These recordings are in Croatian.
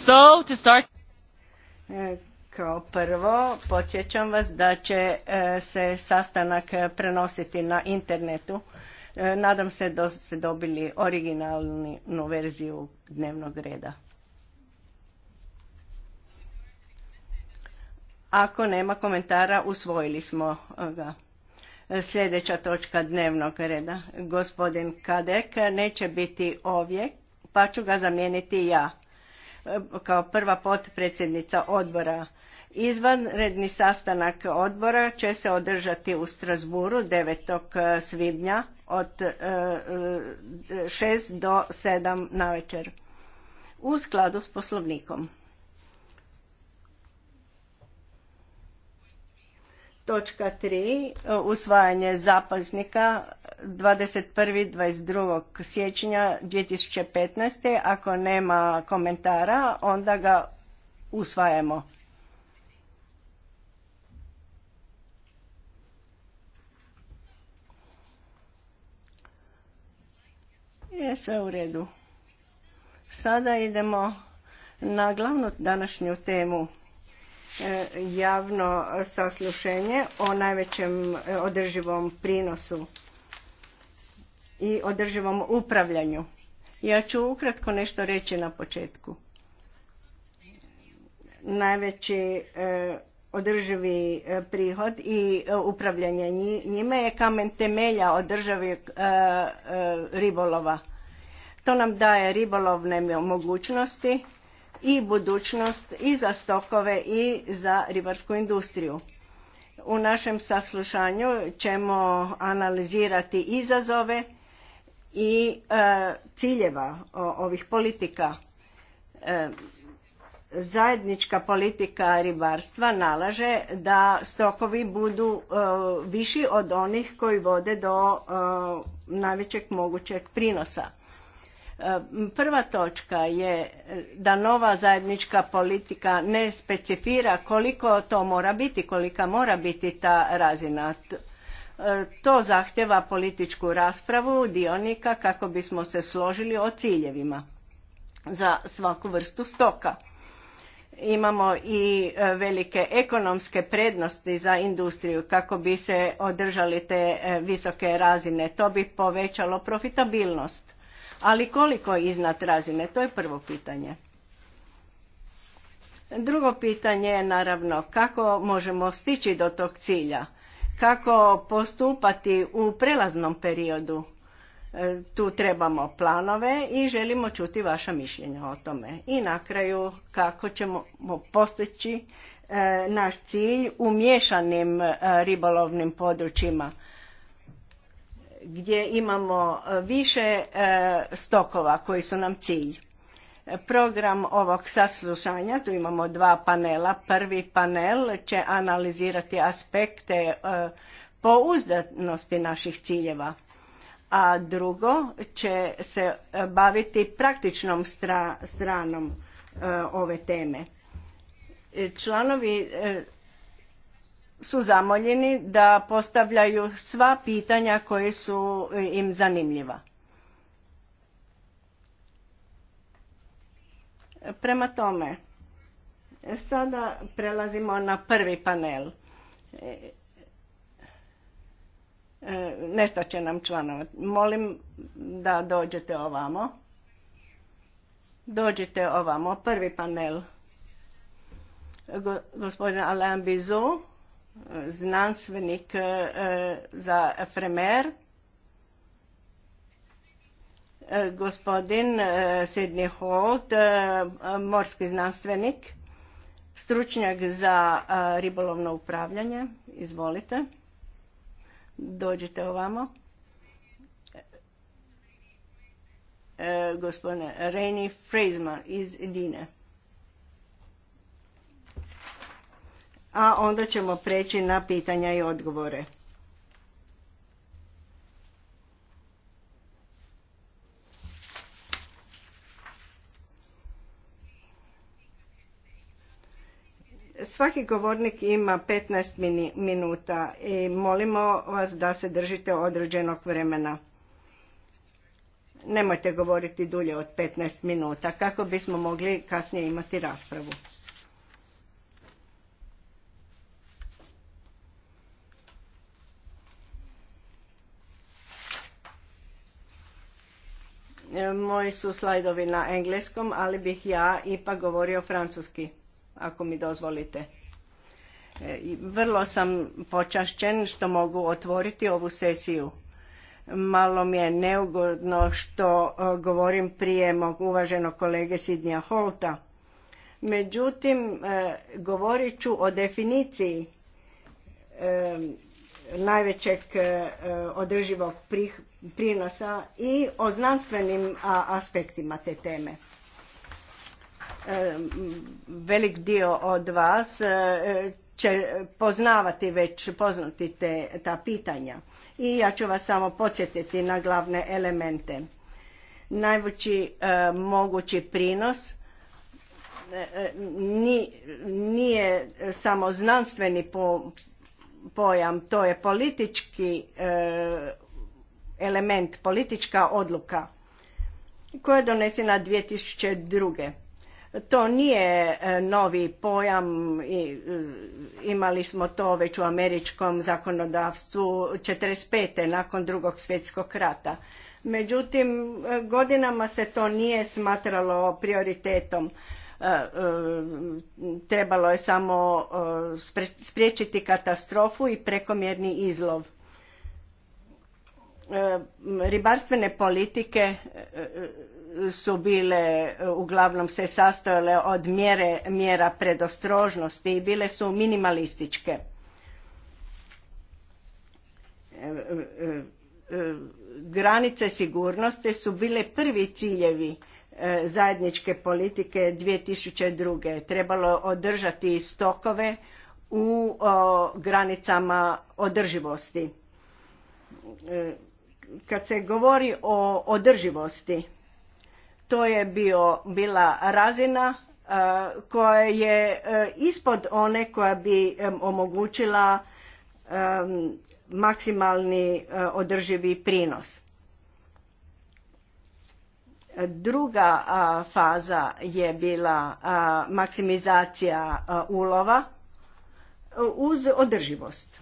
So, to start... E, kao prvo, podsjećam vas da će e, se sastanak prenositi na internetu. E, nadam se da ste dobili originalnu verziju dnevnog reda. Ako nema komentara, usvojili smo ga. Sljedeća točka dnevnog reda. Gospodin Kadek neće biti ovdje, pa ću ga zamijeniti ja kao prva potpredsjednica odbora. Izvanredni sastanak odbora će se održati u Strasburu 9. E, svibnja od 6 e, e, do 7 večer u skladu s poslovnikom. Točka 3. Usvajanje zapisnika 21. 22. siječnja 2015. Ako nema komentara, onda ga usvajamo. Je sve u redu. Sada idemo na glavnu današnju temu e, javno saslušenje o najvećem e, održivom prinosu i održivom upravljanju. Ja ću ukratko nešto reći na početku. Najveći e, održivi e, prihod i e, upravljanje njime je kamen temelja održavi ribolova. To nam daje ribolovne mogućnosti i budućnost i za stokove i za ribarsku industriju. U našem saslušanju ćemo analizirati izazove i e, ciljeva ovih politika. E, zajednička politika ribarstva nalaže da stokovi budu e, viši od onih koji vode do najvećeg mogućeg prinosa. Prva točka je da nova zajednička politika ne specifira koliko to mora biti, kolika mora biti ta razina. To zahtjeva političku raspravu dionika kako bismo se složili o ciljevima za svaku vrstu stoka. Imamo i e, velike ekonomske prednosti za industriju kako bi se održali te e, visoke razine. To bi povećalo profitabilnost. Ali koliko iznad razine? To je prvo pitanje. Drugo pitanje je naravno kako možemo stići do tog cilja kako postupati u prelaznom periodu. E, tu trebamo planove i želimo čuti vaša mišljenja o tome. I na kraju kako ćemo postići e, naš cilj u miješanim e, ribolovnim područjima gdje imamo više stokova koji su nam cilj. Program ovog saslušanja, tu imamo dva panela. Prvi panel će analizirati aspekte e, pouzdanosti naših ciljeva, a drugo će se e, baviti praktičnom stranom e, ove teme. Članovi su zamoljeni da postavljaju sva pitanja koje su im zanimljiva. Prema tome, sada prelazimo na prvi panel. E, Nestaće nam članova. Molim da dođete ovamo. Dođite ovamo. Prvi panel. gospodin Alain Bizou, znanstvenik e, za Fremer gospodin e, Sidney Holt, e, morski znanstvenik, stručnjak za e, ribolovno upravljanje. Izvolite. Dođite ovamo. Gospodine Reni Frazma iz Dine. A onda ćemo preći na pitanja i odgovore. Svaki govornik ima 15 minuta i molimo vas da se držite određenog vremena. Nemojte govoriti dulje od 15 minuta kako bismo mogli kasnije imati raspravu. Moji su slajdovi na engleskom, ali bih ja ipak govorio francuski ako mi dozvolite. E, vrlo sam počašćen što mogu otvoriti ovu sesiju. Malo mi je neugodno što e, govorim prije mog uvaženog kolege Sidnja Holta. Međutim, e, govorit ću o definiciji najvećeg održivog prinosa i o znanstvenim aspektima te teme. E, velik dio od vas e, će poznavati već poznati te, ta pitanja. I ja ću vas samo podsjetiti na glavne elemente. Najveći e, mogući prinos nije samo znanstveni pojam, to je politički element, politička odluka koja je donesena 2002 to nije e, novi pojam, e, imali smo to već u američkom zakonodavstvu 1945. nakon drugog svjetskog rata. Međutim, e, godinama se to nije smatralo prioritetom. Trebalo je samo spriječiti katastrofu i prekomjerni izlov ribarstvene politike e, su bile e, uglavnom se sastojale od mjere, mjera predostrožnosti i bile su minimalističke e, granice sigurnosti su bile prvi ciljevi zajedničke politike 2002. Trebalo održati stokove u granicama održivosti. Kad se govori o održivosti, to je bio, bila razina e, koja je e, ispod one koja bi omogućila maksimalni e, održivi prinos. Druga faza je bila maksimizacija ulova uz održivost.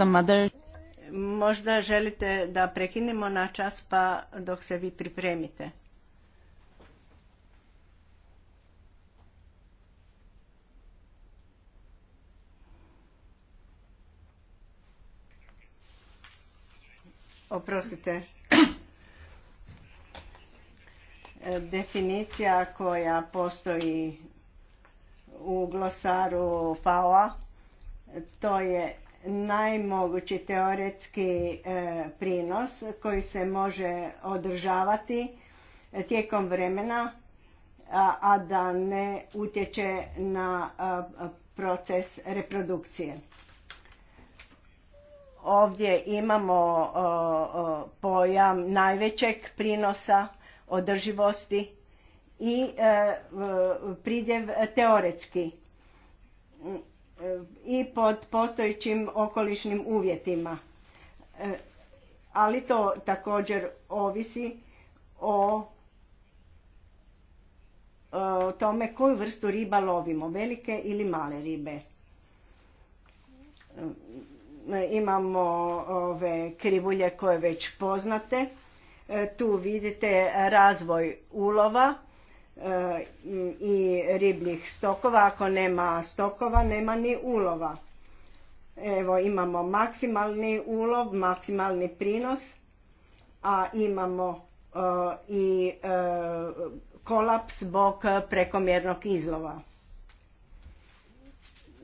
some Možda želite da prekinemo na čas pa dok se vi pripremite. Oprostite. Definicija koja postoji u glosaru FAO-a, to je najmogući teoretski e, prinos koji se može održavati e, tijekom vremena, a da ne utječe na proces reprodukcije. Ovdje imamo pojam najvećeg prinosa održivosti i e, pridjev teoretski i pod postojećim okolišnim uvjetima. E, ali to također ovisi o e, tome koju vrstu riba lovimo, velike ili male ribe. E, imamo ove krivulje koje već poznate. Tu vidite razvoj ulova i ribljih stokova. Ako nema stokova, nema ni ulova. Evo imamo maksimalni ulov, maksimalni prinos, a imamo e, i e, kolaps zbog prekomjernog izlova.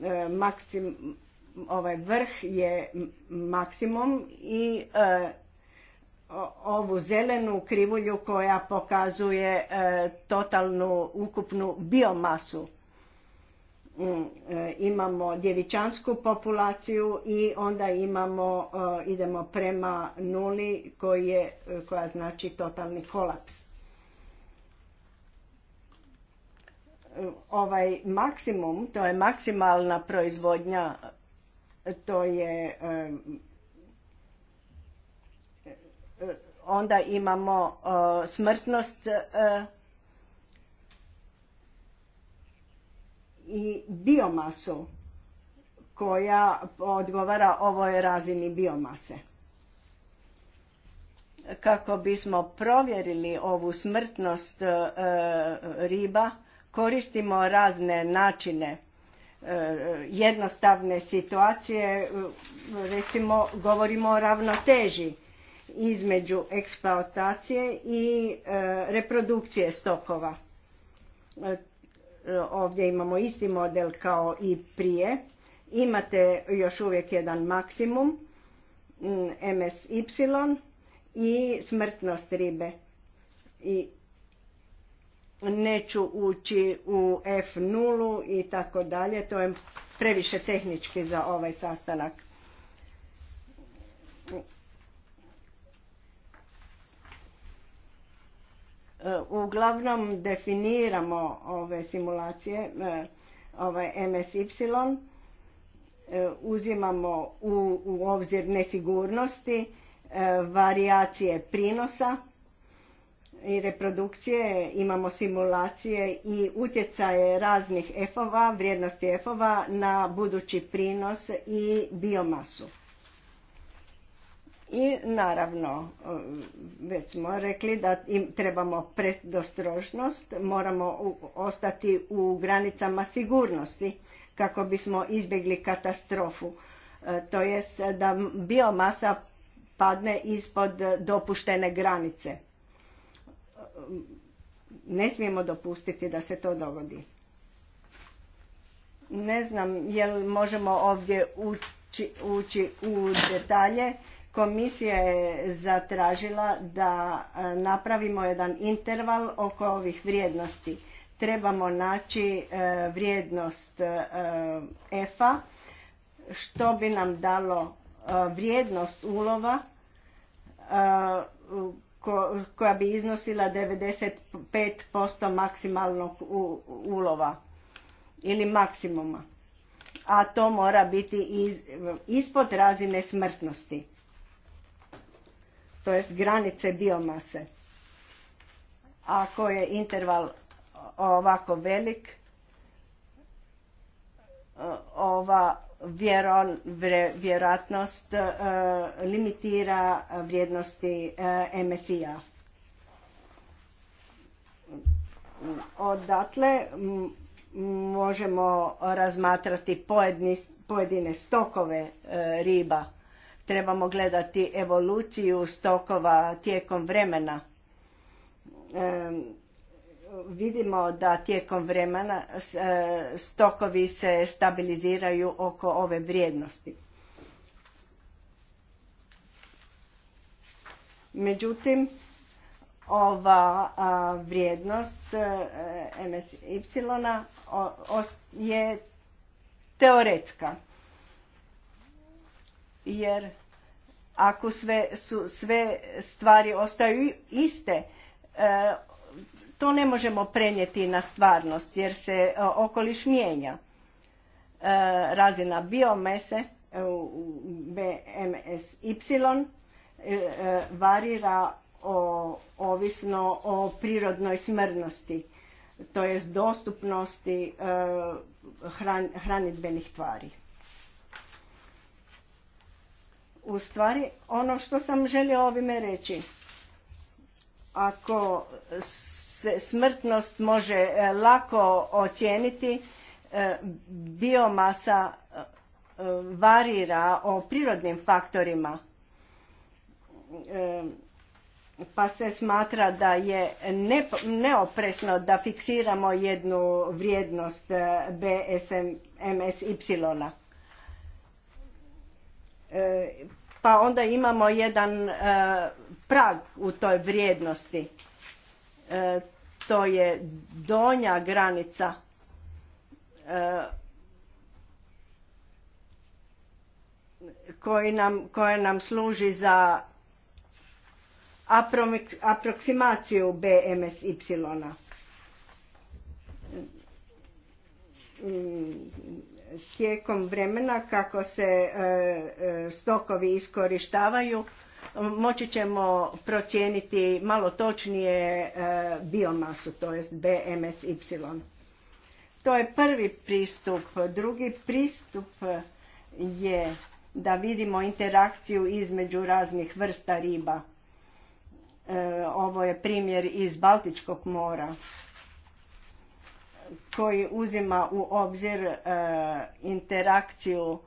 E, maksim, ovaj vrh je maksimum i ovu zelenu krivulju koja pokazuje e, totalnu ukupnu biomasu. Mm, e, imamo djevičansku populaciju i onda imamo, e, idemo prema nuli koji je, koja znači totalni kolaps. Ovaj maksimum, to je maksimalna proizvodnja, to je onda imamo e, smrtnost e, i biomasu koja odgovara ovoj razini biomase. Kako bismo provjerili ovu smrtnost e, riba, koristimo razne načine jednostavne situacije, recimo govorimo o ravnoteži između eksploatacije i e, reprodukcije stokova. E, ovdje imamo isti model kao i prije. Imate još uvijek jedan maksimum MSY mm, i smrtnost ribe. I neću ući u F0 i tako dalje, to je previše tehnički za ovaj sastanak. E, uglavnom definiramo ove simulacije, e, ovaj MSY, e, uzimamo u, u obzir nesigurnosti, varijacije prinosa i reprodukcije, imamo simulacije i utjecaje raznih F-ova, vrijednosti F-ova na budući prinos i biomasu. I naravno, e, već smo rekli da im trebamo predostrožnost, moramo ostati u granicama sigurnosti kako bismo izbjegli katastrofu. E, to jest da biomasa padne ispod dopuštene granice. E, ne smijemo dopustiti da se to dogodi. Ne znam jel možemo ovdje ući u detalje Komisija je zatražila da e, napravimo jedan interval oko ovih vrijednosti. Trebamo naći e, vrijednost EFA što bi nam dalo e, vrijednost ulova koja bi iznosila 95% maksimalnog ulova ili maksimuma. A to mora biti ispod razine smrtnosti to jest granice biomase. Ako je interval ovako velik, ova vjerojatnost e, limitira vrijednosti e, MSI-a. Odatle možemo razmatrati pojedine stokove e, riba Trebamo gledati evoluciju stokova tijekom vremena. vidimo da tijekom vremena e, stokovi se stabiliziraju oko ove vrijednosti. Međutim, ova vrijednost e, MSY je teoretska jer ako sve, su, sve stvari ostaju iste, e, to ne možemo prenijeti na stvarnost jer se e, okoliš mijenja. E, razina biomese BMSY varira o, ovisno o prirodnoj smrnosti, to jest dostupnosti hran, hranidbenih tvari u stvari ono što sam želio ovime reći. Ako se smrtnost može e, lako ocijeniti, e, biomasa e, varira o prirodnim faktorima, pa se smatra da je neopresno da fiksiramo jednu vrijednost BSM, a E, pa onda imamo jedan e, prag u toj vrijednosti. E, to je donja granica nam, koja nam služi za aproksimaciju BMSY tijekom vremena kako se e, e, stokovi iskorištavaju moći ćemo procijeniti malo točnije e, biomasu, to jest BMSY. To je prvi pristup. Drugi pristup je da vidimo interakciju između raznih vrsta riba. Ovo je primjer iz Baltičkog mora koji uzima u obzir e, interakciju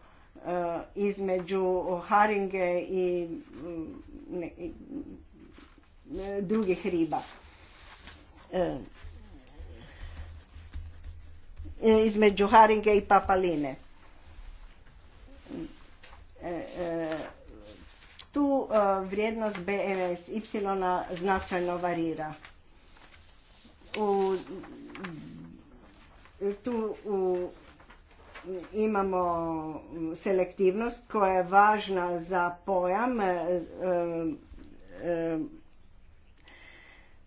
e, između haringe i mm, e, drugih riba. Između haringe i papaline. Tu vrijednost BMS Y značajno varira. U tu u, imamo selektivnost koja je važna za pojam e, e, e,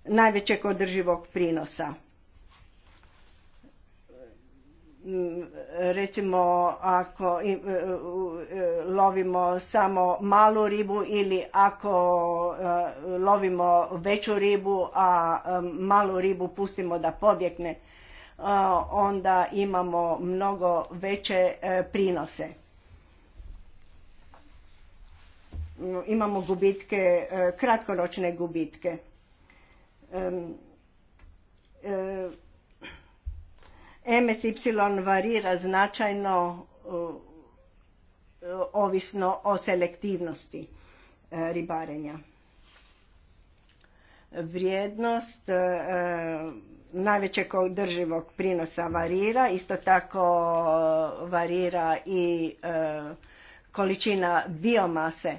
najvećeg održivog prinosa. Recimo ako lovimo samo malu ribu ili ako lovimo veću ribu, a malu ribu pustimo da pobjekne onda imamo mnogo veće e, prinose. Imamo gubitke, e, kratkoročne gubitke. MSY e, varira značajno ovisno o selektivnosti ribarenja. Vrijednost najvećeg održivog prinosa varira, isto tako varira i e, količina biomase.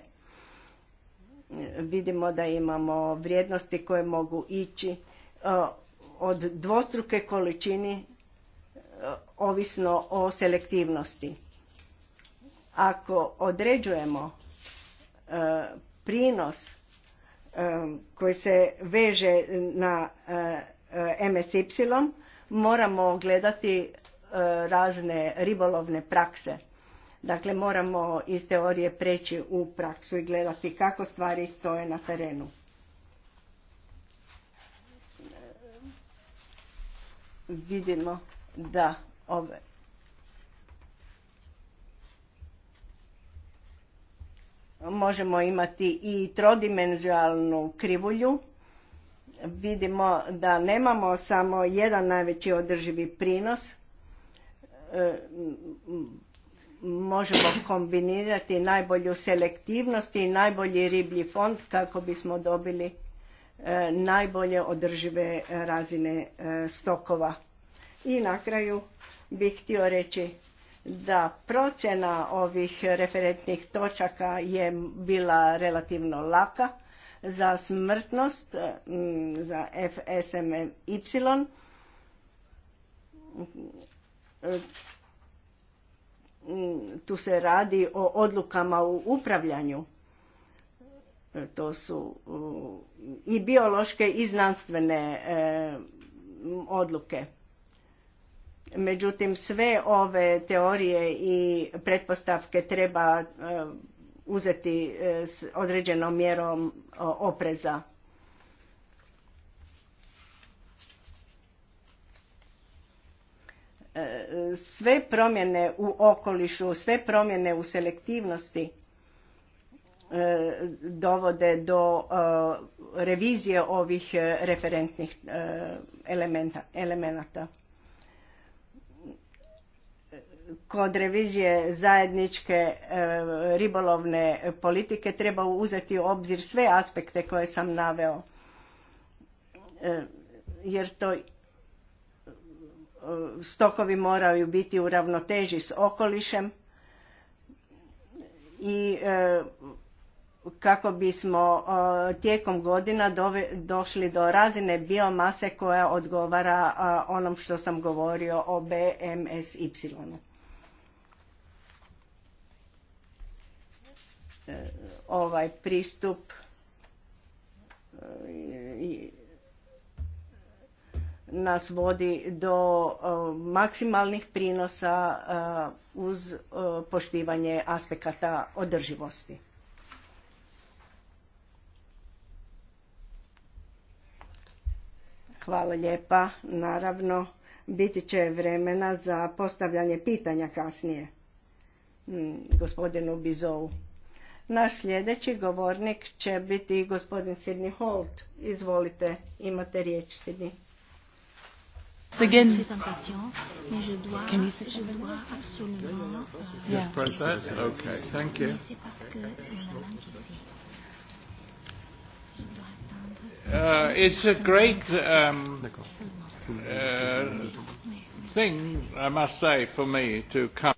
Vidimo da imamo vrijednosti koje mogu ići e, od dvostruke količini e, ovisno o selektivnosti. Ako određujemo prinos koji se veže na E, MSY moramo gledati e, razne ribolovne prakse. Dakle, moramo iz teorije preći u praksu i gledati kako stvari stoje na terenu. Vidimo da ove možemo imati i trodimenzualnu krivulju vidimo da nemamo samo jedan najveći održivi prinos, e, možemo kombinirati najbolju selektivnost i najbolji riblji fond kako bismo dobili e, najbolje održive razine e, stokova. I na kraju bih htio reći da procjena ovih referentnih točaka je bila relativno laka za smrtnost, e, za FSMY, e, tu se radi o odlukama u upravljanju. E, to su i biološke i znanstvene odluke. Međutim, sve ove teorije i pretpostavke treba uzeti e, s određenom mjerom opreza. E, sve promjene u okolišu, sve promjene u selektivnosti e, dovode do revizije ovih referentnih elemenata kod revizije zajedničke e, ribolovne politike treba uzeti u obzir sve aspekte koje sam naveo e, jer to e, stokovi moraju biti u ravnoteži s okolišem i kako bismo tijekom godina došli do razine biomase koja odgovara onom što sam govorio o BMSY. ovaj pristup e, nas vodi do e, maksimalnih prinosa e, uz poštivanje aspekata održivosti. Hvala lijepa. Naravno, biti će vremena za postavljanje pitanja kasnije gospodinu Bizovu. Naš sljedeći govornik će biti gospodin Sidney Holt. Izvolite, imate riječ Sidney. Uh, it's a great um, uh, thing, I must say, for me to come.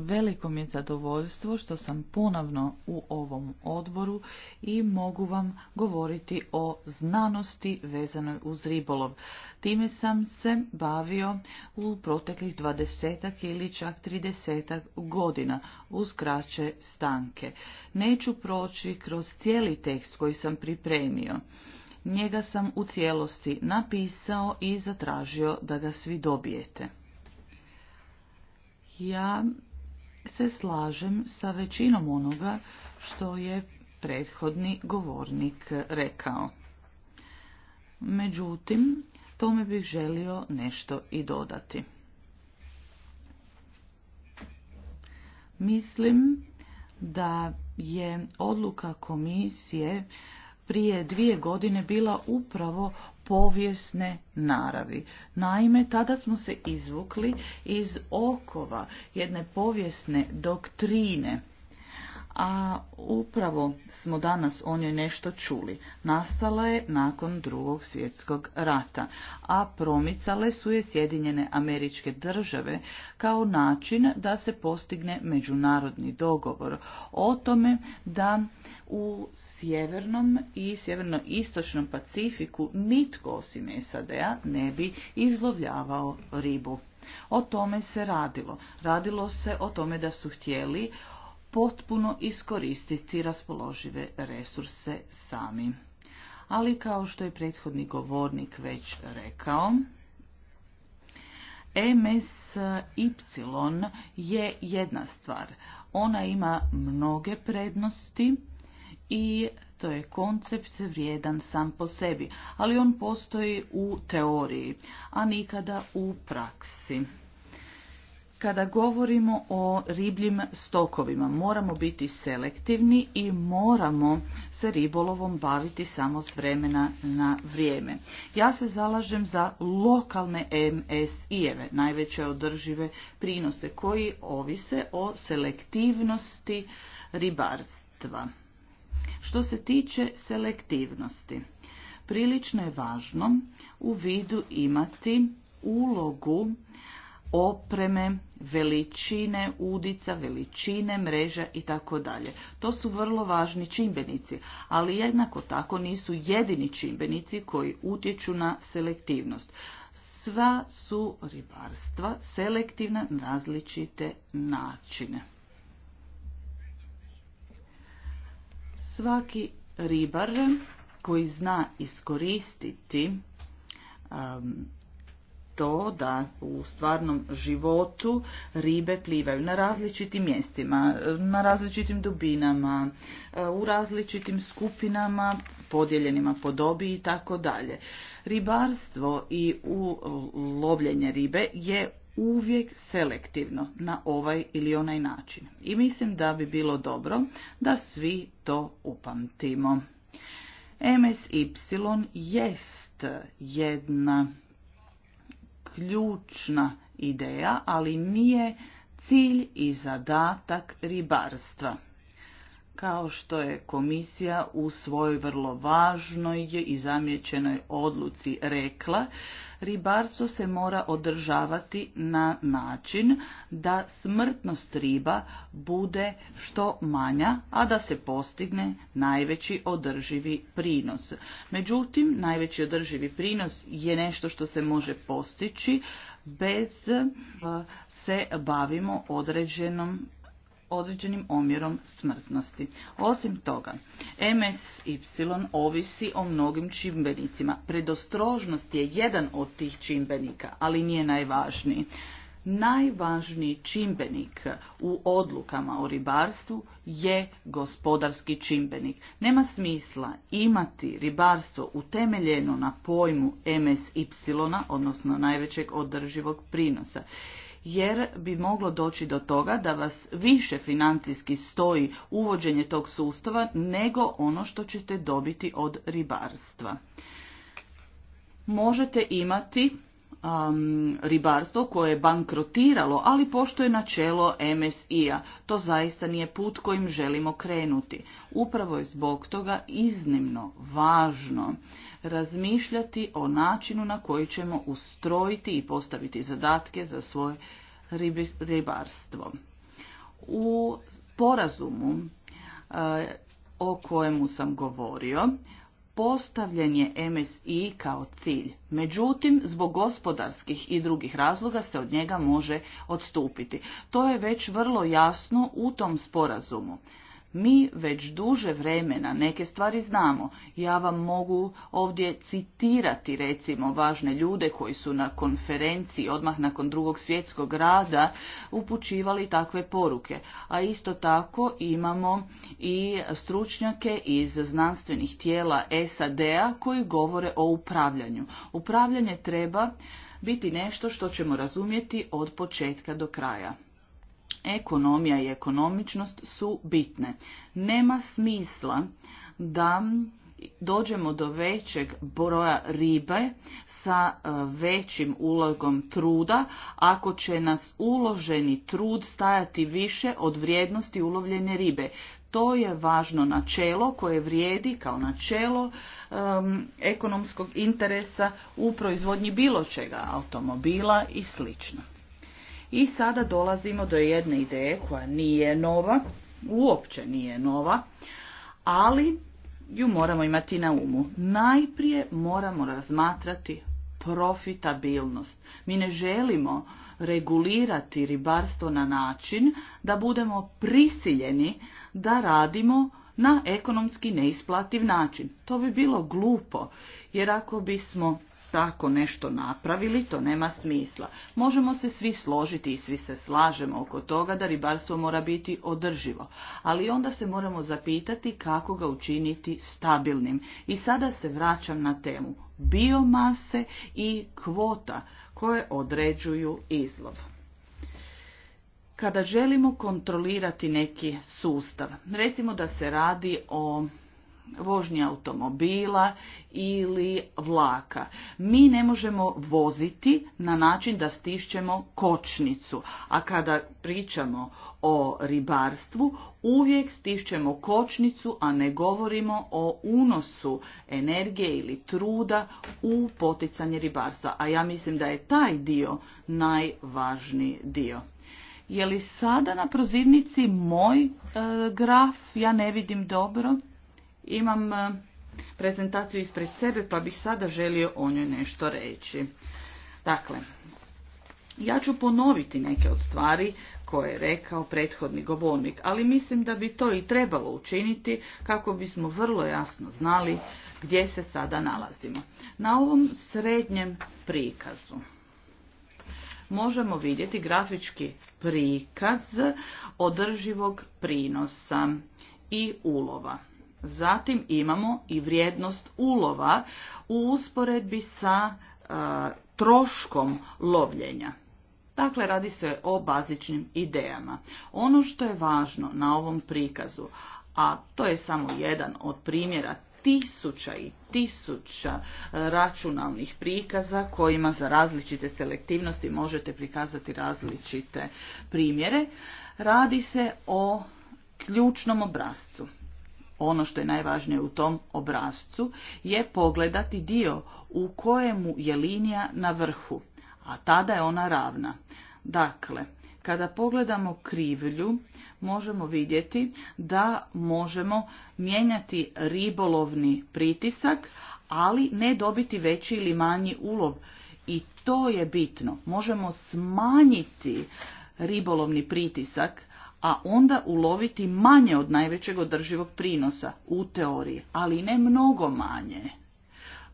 Veliko mi je zadovoljstvo što sam ponovno u ovom odboru i mogu vam govoriti o znanosti vezanoj uz ribolov. Time sam se bavio u proteklih dvadesetak ili čak tridesetak godina uz kraće stanke. Neću proći kroz cijeli tekst koji sam pripremio. Njega sam u cijelosti napisao i zatražio da ga svi dobijete. Ja se slažem sa većinom onoga što je prethodni govornik rekao. Međutim, tome bih želio nešto i dodati. Mislim da je odluka komisije prije dvije godine bila upravo povijesne naravi. Naime, tada smo se izvukli iz okova jedne povijesne doktrine a upravo smo danas o njoj nešto čuli. Nastala je nakon drugog svjetskog rata, a promicale su je Sjedinjene američke države kao način da se postigne međunarodni dogovor o tome da u sjevernom i sjeverno-istočnom Pacifiku nitko osim SAD-a ne bi izlovljavao ribu. O tome se radilo. Radilo se o tome da su htjeli potpuno iskoristiti raspoložive resurse sami. Ali kao što je prethodni govornik već rekao, MSY je jedna stvar. Ona ima mnoge prednosti i to je koncept vrijedan sam po sebi, ali on postoji u teoriji, a nikada u praksi. Kada govorimo o ribljim stokovima, moramo biti selektivni i moramo se ribolovom baviti samo s vremena na vrijeme. Ja se zalažem za lokalne MSI-eve, najveće održive prinose, koji ovise o selektivnosti ribarstva. Što se tiče selektivnosti, prilično je važno u vidu imati ulogu opreme, veličine udica, veličine mreža i tako dalje. To su vrlo važni čimbenici, ali jednako tako nisu jedini čimbenici koji utječu na selektivnost. Sva su ribarstva selektivna na različite načine. Svaki ribar koji zna iskoristiti um, to da u stvarnom životu ribe plivaju na različitim mjestima, na različitim dubinama, e, u različitim skupinama, podijeljenima po dobi i tako dalje. Ribarstvo i lovljenje ribe je uvijek selektivno na ovaj ili onaj način. I mislim da bi bilo dobro da svi to upamtimo. MSY jest jedna ključna ideja, ali nije cilj i zadatak ribarstva kao što je komisija u svojoj vrlo važnoj i zamjećenoj odluci rekla, ribarstvo se mora održavati na način da smrtnost riba bude što manja, a da se postigne najveći održivi prinos. Međutim, najveći održivi prinos je nešto što se može postići bez se bavimo određenom određenim omjerom smrtnosti. Osim toga, MSY ovisi o mnogim čimbenicima. Predostrožnost je jedan od tih čimbenika, ali nije najvažniji. Najvažniji čimbenik u odlukama o ribarstvu je gospodarski čimbenik. Nema smisla imati ribarstvo utemeljeno na pojmu MSY, odnosno najvećeg održivog prinosa jer bi moglo doći do toga da vas više financijski stoji uvođenje tog sustava nego ono što ćete dobiti od ribarstva. Možete imati ribarstvo koje je bankrotiralo, ali pošto je načelo MSI-a. To zaista nije put kojim želimo krenuti. Upravo je zbog toga iznimno važno razmišljati o načinu na koji ćemo ustrojiti i postaviti zadatke za svoje ribarstvo. U porazumu e, o kojemu sam govorio, postavljen je MSI kao cilj. Međutim, zbog gospodarskih i drugih razloga se od njega može odstupiti. To je već vrlo jasno u tom sporazumu. Mi već duže vremena neke stvari znamo. Ja vam mogu ovdje citirati recimo važne ljude koji su na konferenciji odmah nakon drugog svjetskog rada upućivali takve poruke. A isto tako imamo i stručnjake iz znanstvenih tijela SAD-a koji govore o upravljanju. Upravljanje treba biti nešto što ćemo razumjeti od početka do kraja ekonomija i ekonomičnost su bitne. Nema smisla da dođemo do većeg broja ribe sa e, većim ulogom truda ako će nas uloženi trud stajati više od vrijednosti ulovljene ribe. To je važno načelo koje vrijedi kao načelo ekonomskog interesa u proizvodnji bilo čega, automobila i slično. I sada dolazimo do jedne ideje koja nije nova, uopće nije nova, ali ju moramo imati na umu. Najprije moramo razmatrati profitabilnost. Mi ne želimo regulirati ribarstvo na način da budemo prisiljeni da radimo na ekonomski neisplativ način. To bi bilo glupo, jer ako bismo tako nešto napravili, to nema smisla. Možemo se svi složiti i svi se slažemo oko toga da ribarstvo mora biti održivo, ali onda se moramo zapitati kako ga učiniti stabilnim. I sada se vraćam na temu biomase i kvota koje određuju izlov kada želimo kontrolirati neki sustav recimo da se radi o vožnje automobila ili vlaka. Mi ne možemo voziti na način da stišćemo kočnicu, a kada pričamo o ribarstvu uvijek stišćemo kočnicu, a ne govorimo o unosu energije ili truda u poticanje ribarstva. A ja mislim da je taj dio najvažniji dio. Je li sada na prozivnici moj e, graf? Ja ne vidim dobro. Imam e, prezentaciju ispred sebe pa bih sada želio o njoj nešto reći. Dakle, ja ću ponoviti neke od stvari koje je rekao prethodni govornik, ali mislim da bi to i trebalo učiniti kako bismo vrlo jasno znali gdje se sada nalazimo. Na ovom srednjem prikazu možemo vidjeti grafički prikaz održivog prinosa i ulova. Zatim imamo i vrijednost ulova u usporedbi sa e, troškom lovljenja. Dakle, radi se o bazičnim idejama. Ono što je važno na ovom prikazu, a to je samo jedan od primjera tisuća i tisuća e, računalnih prikaza kojima za različite selektivnosti možete prikazati različite primjere, radi se o ključnom obrazcu ono što je najvažnije u tom obrazcu je pogledati dio u kojemu je linija na vrhu, a tada je ona ravna. Dakle, kada pogledamo krivlju, možemo vidjeti da možemo mijenjati ribolovni pritisak, ali ne dobiti veći ili manji ulov. I to je bitno. Možemo smanjiti ribolovni pritisak a onda uloviti manje od najvećeg održivog prinosa, u teoriji, ali ne mnogo manje.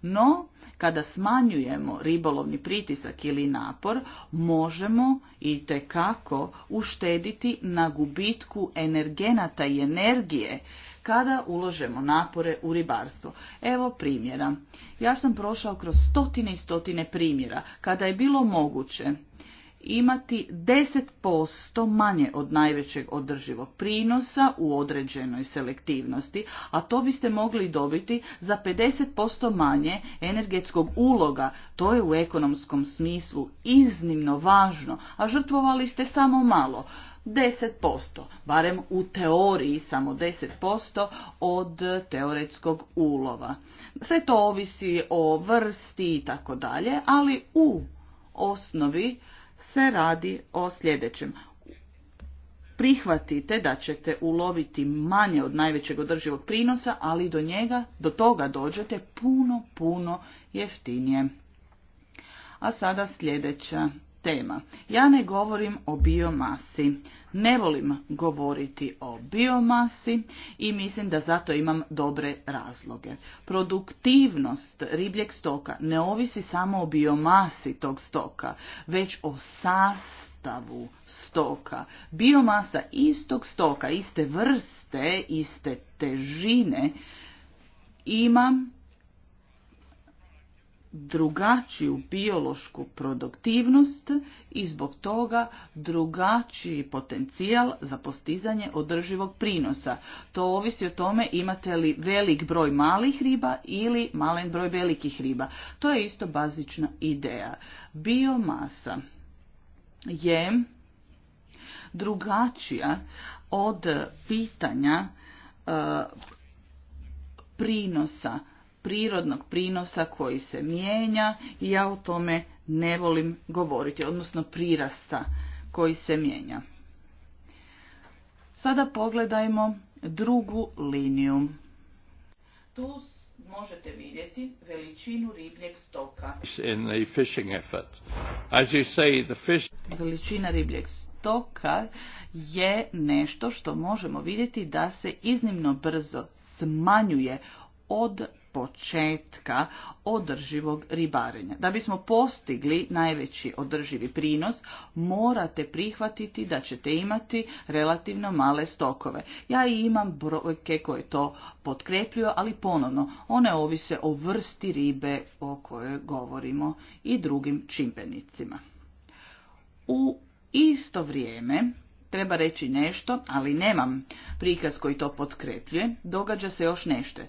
No, kada smanjujemo ribolovni pritisak ili napor, možemo i tekako uštediti na gubitku energenata i energije kada uložemo napore u ribarstvo. Evo primjera. Ja sam prošao kroz stotine i stotine primjera kada je bilo moguće imati 10% manje od najvećeg održivog prinosa u određenoj selektivnosti, a to biste mogli dobiti za 50% manje energetskog uloga. To je u ekonomskom smislu iznimno važno, a žrtvovali ste samo malo. 10%, barem u teoriji samo 10% od teoretskog ulova. Sve to ovisi o vrsti i tako dalje, ali u osnovi se radi o sljedećem. Prihvatite da ćete uloviti manje od najvećeg održivog prinosa, ali do njega, do toga dođete puno, puno jeftinije. A sada sljedeća tema. Ja ne govorim o biomasi. Ne volim govoriti o biomasi i mislim da zato imam dobre razloge. Produktivnost ribljeg stoka ne ovisi samo o biomasi tog stoka, već o sastavu stoka. Biomasa istog stoka, iste vrste, iste težine ima drugačiju biološku produktivnost i zbog toga drugačiji potencijal za postizanje održivog prinosa. To ovisi o tome imate li velik broj malih riba ili malen broj velikih riba. To je isto bazična ideja. Biomasa je drugačija od pitanja e, prinosa prirodnog prinosa koji se mijenja i ja o tome ne volim govoriti, odnosno prirasta koji se mijenja. Sada pogledajmo drugu liniju. Tu možete vidjeti veličinu ribljeg stoka. Veličina ribljeg stoka je nešto što možemo vidjeti da se iznimno brzo smanjuje od početka održivog ribarenja. Da bismo postigli najveći održivi prinos, morate prihvatiti da ćete imati relativno male stokove. Ja i imam brojke koje to potkrepljuju, ali ponovno, one ovise o vrsti ribe o kojoj govorimo i drugim čimbenicima. U isto vrijeme treba reći nešto, ali nemam prikaz koji to potkrepljuje, događa se još nešto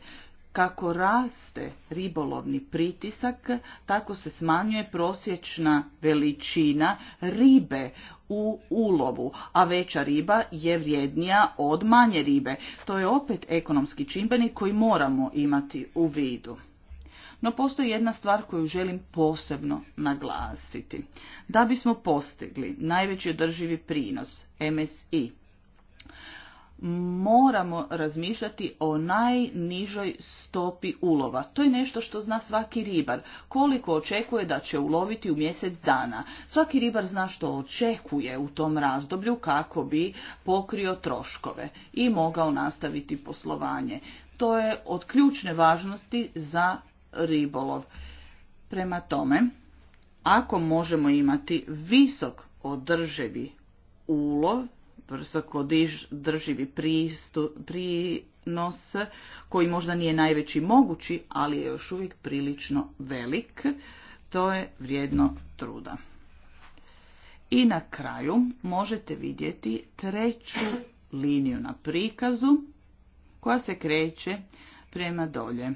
kako raste ribolovni pritisak, tako se smanjuje prosječna veličina ribe u ulovu, a veća riba je vrijednija od manje ribe. To je opet ekonomski čimbenik koji moramo imati u vidu. No postoji jedna stvar koju želim posebno naglasiti. Da bismo postigli najveći održivi prinos MSI moramo razmišljati o najnižoj stopi ulova. To je nešto što zna svaki ribar. Koliko očekuje da će uloviti u mjesec dana. Svaki ribar zna što očekuje u tom razdoblju kako bi pokrio troškove i mogao nastaviti poslovanje. To je od ključne važnosti za ribolov. Prema tome, ako možemo imati visok održivi ulov, visoko drživi prinos koji možda nije najveći mogući, ali je još uvijek prilično velik. To je vrijedno truda. I na kraju možete vidjeti treću liniju na prikazu koja se kreće prema dolje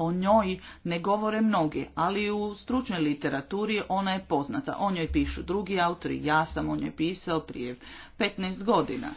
o njoj ne govore mnogi, ali u stručnoj literaturi ona je poznata. O njoj pišu drugi autori, ja sam o njoj pisao prije 15 godina.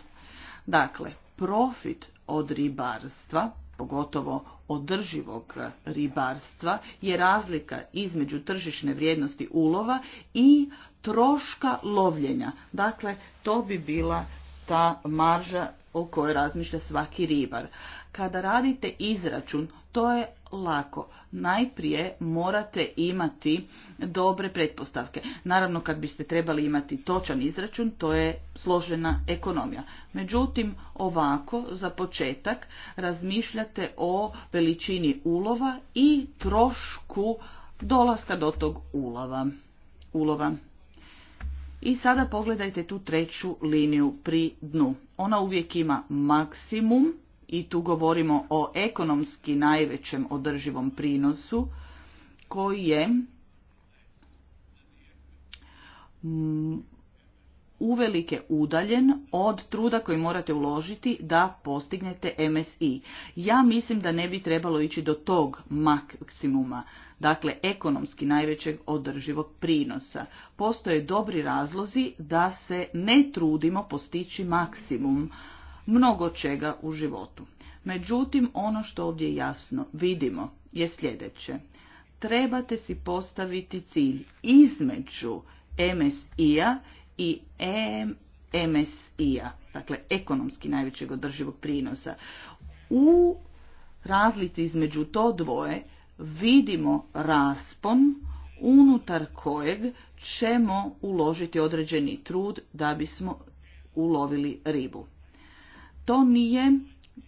Dakle, profit od ribarstva, pogotovo održivog ribarstva, je razlika između tržišne vrijednosti ulova i troška lovljenja. Dakle, to bi bila ta marža o kojoj razmišlja svaki ribar. Kada radite izračun, to je lako. Najprije morate imati dobre pretpostavke. Naravno, kad biste trebali imati točan izračun, to je složena ekonomija. Međutim, ovako, za početak, razmišljate o veličini ulova i trošku dolaska do tog ulova. ulova. I sada pogledajte tu treću liniju pri dnu. Ona uvijek ima maksimum i tu govorimo o ekonomski najvećem održivom prinosu koji je mm, uvelike udaljen od truda koji morate uložiti da postignete MSI. Ja mislim da ne bi trebalo ići do tog maksimuma, dakle ekonomski najvećeg održivog prinosa. Postoje dobri razlozi da se ne trudimo postići maksimum mnogo čega u životu. Međutim, ono što ovdje jasno vidimo je sljedeće. Trebate si postaviti cilj između MSI-a i MSI-a, dakle ekonomski najvećeg održivog prinosa. U razlici između to dvoje vidimo raspon unutar kojeg ćemo uložiti određeni trud da bismo ulovili ribu. To nije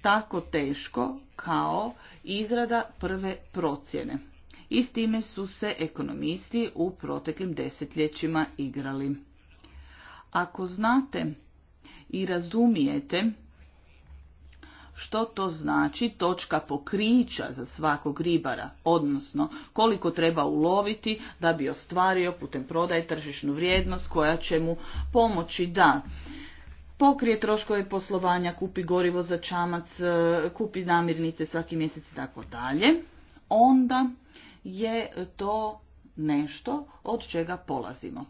tako teško kao izrada prve procjene. I s time su se ekonomisti u proteklim desetljećima igrali. Ako znate i razumijete što to znači točka pokrića za svakog ribara, odnosno koliko treba uloviti da bi ostvario putem prodaje tržišnu vrijednost koja će mu pomoći da pokrije troškove poslovanja, kupi gorivo za čamac, e, kupi namirnice svaki mjesec i tako dalje, onda je to nešto od čega polazimo.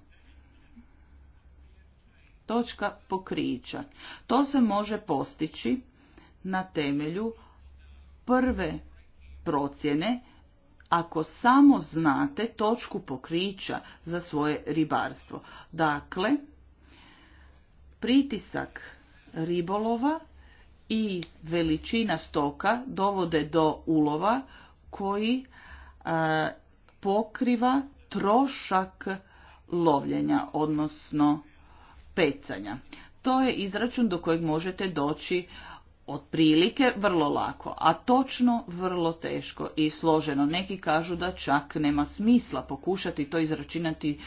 Točka pokrića. To se može postići na temelju prve procjene ako samo znate točku pokrića za svoje ribarstvo. Dakle, pritisak ribolova i veličina stoka dovode do ulova koji e, pokriva trošak lovljenja, odnosno pecanja. To je izračun do kojeg možete doći otprilike vrlo lako, a točno vrlo teško i složeno. Neki kažu da čak nema smisla pokušati to izračunati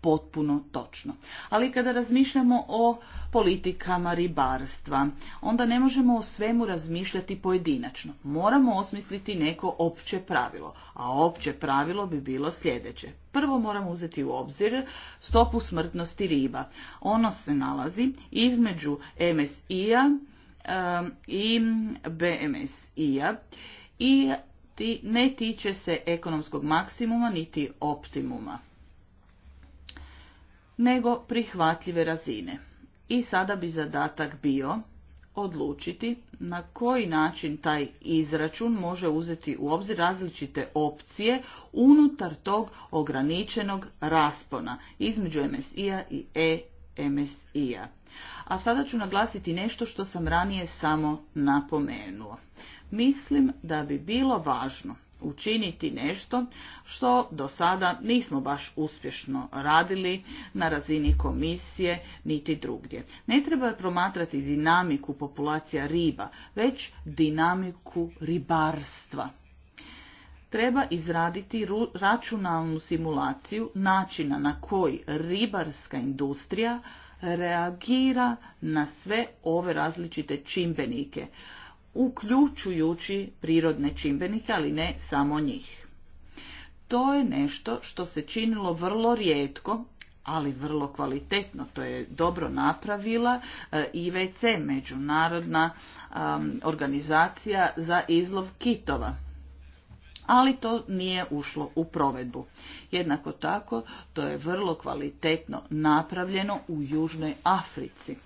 potpuno točno. Ali kada razmišljamo o politikama ribarstva, onda ne možemo o svemu razmišljati pojedinačno. Moramo osmisliti neko opće pravilo, a opće pravilo bi bilo sljedeće. Prvo moramo uzeti u obzir stopu smrtnosti riba. Ono se nalazi između MSI-a i BMSI-a i ne tiče se ekonomskog maksimuma niti optimuma nego prihvatljive razine. I sada bi zadatak bio odlučiti na koji način taj izračun može uzeti u obzir različite opcije unutar tog ograničenog raspona između MSI-a i EMSI-a. A sada ću naglasiti nešto što sam ranije samo napomenuo. Mislim da bi bilo važno učiniti nešto što do sada nismo baš uspješno radili na razini komisije niti drugdje. Ne treba promatrati dinamiku populacija riba, već dinamiku ribarstva. Treba izraditi računalnu simulaciju načina na koji ribarska industrija reagira na sve ove različite čimbenike uključujući prirodne čimbenike, ali ne samo njih. To je nešto što se činilo vrlo rijetko, ali vrlo kvalitetno. To je dobro napravila eh, IVC, Međunarodna organizacija za izlov kitova. Ali to nije ušlo u provedbu. Jednako tako, to je vrlo kvalitetno napravljeno u Južnoj Africi.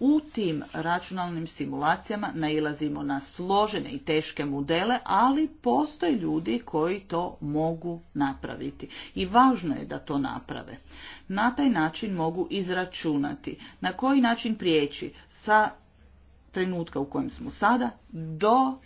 U tim računalnim simulacijama nailazimo na složene i teške modele, ali postoje ljudi koji to mogu napraviti. I važno je da to naprave. Na taj način mogu izračunati na koji način prijeći sa trenutka u kojem smo sada do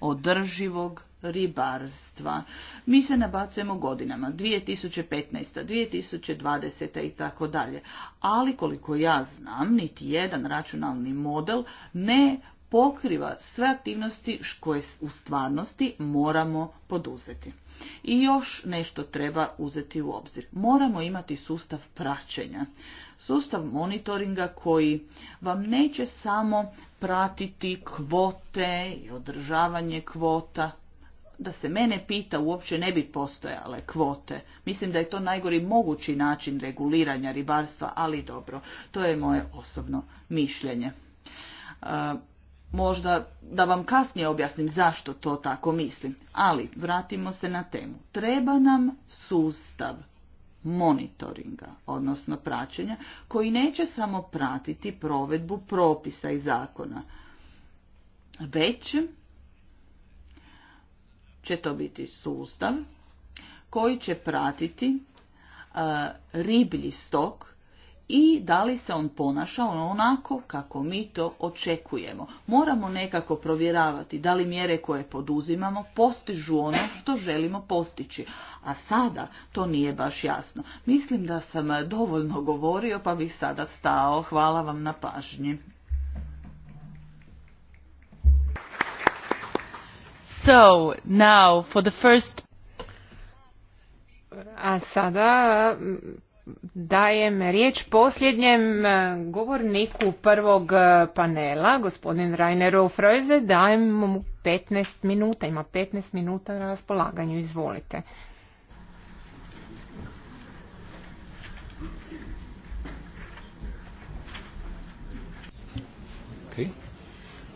održivog ribarstva. Mi se nabacujemo godinama, 2015. 2020. i tako dalje. Ali koliko ja znam, niti jedan računalni model ne pokriva sve aktivnosti koje u stvarnosti moramo poduzeti. I još nešto treba uzeti u obzir. Moramo imati sustav praćenja. Sustav monitoringa koji vam neće samo pratiti kvote i održavanje kvota, da se mene pita uopće ne bi postojale kvote. Mislim da je to najgori mogući način reguliranja ribarstva, ali dobro, to je moje osobno mišljenje. E, možda da vam kasnije objasnim zašto to tako mislim, ali vratimo se na temu. Treba nam sustav monitoringa, odnosno praćenja, koji neće samo pratiti provedbu propisa i zakona, već će to biti sustav koji će pratiti e, riblji stok i da li se on ponaša onako kako mi to očekujemo. Moramo nekako provjeravati da li mjere koje poduzimamo postižu ono što želimo postići, a sada to nije baš jasno. Mislim da sam dovoljno govorio pa bih sada stao. Hvala vam na pažnji. So, now for the first... A sada dajem riječ posljednjem govorniku prvog e, panela, gospodin Rainer Freuze, dajem mu 15 minuta, ima 15 minuta na raspolaganju, izvolite.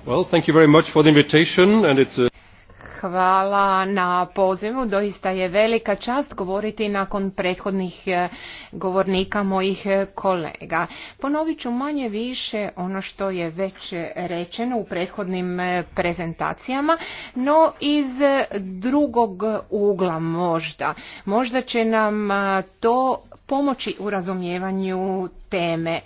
Well, thank you very much for the invitation and it's a hvala na pozivu. Doista je velika čast govoriti nakon prethodnih e, govornika mojih e, kolega. Ponovit ću manje više ono što je već rečeno u prethodnim e, prezentacijama, no iz drugog ugla možda. Možda će nam to pomoći u razumijevanju teme.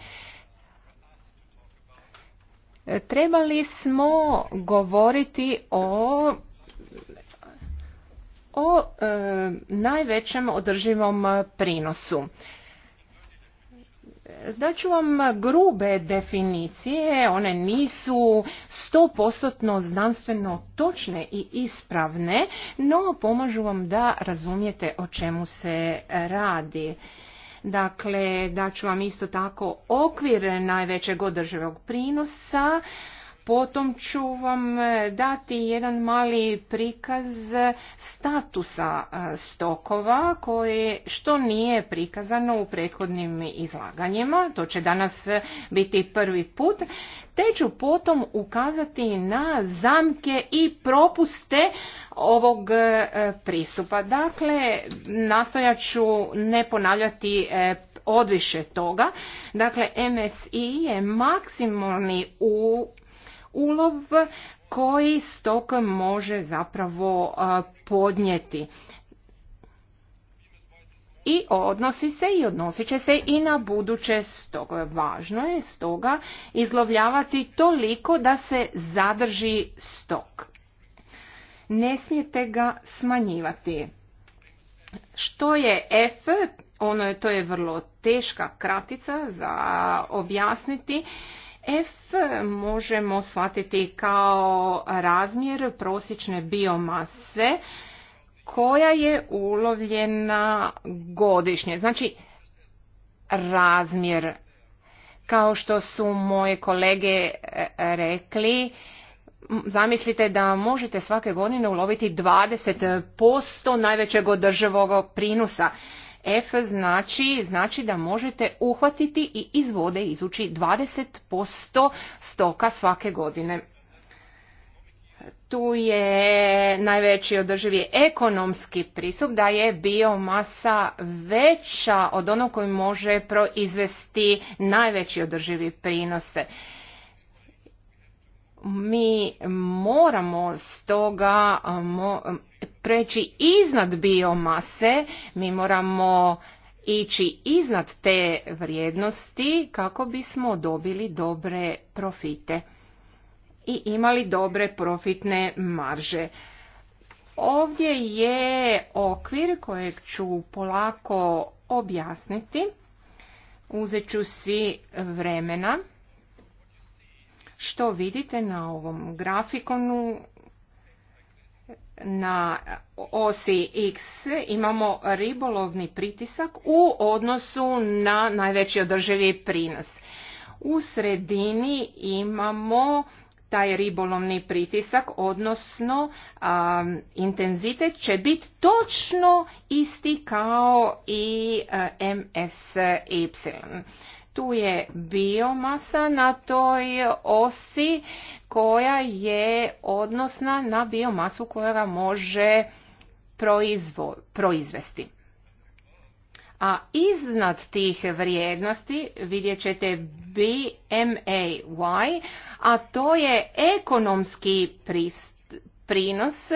Trebali smo govoriti o o e, najvećem održivom e, prinosu. Daću vam grube definicije, one nisu 100% znanstveno točne i ispravne, no pomažu vam da razumijete o čemu se radi. Dakle, daću vam isto tako okvir najvećeg održivog prinosa, Potom ću vam e, dati jedan mali prikaz statusa e, stokova koje što nije prikazano u prethodnim izlaganjima, to će danas biti prvi put, te ću potom ukazati na zamke i propuste ovog e, pristupa. Dakle, nastojat ću ne ponavljati odviše toga. Dakle, MSI je maksimalni u ulov koji stok može zapravo podnijeti i odnosi se i odnosit će se i na buduće stoga. Važno je stoga izlovljavati toliko da se zadrži stok. Ne smijete ga smanjivati. Što je F? Ono je, to je vrlo teška kratica za objasniti. F možemo shvatiti kao razmjer prosječne biomase koja je ulovljena godišnje. Znači razmjer kao što su moje kolege e, rekli, zamislite da možete svake godine uloviti 20% najvećeg održivog prinusa. F znači, znači da možete uhvatiti i iz vode izući 20% stoka svake godine. Tu je najveći održivi ekonomski pristup da je biomasa veća od onog koji može proizvesti najveći održivi prinose mi moramo stoga preći iznad biomase, mi moramo ići iznad te vrijednosti kako bismo dobili dobre profite i imali dobre profitne marže. Ovdje je okvir kojeg ću polako objasniti. Uzet ću si vremena što vidite na ovom grafikonu na osi X imamo ribolovni pritisak u odnosu na najveći održivi prinos. U sredini imamo taj ribolovni pritisak, odnosno intenzitet će biti točno isti kao i MSY tu je biomasa na toj osi koja je odnosna na biomasu koja ga može proizvesti. A iznad tih vrijednosti vidjet ćete BMAY, a to je ekonomski prinos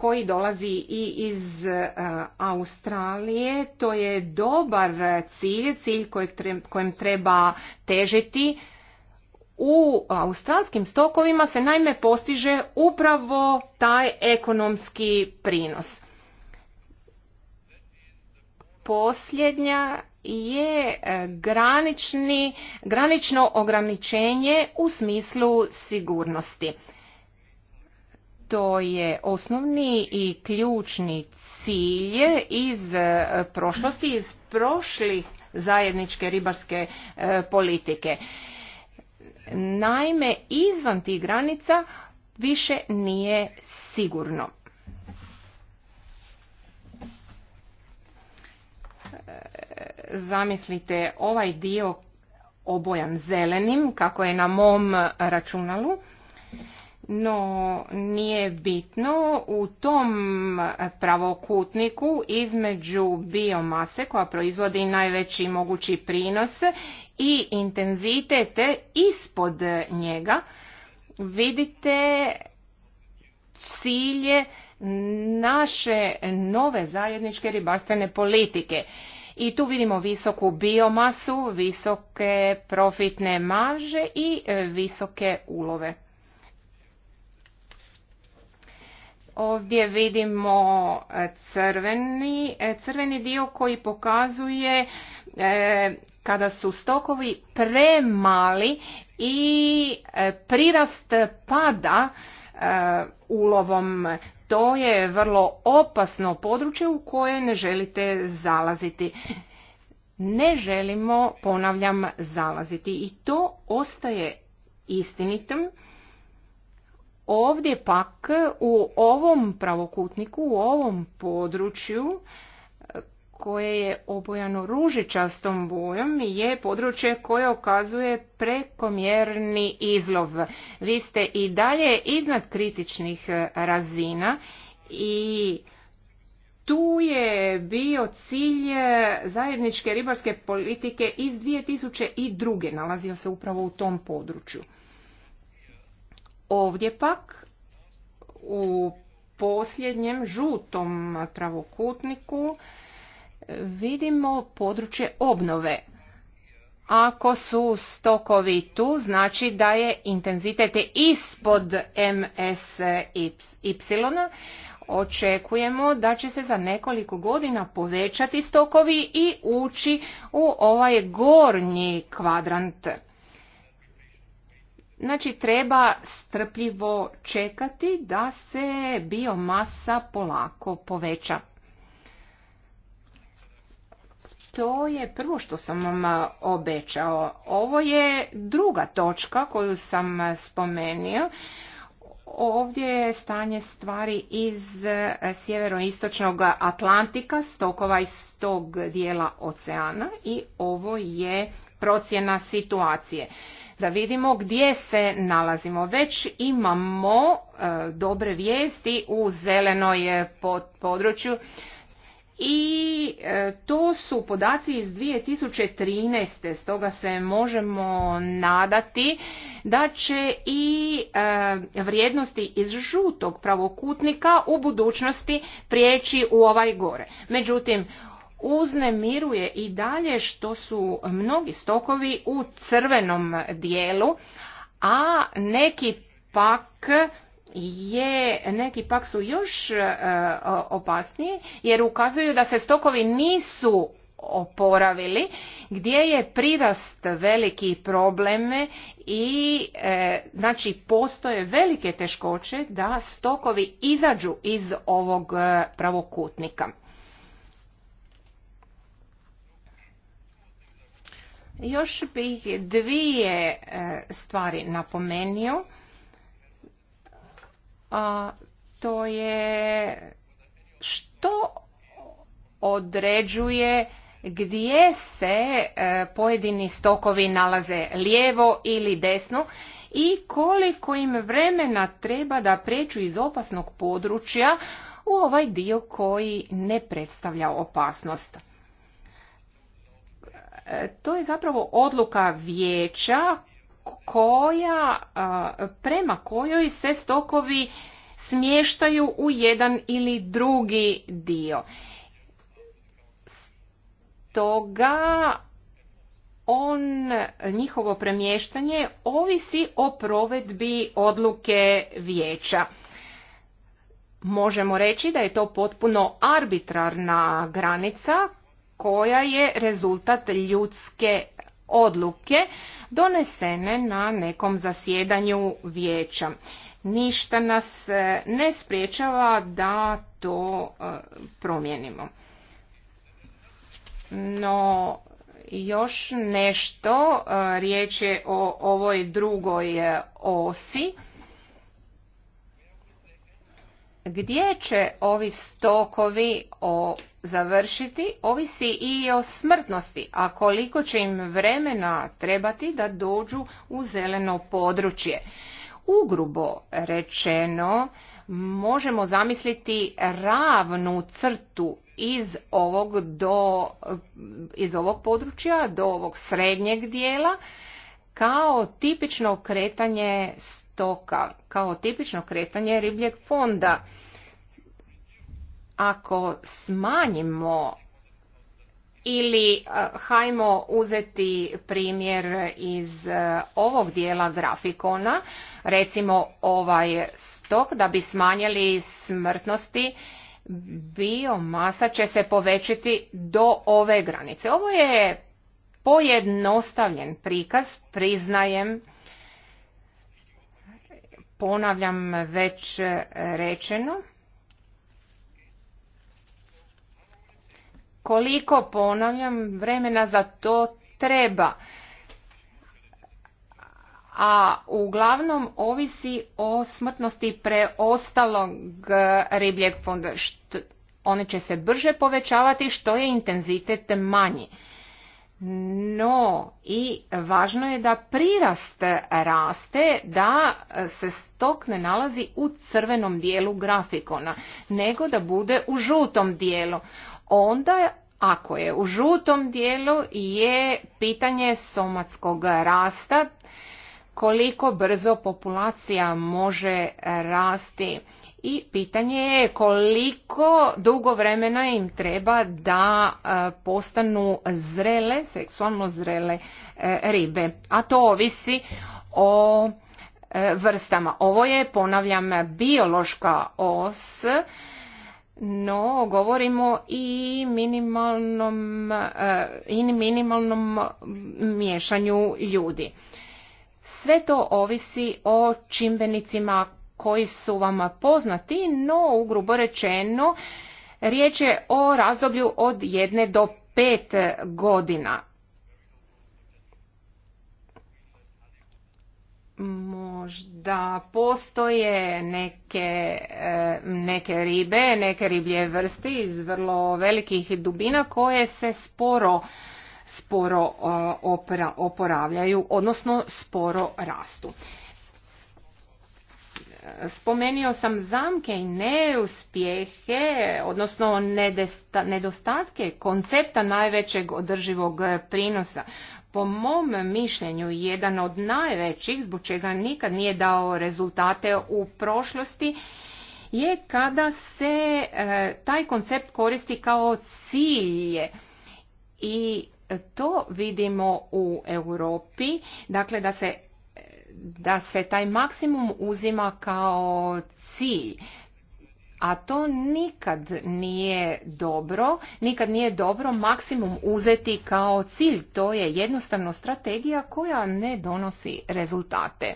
koji dolazi i iz e, Australije. To je dobar cilj, cilj kojem treba težiti. U australskim stokovima se najme postiže upravo taj ekonomski prinos. Posljednja je e, granično ograničenje u smislu sigurnosti to je osnovni i ključni cilj iz e, prošlosti, iz prošlih zajedničke ribarske e, politike. Naime, izvan tih granica više nije sigurno. E, zamislite ovaj dio obojan zelenim, kako je na mom računalu no nije bitno u tom pravokutniku između biomase koja proizvodi najveći mogući prinos i intenzitete ispod njega vidite cilje naše nove zajedničke ribarstvene politike. I tu vidimo visoku biomasu, visoke profitne marže i visoke ulove. Ovdje vidimo e, crveni, e, crveni dio koji pokazuje e, kada su stokovi premali i prirast pada ulovom. To je vrlo opasno područje u koje ne želite zalaziti. Ne želimo, ponavljam, zalaziti i to ostaje istinitom Ovdje pak u ovom pravokutniku, u ovom području koje je obojano ružičastom bojom je područje koje okazuje prekomjerni izlov. Vi ste i dalje iznad kritičnih razina i tu je bio cilj zajedničke ribarske politike iz 2002. nalazio se upravo u tom području. Ovdje pak u posljednjem žutom pravokutniku vidimo područje obnove. Ako su stokovi tu, znači da je intenzitet ispod MSY. Očekujemo da će se za nekoliko godina povećati stokovi i ući u ovaj gornji kvadrant. Znači treba strpljivo čekati da se biomasa polako poveća. To je prvo što sam vam obećao. Ovo je druga točka koju sam spomenio. Ovdje je stanje stvari iz sjeveroistočnog Atlantika, stokova iz tog dijela oceana i ovo je procjena situacije da vidimo gdje se nalazimo. Već imamo e, dobre vijesti u zelenoj e, području i e, to su podaci iz 2013. Stoga se možemo nadati da će i vrijednosti iz žutog pravokutnika u budućnosti prijeći u ovaj gore. Međutim, uznemiruje i dalje što su mnogi stokovi u crvenom dijelu, a neki pak je, neki pak su još e, opasniji jer ukazuju da se stokovi nisu oporavili gdje je prirast veliki probleme i e, znači postoje velike teškoće da stokovi izađu iz ovog e, pravokutnika Još bih dvije e, stvari napomenio. A to je što određuje gdje se e, pojedini stokovi nalaze lijevo ili desno i koliko im vremena treba da pređu iz opasnog područja u ovaj dio koji ne predstavlja opasnost. E, to je zapravo odluka vijeća koja, prema kojoj se stokovi smještaju u jedan ili drugi dio. Stoga on, njihovo premještanje ovisi o provedbi odluke vijeća. Možemo reći da je to potpuno arbitrarna granica koja je rezultat ljudske odluke donesene na nekom zasjedanju vijeća. Ništa nas e, ne spriječava da to e, promijenimo. No, još nešto, e, riječ je o ovoj drugoj osi gdje će ovi stokovi o završiti ovisi i o smrtnosti, a koliko će im vremena trebati da dođu u zeleno područje. Ugrubo rečeno, možemo zamisliti ravnu crtu iz ovog, do, iz ovog područja do ovog srednjeg dijela kao tipično kretanje stoka toka kao tipično kretanje ribljeg fonda. Ako smanjimo ili hajmo uzeti primjer iz ovog dijela grafikona, recimo ovaj stok, da bi smanjili smrtnosti, biomasa će se povećati do ove granice. Ovo je pojednostavljen prikaz, priznajem, ponavljam već rečeno. Koliko ponavljam vremena za to treba. A uglavnom ovisi o smrtnosti preostalog ribljeg fonda. One će se brže povećavati što je intenzitet manji. No i važno je da prirast raste, da se stok ne nalazi u crvenom dijelu grafikona, nego da bude u žutom dijelu. Onda ako je u žutom dijelu je pitanje somatskog rasta, koliko brzo populacija može rasti i pitanje je koliko dugo vremena im treba da e, postanu zrele, seksualno zrele e, ribe. A to ovisi o e, vrstama. Ovo je, ponavljam, biološka os, no govorimo i minimalnom, i minimalnom miješanju ljudi. Sve to ovisi o čimbenicima koji su vam poznati, no grubo rečeno riječ je o razdoblju od jedne do pet godina. možda postoje neke, e, neke ribe, neke riblje vrsti iz vrlo velikih dubina koje se sporo sporo e, oporavljaju, odnosno sporo rastu spomenio sam zamke i neuspjehe, odnosno nedostatke koncepta najvećeg održivog prinosa. Po mom mišljenju, jedan od najvećih, zbog čega nikad nije dao rezultate u prošlosti, je kada se e, taj koncept koristi kao cilj i to vidimo u Europi, dakle da se da se taj maksimum uzima kao cilj a to nikad nije dobro, nikad nije dobro maksimum uzeti kao cilj, to je jednostavno strategija koja ne donosi rezultate.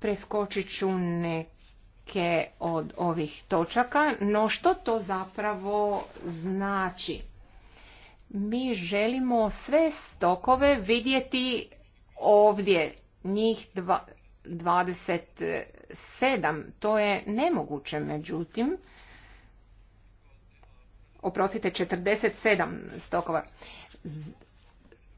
Preskočit ću neke od ovih točaka, no što to zapravo znači? Mi želimo sve stokove vidjeti ovdje njih dva, 27. To je nemoguće, međutim, oprostite, 47 stokova.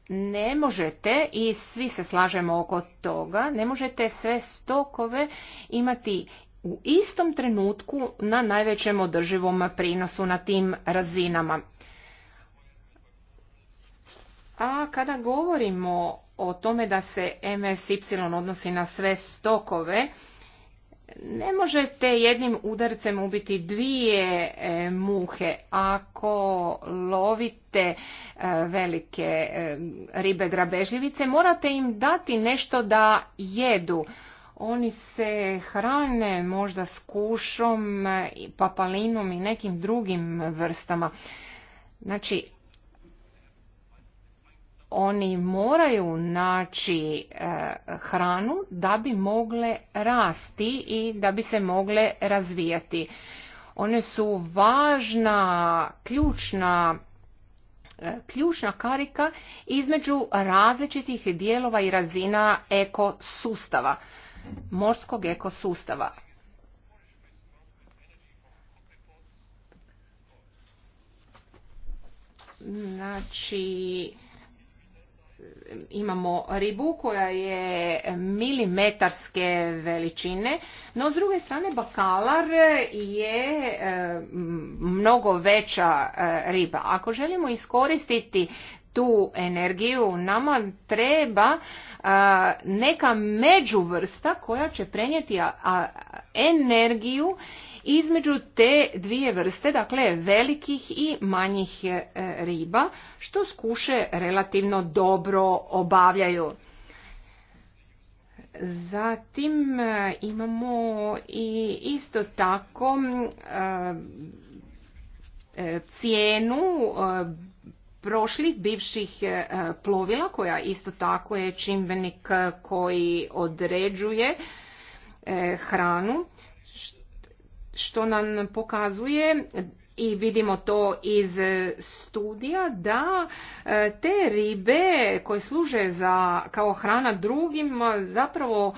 Ne možete, i svi se slažemo oko toga, ne možete sve stokove imati u istom trenutku na najvećem održivom prinosu na tim razinama. A kada govorimo o tome da se MSY odnosi na sve stokove, ne možete jednim udarcem ubiti dvije e, muhe ako lovite e, velike e, ribe grabežljivice morate im dati nešto da jedu oni se hrane možda s kušom papalinom i nekim drugim vrstama znači oni moraju naći e, hranu da bi mogle rasti i da bi se mogle razvijati. One su važna, ključna e, ključna karika između različitih dijelova i razina ekosustava, morskog ekosustava. Znači, imamo ribu koja je milimetarske veličine, no s druge strane bakalar je e, mnogo veća e, riba. Ako želimo iskoristiti tu energiju nama treba e, neka međuvrsta koja će prenijeti energiju između te dvije vrste, dakle velikih i manjih e, riba, što skuše relativno dobro obavljaju. Zatim e, imamo i isto tako e, cijenu prošlih bivših plovila koja isto tako je čimbenik koji određuje hranu što nam pokazuje i vidimo to iz studija da e, te ribe koje služe za, kao hrana drugim zapravo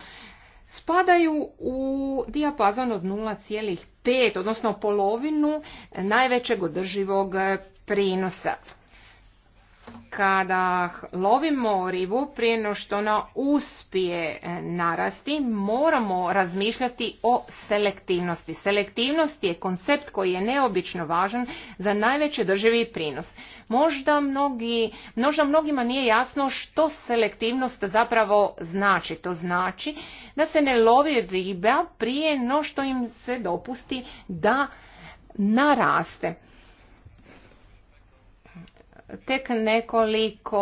spadaju u dijapazon od 0,5, odnosno polovinu najvećeg održivog prinosa kada lovimo ribu prije no što ona uspije eh, narasti, moramo razmišljati o selektivnosti. Selektivnost je koncept koji je neobično važan za najveći drživi prinos. Možda, mnogi, možda mnogima nije jasno što selektivnost zapravo znači. To znači da se ne lovi riba prije no što im se dopusti da naraste. Tek nekoliko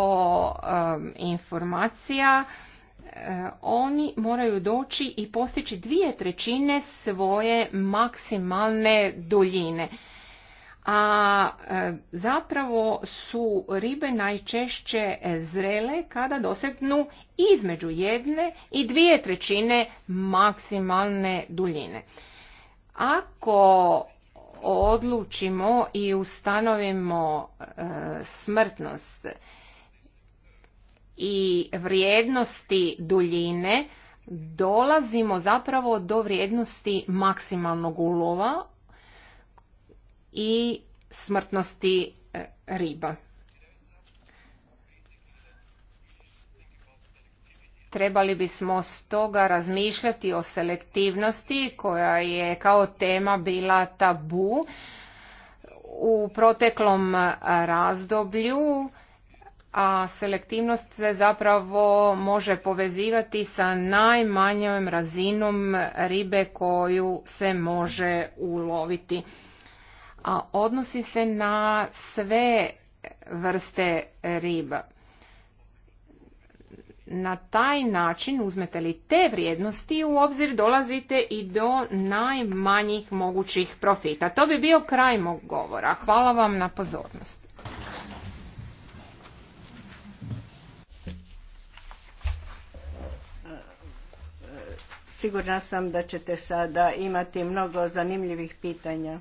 informacija. E, oni moraju doći i postići dvije trećine svoje maksimalne duljine. A e, zapravo su ribe najčešće zrele kada dosegnu između jedne i dvije trećine maksimalne duljine. Ako odlučimo i ustanovimo e, smrtnost i vrijednosti duljine dolazimo zapravo do vrijednosti maksimalnog ulova i smrtnosti e, riba. Trebali bismo stoga razmišljati o selektivnosti koja je kao tema bila tabu u proteklom razdoblju a selektivnost se zapravo može povezivati sa najmanjom razinom ribe koju se može uloviti. A odnosi se na sve vrste riba na taj način uzmete li te vrijednosti u obzir dolazite i do najmanjih mogućih profita. To bi bio kraj mog govora. Hvala vam na pozornost. Sigurna sam da ćete sada imati mnogo zanimljivih pitanja.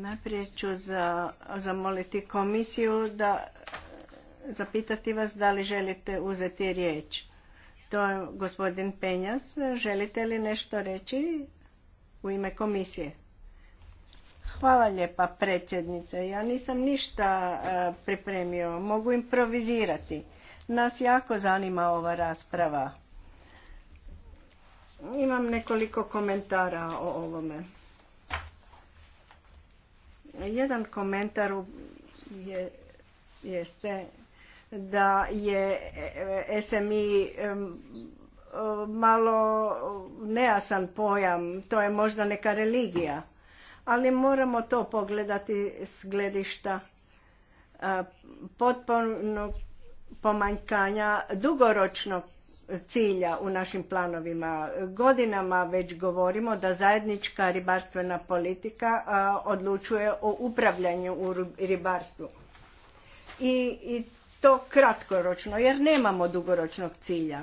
Najprije ću zamoliti komisiju da zapitati vas da li želite uzeti riječ. To je gospodin Penjas. Želite li nešto reći u ime komisije? Hvala lijepa predsjednice. Ja nisam ništa e, pripremio. Mogu improvizirati. Nas jako zanima ova rasprava. Imam nekoliko komentara o ovome. Jedan komentar jeste da je SMI malo nejasan pojam, to je možda neka religija, ali moramo to pogledati s gledišta eh, potpornog pomanjkanja dugoročnog cilja u našim planovima. Godinama već govorimo da zajednička ribarstvena politika odlučuje o upravljanju u ribarstvu. I, i to kratkoročno jer nemamo dugoročnog cilja.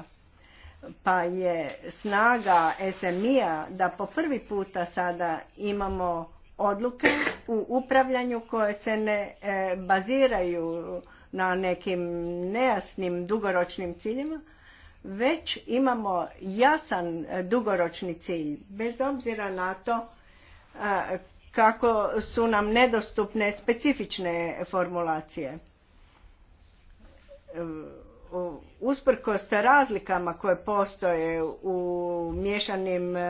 Pa je snaga SMI-a da po prvi puta sada imamo odluke u upravljanju koje se ne e, baziraju na nekim nejasnim dugoročnim ciljima već imamo jasan dugoročni cilj, bez obzira na to kako su nam nedostupne specifične formulacije. E, usprkos razlikama koje postoje u miješanim e,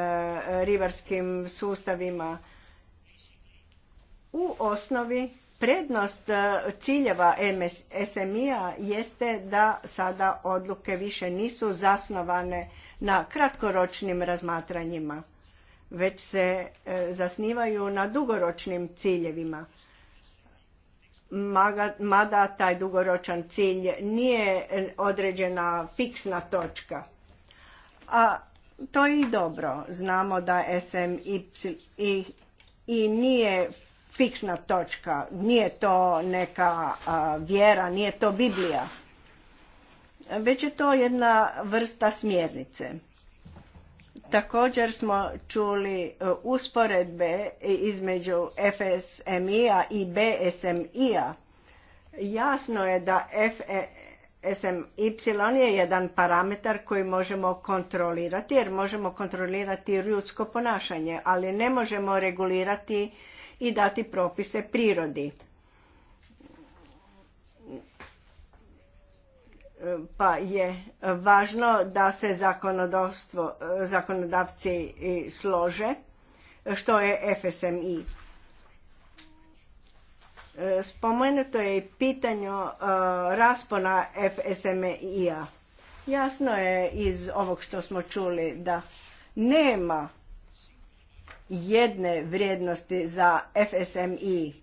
ribarskim sustavima, u osnovi Prednost e, ciljeva SMI-a jeste da sada odluke više nisu zasnovane na kratkoročnim razmatranjima, već se e, zasnivaju na dugoročnim ciljevima. Mada taj dugoročan cilj nije određena fiksna točka. A to je i dobro. Znamo da SMI i nije fiksna točka, nije to neka vjera, nije to Biblija, već je to jedna vrsta smjernice. Također smo čuli e, usporedbe između FSMI-a i BSMI-a. Jasno je da FSMY je jedan parametar koji možemo kontrolirati, jer možemo kontrolirati ljudsko ponašanje, ali ne možemo regulirati i dati propise prirodi. Pa je važno da se zakonodavci slože što je FSMI. Spomenuto je i pitanje uh, raspona FSMI-a. Jasno je iz ovog što smo čuli da nema jedne vrijednosti za FSMI,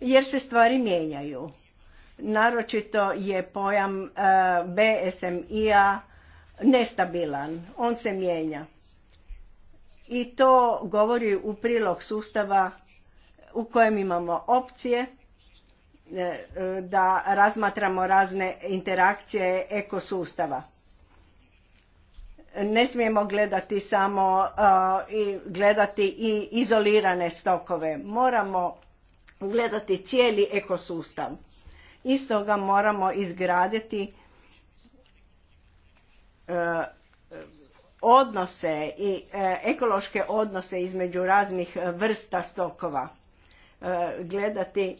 jer se stvari mijenjaju. Naročito je pojam e, BSMI-a nestabilan, on se mijenja. I to govori u prilog sustava u kojem imamo opcije e, e, da razmatramo razne interakcije ekosustava ne smijemo gledati samo uh, i gledati i izolirane stokove. Moramo gledati cijeli ekosustav. iz toga moramo izgraditi uh, odnose i uh, ekološke odnose između raznih vrsta stokova. Gledati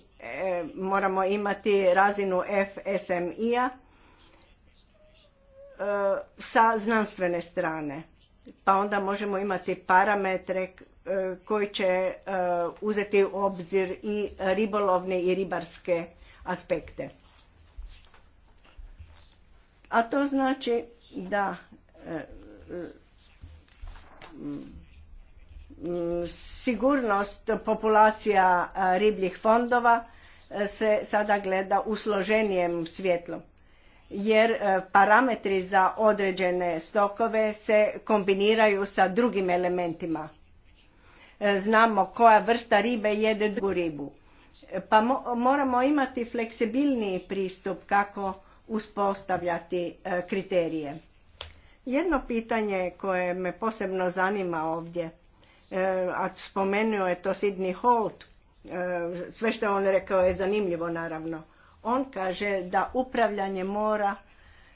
moramo imati razinu FSMI-a E, sa znanstvene strane. Pa onda možemo imati parametre e, koji će e, uzeti u obzir i ribolovne i ribarske aspekte. A to znači da sigurnost populacija ribljih fondova se sada gleda u složenijem svjetlu jer e, parametri za određene stokove se kombiniraju sa drugim elementima. E, znamo koja vrsta ribe jede drugu ribu. E, pa moramo imati fleksibilniji pristup kako uspostavljati kriterije. Jedno pitanje koje me posebno zanima ovdje, a spomenuo je to Sidney Holt, sve što on rekao je zanimljivo naravno, on kaže da upravljanje mora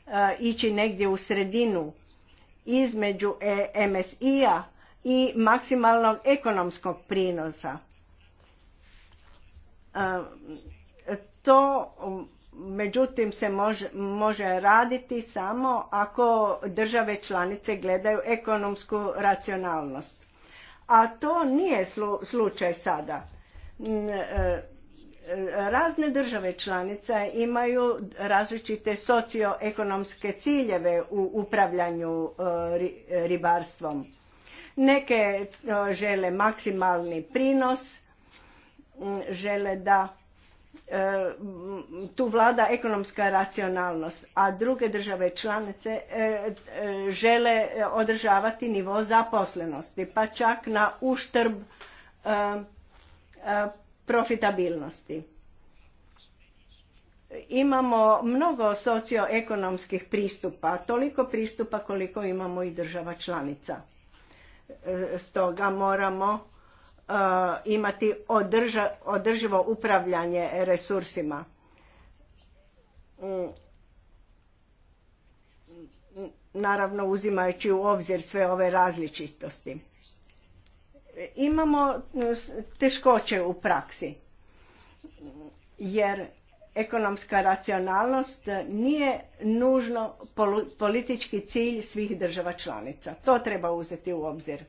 eh, ići negdje u sredinu između eh, MSI-a i maksimalnog ekonomskog prinosa. Eh, to međutim se može, može raditi samo ako države članice gledaju ekonomsku racionalnost. A to nije slučaj sada razne države članice imaju različite socioekonomske ciljeve u upravljanju e, ribarstvom. Neke e, žele maksimalni prinos, žele da e, tu vlada ekonomska racionalnost, a druge države članice žele održavati nivo zaposlenosti, pa čak na uštrb profitabilnosti. Imamo mnogo socioekonomskih pristupa, toliko pristupa koliko imamo i država članica. E, stoga moramo e, imati održivo upravljanje resursima. Mm. Naravno uzimajući u obzir sve ove različitosti imamo e, teškoće u praksi jer ekonomska racionalnost nije nužno politički cilj svih država članica. To treba uzeti u obzir.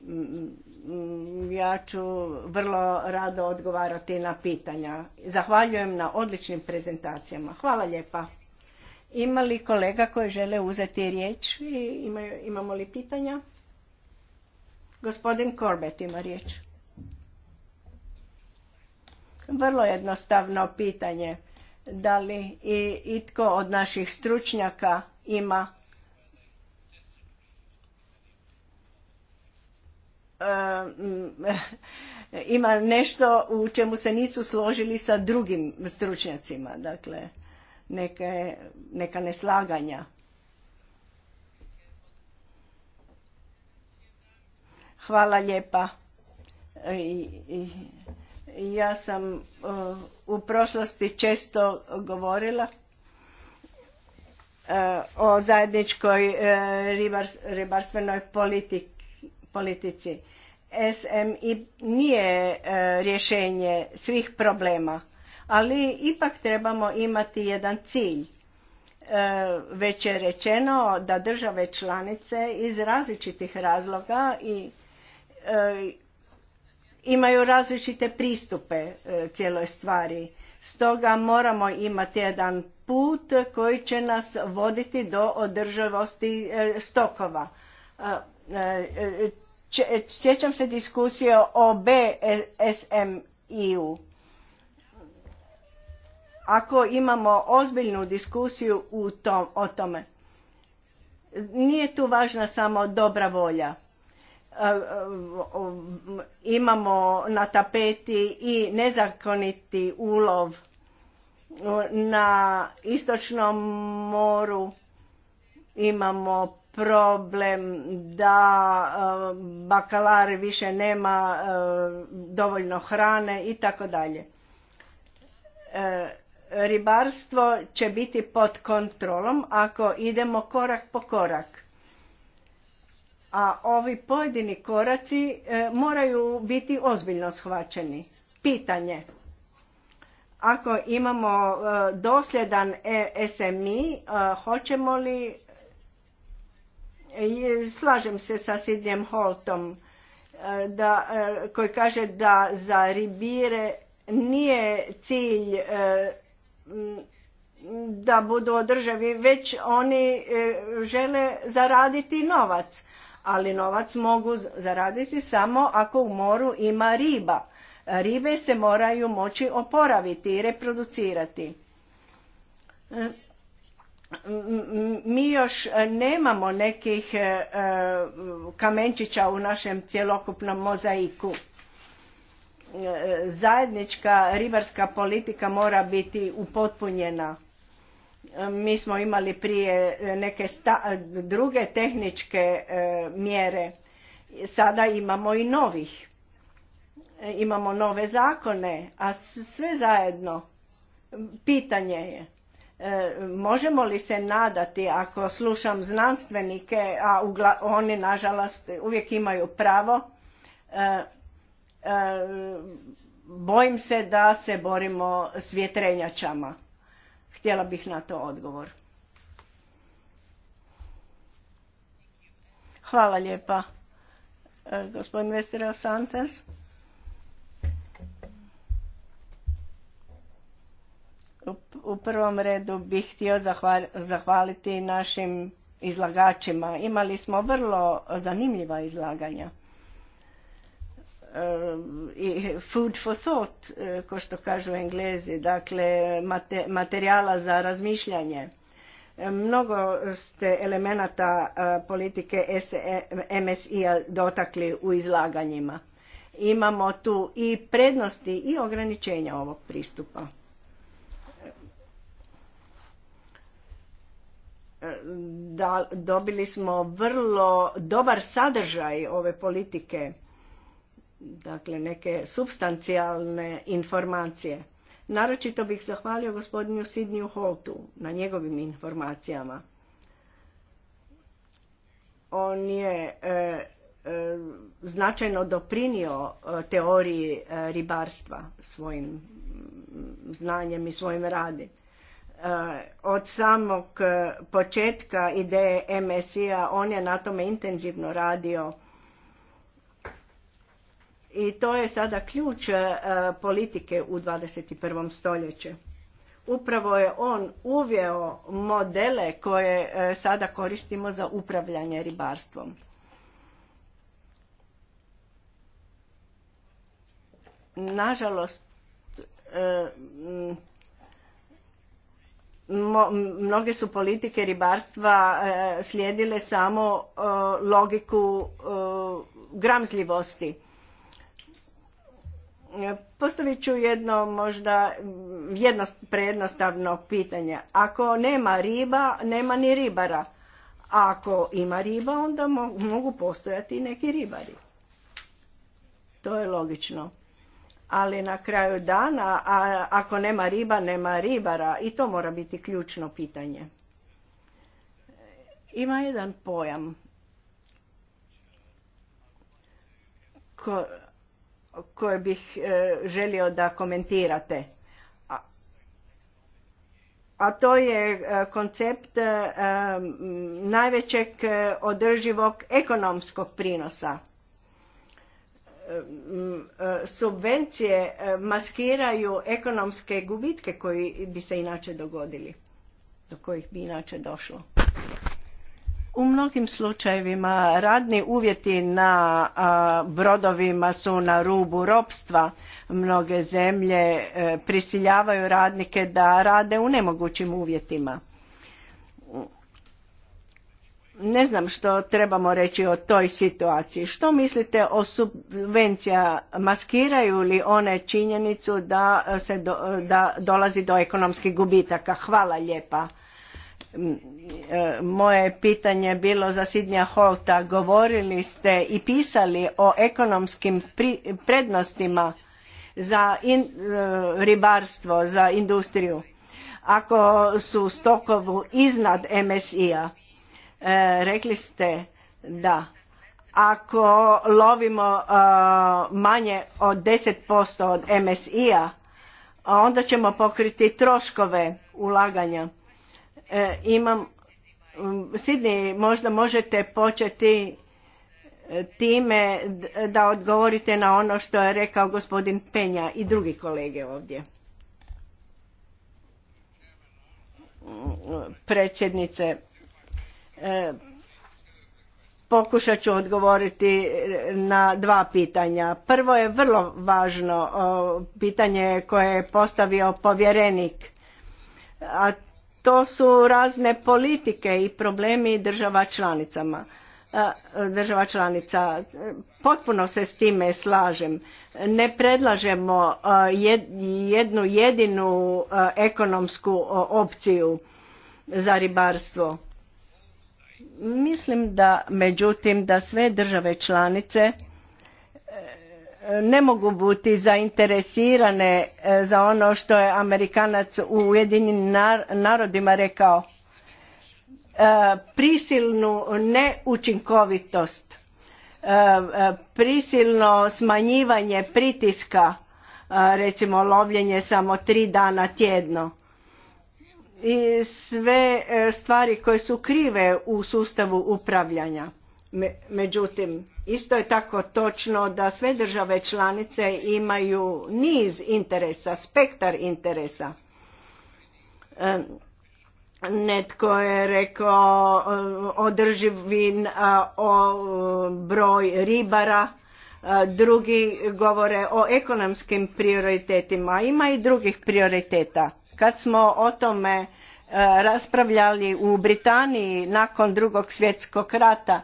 Mm, ja ću vrlo rado odgovarati na pitanja. Zahvaljujem na odličnim prezentacijama. Hvala lijepa. Ima li kolega koji žele uzeti riječ? Imamo li pitanja? Gospodin Korbet ima riječ. Vrlo jednostavno pitanje. Da li i itko od naših stručnjaka ima e, ima nešto u čemu se nisu složili sa drugim stručnjacima, dakle neka neslaganja. Hvala lijepa. Ja sam e, u prošlosti često govorila e, o zajedničkoj e, ribarstvenoj politici. SM i nije rješenje svih problema, ali ipak trebamo imati jedan cilj. Već je rečeno da države članice iz različitih razloga i E, imaju različite pristupe e, cijeloj stvari. Stoga moramo imati jedan put koji će nas voditi do održavosti e, stokova. Sjećam se diskusije o BSMI-u. Ako imamo ozbiljnu diskusiju u tom, o tome, nije tu važna samo dobra volja E, e, imamo na tapeti i nezakoniti ulov na istočnom moru imamo problem da e, bakalari više nema dovoljno hrane i tako dalje. Ribarstvo će biti pod kontrolom ako idemo korak po korak a ovi pojedini koraci e, moraju biti ozbiljno shvaćeni. Pitanje. Ako imamo e, dosljedan e, SMI, hoćemo li, slažem se sa Sidnjem Holtom, koji kaže da za ribire nije cilj da budu održavi, već oni žele zaraditi novac ali novac mogu zaraditi samo ako u moru ima riba. Ribe se moraju moći oporaviti i reproducirati. Mm, mm, mm, mi još nemamo nekih e, e, kamenčića u našem cjelokupnom mozaiku. E, zajednička ribarska politika mora biti upotpunjena mi smo imali prije e, neke e, druge tehničke e, mjere sada imamo i novih imamo nove zakone a sve zajedno pitanje je možemo li se nadati ako slušam znanstvenike a oni nažalost uvijek imaju pravo bojim se da se borimo s vjetrenjačama Htjela bih na to odgovor. Hvala lijepa, e, gospodin Vestera Santos. U prvom redu bih htio zahvaliti našim izlagačima. Imali smo vrlo zanimljiva izlaganja. Eh, i food for thought, eh, ko što kažu englezi, dakle mate, materijala za razmišljanje. Eh, mnogo ste elemenata politike e, MSI-a dotakli u izlaganjima. Imamo tu i prednosti i ograničenja ovog pristupa. dobili smo vrlo dobar sadržaj ove politike dakle neke substancijalne informacije. Naročito bih zahvalio gospodinu Sidniju Holtu na njegovim informacijama. On je e, e, značajno doprinio e, teoriji ribarstva svojim znanjem i svojim radi. od samog početka ideje MSI-a on je na tome intenzivno radio i to je sada ključ e, politike u 21. stoljeću. Upravo je on uvjeo modele koje e, sada koristimo za upravljanje ribarstvom. Nažalost, e, mnoge su politike ribarstva slijedile samo logiku gramzljivosti Postavit ću jedno možda jedno prejednostavno pitanje. Ako nema riba, nema ni ribara. ako ima riba, onda mogu postojati i neki ribari. To je logično. Ali na kraju dana, a ako nema riba, nema ribara. I to mora biti ključno pitanje. Ima jedan pojam. Ko, koje bih e, želio da komentirate. A to je e, koncept e, najvećeg održivog ekonomskog prinosa. Subvencije maskiraju ekonomske gubitke koji bi se inače dogodili, do kojih bi inače došlo. U mnogim slučajevima radni uvjeti na brodovima su na rubu ropstva. Mnoge zemlje e, prisiljavaju radnike da rade u nemogućim uvjetima. Ne znam što trebamo reći o toj situaciji. Što mislite o subvencija? Maskiraju li one činjenicu da, se da dolazi do ekonomskih gubitaka? Hvala lijepa. Moje pitanje bilo za Sidnja Holta. Govorili ste i pisali o ekonomskim prednostima za in, e, ribarstvo, za industriju. Ako su stokovu iznad MSI-a, e, rekli ste da ako lovimo e, manje od 10% od MSI-a, onda ćemo pokriti troškove ulaganja E, imam, Sidni, možda možete početi e, time da odgovorite na ono što je rekao gospodin Penja i drugi kolege ovdje. Mm, predsjednice, e, pokušat ću odgovoriti na dva pitanja. Prvo je vrlo važno pitanje koje je postavio povjerenik, a to su razne politike i problemi država članicama e, država članica. Potpuno se s time slažem. Ne predlažemo e, jednu jedinu e, ekonomsku opciju za ribarstvo. Mislim da, međutim, da sve države članice ne mogu biti zainteresirane e, za ono što je Amerikanac u Ujedinjenim narodima rekao e, prisilnu neučinkovitost, e, prisilno smanjivanje pritiska, recimo lovljenje samo tri dana tjedno i sve stvari koje su krive u sustavu upravljanja Međutim, isto je tako točno da sve države članice imaju niz interesa, spektar interesa. Netko je rekao e, održivi broj ribara, drugi govore o ekonomskim prioritetima, ima i drugih prioriteta. Kad smo o tome e, raspravljali u Britaniji nakon drugog svjetskog rata,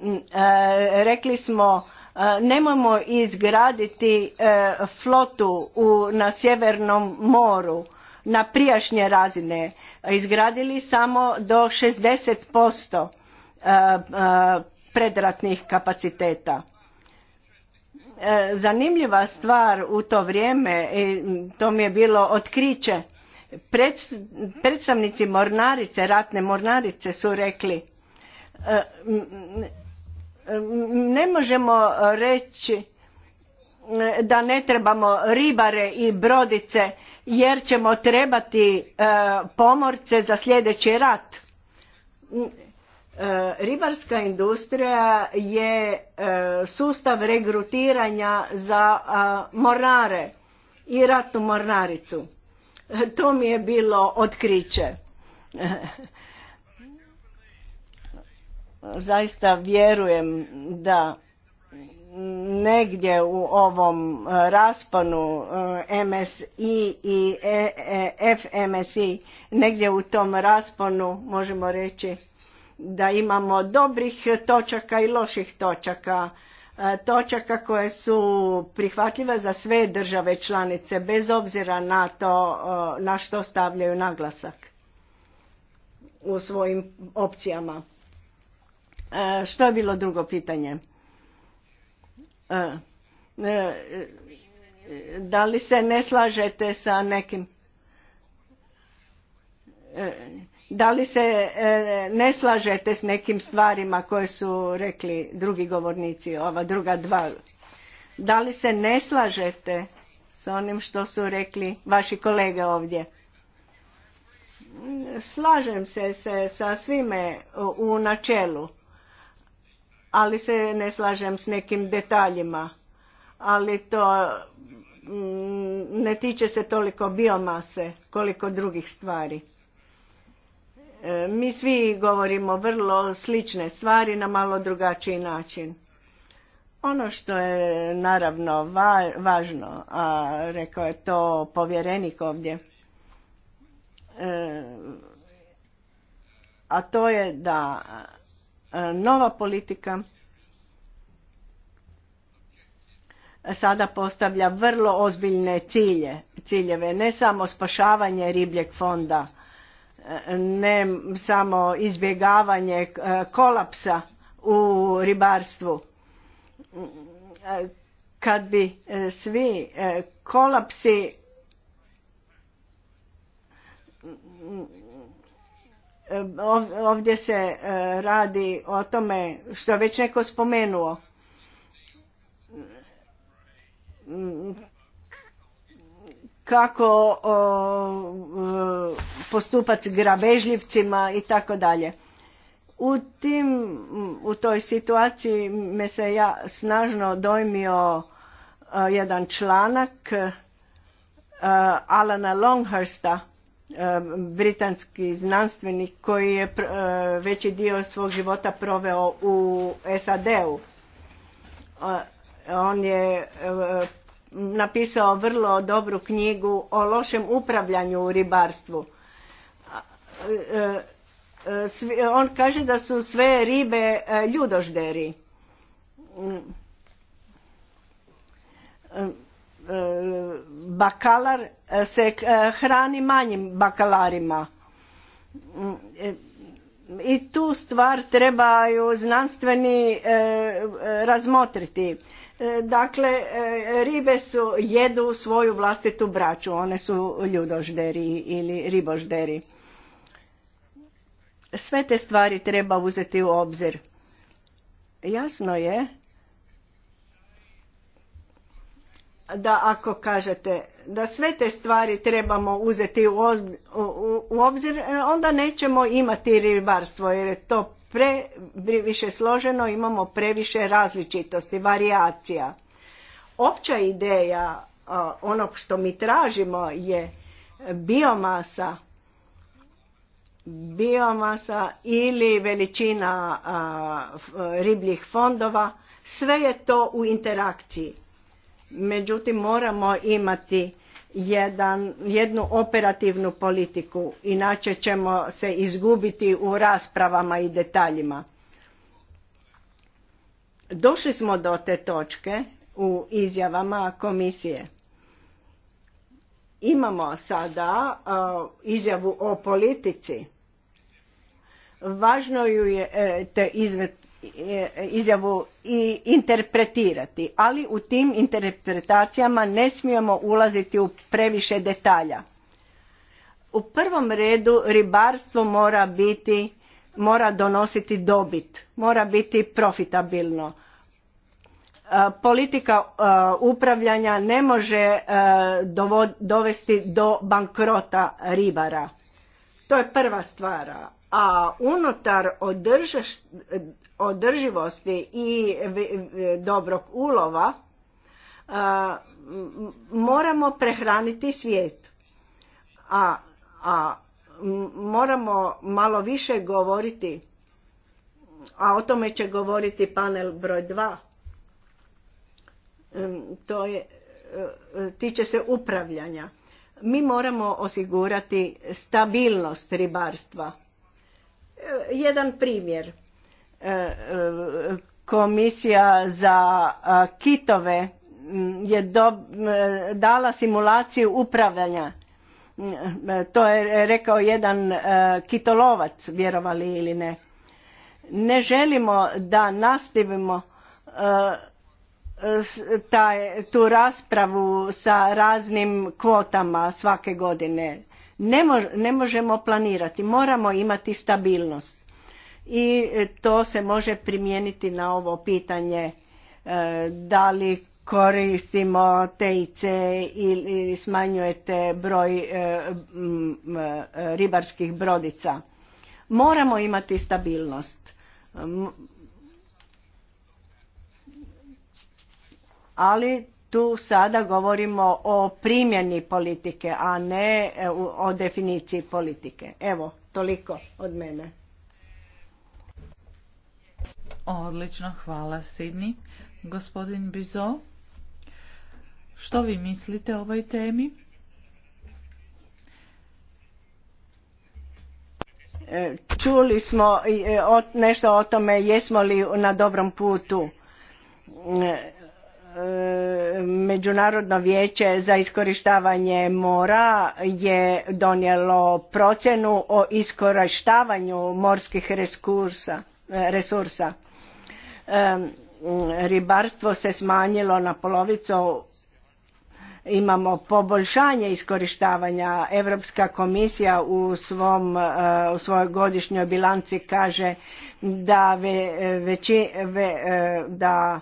Mm, e, rekli smo e, nemojmo izgraditi e, flotu na sjevernom moru na prijašnje razine izgradili samo do 60% predratnih kapaciteta zanimljiva stvar u to vrijeme to mi je bilo otkriće predstavnici mornarice ratne mornarice su rekli ne možemo e, reći e, da ne trebamo ribare i brodice jer ćemo trebati e, pomorce za sljedeći rat. Ribarska industrija je sustav regrutiranja za mornare i ratnu mornaricu. To mi je bilo otkriće. Zaista vjerujem da negdje u ovom e, rasponu e, MSI i FMSI, e, negdje u tom rasponu možemo reći da imamo dobrih točaka i loših točaka, točaka koje su prihvatljive za sve države članice, bez obzira na to na što stavljaju naglasak u svojim opcijama. E, što je bilo drugo pitanje? E, e, da li se ne slažete sa nekim? Da li se ne slažete s nekim stvarima koje su rekli drugi govornici, ova druga dva? Da li se ne slažete s onim što su rekli vaši kolege ovdje? Slažem se, se sa svime u načelu ali se ne slažem s nekim detaljima. Ali to mm, ne tiče se toliko biomase koliko drugih stvari. E, mi svi govorimo vrlo slične stvari na malo drugačiji način. Ono što je naravno važno, a rekao je to povjerenik ovdje, e, a to je da E, nova politika sada postavlja vrlo ozbiljne cilje, ciljeve, ne samo spašavanje ribljeg fonda, e, ne samo izbjegavanje e, kolapsa u ribarstvu. Kad bi svi kolapsi Ovdje se e, radi o tome što je već neko spomenuo. Kako postupati s grabežljivcima i tako dalje. U tim, u toj situaciji me se ja snažno dojmio e, jedan članak e, Alana Longhursta Um, britanski znanstvenik koji je uh, veći dio svog života proveo u SAD-u. Uh, on je uh, napisao vrlo dobru knjigu o lošem upravljanju u ribarstvu. On kaže da su sve ribe ljudožderi mm. bakalar se eh, hrani manjim bakalarima. Mm, e, I tu stvar trebaju znanstveni eh, razmotriti. Eh, dakle, ribe su, jedu svoju vlastitu braću, one su ljudožderi ili ribožderi. Sve te stvari treba uzeti u obzir. Jasno je da ako kažete da sve te stvari trebamo uzeti u obzir, e, onda nećemo imati ribarstvo jer je to previše složeno, imamo previše različitosti, varijacija. Opća ideja onog što mi tražimo je biomasa, biomasa ili veličina ribljih fondova, sve je to u interakciji Međutim, moramo imati jedan, jednu operativnu politiku, inače ćemo se izgubiti u raspravama i detaljima. Došli smo do te točke u izjavama komisije. Imamo sada izjavu o politici. Važno ju je e, te izvet, izjavu i interpretirati, ali u tim interpretacijama ne smijemo ulaziti u previše detalja. U prvom redu ribarstvo mora biti, mora donositi dobit, mora biti profitabilno. E, politika e, upravljanja ne može e, dovesti do bankrota ribara. To je prva stvar. A unutar održivosti i dobrog ulova moramo prehraniti svijet. A, a moramo malo više govoriti, a o tome će govoriti panel broj 2. To je, e, tiče se upravljanja. Mi moramo osigurati stabilnost ribarstva. E, jedan primjer E, e, komisija za kitove je dala simulaciju upravljanja. E, to je rekao jedan kitolovac, vjerovali ili ne. Ne želimo da nastavimo taj, tu raspravu sa raznim kvotama svake godine. ne možemo planirati, moramo imati stabilnost i e, to se može primijeniti na ovo pitanje e, da li koristimo ce ili smanjujete broj e, ribarskih brodica. Moramo imati stabilnost. Ali tu sada govorimo o primjeni politike, a ne o definiciji politike. Evo, toliko od mene. Odlično, hvala Sidni. Gospodin Bizo, što vi mislite o ovoj temi? E, čuli smo e, nešto o tome jesmo li na dobrom putu. E, Međunarodno vijeće za iskorištavanje mora je donijelo procjenu o iskorištavanju morskih resursa ribarstvo se smanjilo na polovicu imamo poboljšanje iskorištavanja europska komisija u, svom, e, u svojoj godišnjoj bilanci kaže da, ve, e, da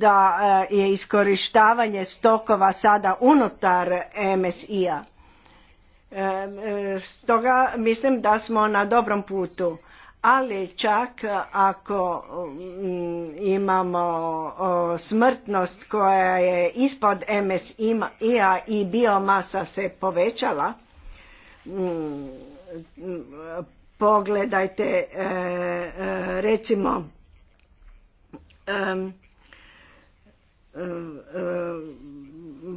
da e, je iskorištavanje stokova sada unutar MSI-a. Stoga mislim da smo na dobrom putu ali čak ako mm, imamo smrtnost koja je ispod MS a i biomasa se povećala, mm, pogledajte e, e, recimo e,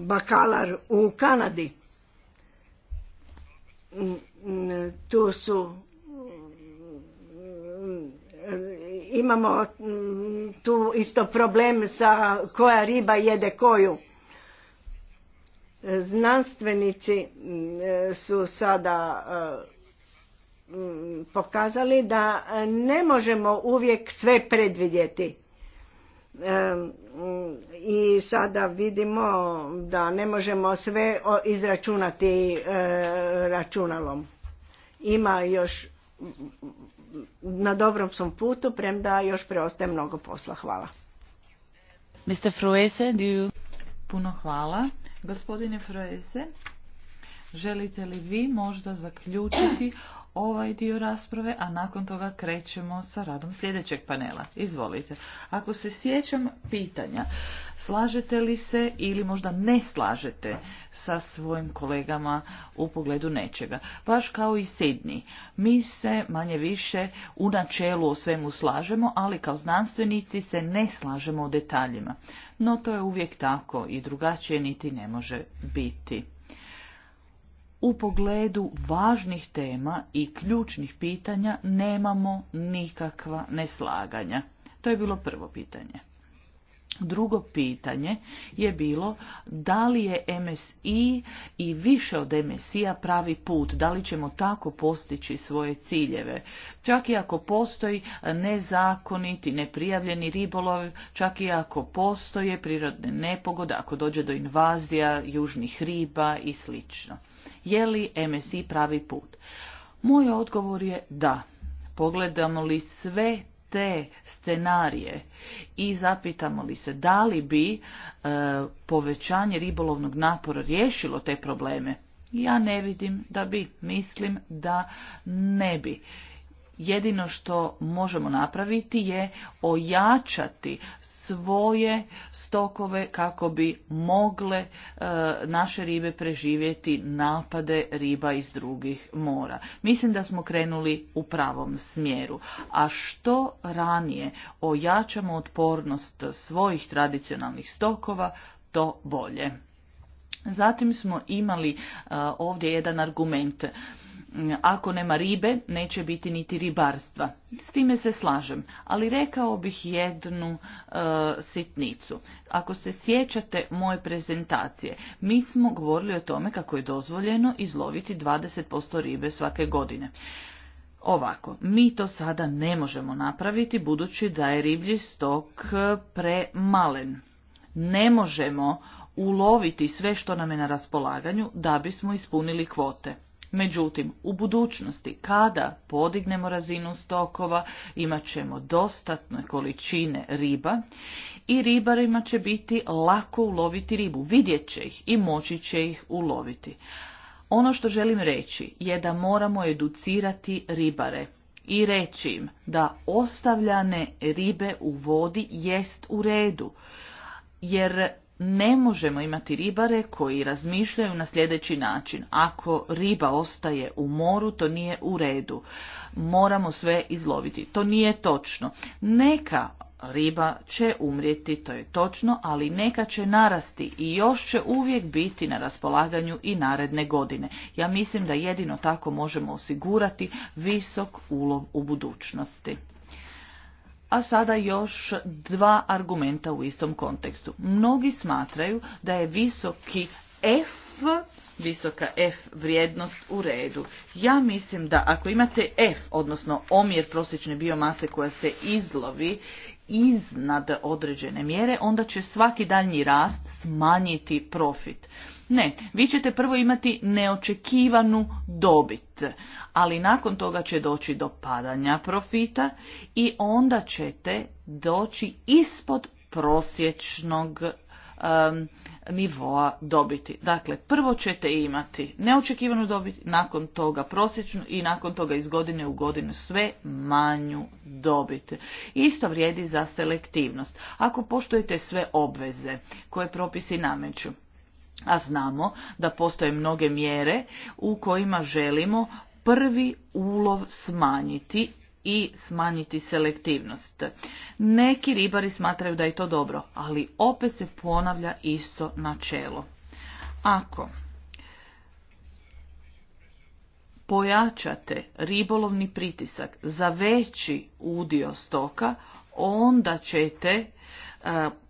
bakalar u Kanadi. Mm, tu su imamo mm, tu isto problem sa koja riba jede koju. Znanstvenici mm, su sada eh, mm, pokazali da ne možemo uvijek sve predvidjeti. I sada vidimo da ne možemo sve izračunati eh, računalom. Ima još na dobrom sam putu, premda još preostaje mnogo posla. Hvala. Mr. Fruese, do Puno hvala. Gospodine Fruese, želite li vi možda zaključiti ovaj dio rasprave, a nakon toga krećemo sa radom sljedećeg panela. Izvolite. Ako se sjećam pitanja, slažete li se ili možda ne slažete sa svojim kolegama u pogledu nečega? Baš kao i Sidni. Mi se manje više u načelu o svemu slažemo, ali kao znanstvenici se ne slažemo o detaljima. No to je uvijek tako i drugačije niti ne može biti u pogledu važnih tema i ključnih pitanja nemamo nikakva neslaganja. To je bilo prvo pitanje. Drugo pitanje je bilo da li je MSI i više od MSI-a pravi put, da li ćemo tako postići svoje ciljeve. Čak i ako postoji nezakoniti, neprijavljeni ribolov, čak i ako postoje prirodne nepogode, ako dođe do invazija južnih riba i slično. Je li MSI pravi put? Moj odgovor je da. Pogledamo li sve te scenarije i zapitamo li se da li bi e, povećanje ribolovnog napora riješilo te probleme? Ja ne vidim da bi, mislim da ne bi jedino što možemo napraviti je ojačati svoje stokove kako bi mogle e, naše ribe preživjeti napade riba iz drugih mora. Mislim da smo krenuli u pravom smjeru. A što ranije ojačamo otpornost svojih tradicionalnih stokova, to bolje. Zatim smo imali e, ovdje jedan argument ako nema ribe, neće biti niti ribarstva. S time se slažem, ali rekao bih jednu e, sitnicu. Ako se sjećate moje prezentacije, mi smo govorili o tome kako je dozvoljeno izloviti 20% ribe svake godine. Ovako, mi to sada ne možemo napraviti budući da je riblji stok e, premalen. Ne možemo uloviti sve što nam je na raspolaganju da bismo ispunili kvote. Međutim, u budućnosti, kada podignemo razinu stokova, imat ćemo dostatne količine riba i ribarima će biti lako uloviti ribu, vidjet će ih i moći će ih uloviti. Ono što želim reći je da moramo educirati ribare i reći im da ostavljane ribe u vodi jest u redu, jer ne možemo imati ribare koji razmišljaju na sljedeći način. Ako riba ostaje u moru, to nije u redu. Moramo sve izloviti. To nije točno. Neka riba će umrijeti, to je točno, ali neka će narasti i još će uvijek biti na raspolaganju i naredne godine. Ja mislim da jedino tako možemo osigurati visok ulov u budućnosti a sada još dva argumenta u istom kontekstu. Mnogi smatraju da je visoki F, visoka F vrijednost u redu. Ja mislim da ako imate F, odnosno omjer prosječne biomase koja se izlovi iznad određene mjere, onda će svaki daljnji rast smanjiti profit. Ne, vi ćete prvo imati neočekivanu dobit, ali nakon toga će doći do padanja profita i onda ćete doći ispod prosječnog um, nivoa dobiti. Dakle, prvo ćete imati neočekivanu dobit, nakon toga prosječnu i nakon toga iz godine u godinu sve manju dobit. Isto vrijedi za selektivnost. Ako poštujete sve obveze koje propisi nameću, a znamo da postoje mnoge mjere u kojima želimo prvi ulov smanjiti i smanjiti selektivnost. Neki ribari smatraju da je to dobro, ali opet se ponavlja isto načelo. Ako pojačate ribolovni pritisak za veći udio stoka, onda ćete e,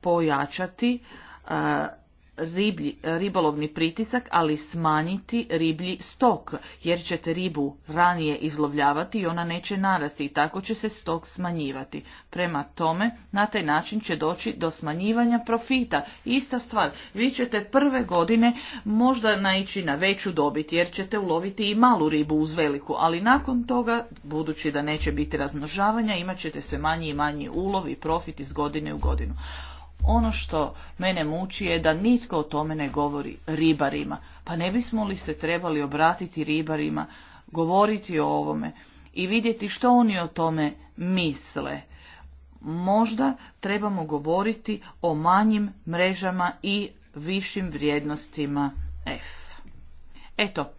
pojačati e, riblji, ribolovni pritisak, ali smanjiti riblji stok, jer ćete ribu ranije izlovljavati i ona neće narasti i tako će se stok smanjivati. Prema tome, na taj način će doći do smanjivanja profita. Ista stvar, vi ćete prve godine možda naići na veću dobit, jer ćete uloviti i malu ribu uz veliku, ali nakon toga, budući da neće biti razmnožavanja, imat ćete sve manji i manji ulov i profit iz godine u godinu. Ono što mene muči je da nitko o tome ne govori ribarima. Pa ne bismo li se trebali obratiti ribarima, govoriti o ovome i vidjeti što oni o tome misle. Možda trebamo govoriti o manjim mrežama i višim vrijednostima F. Eto,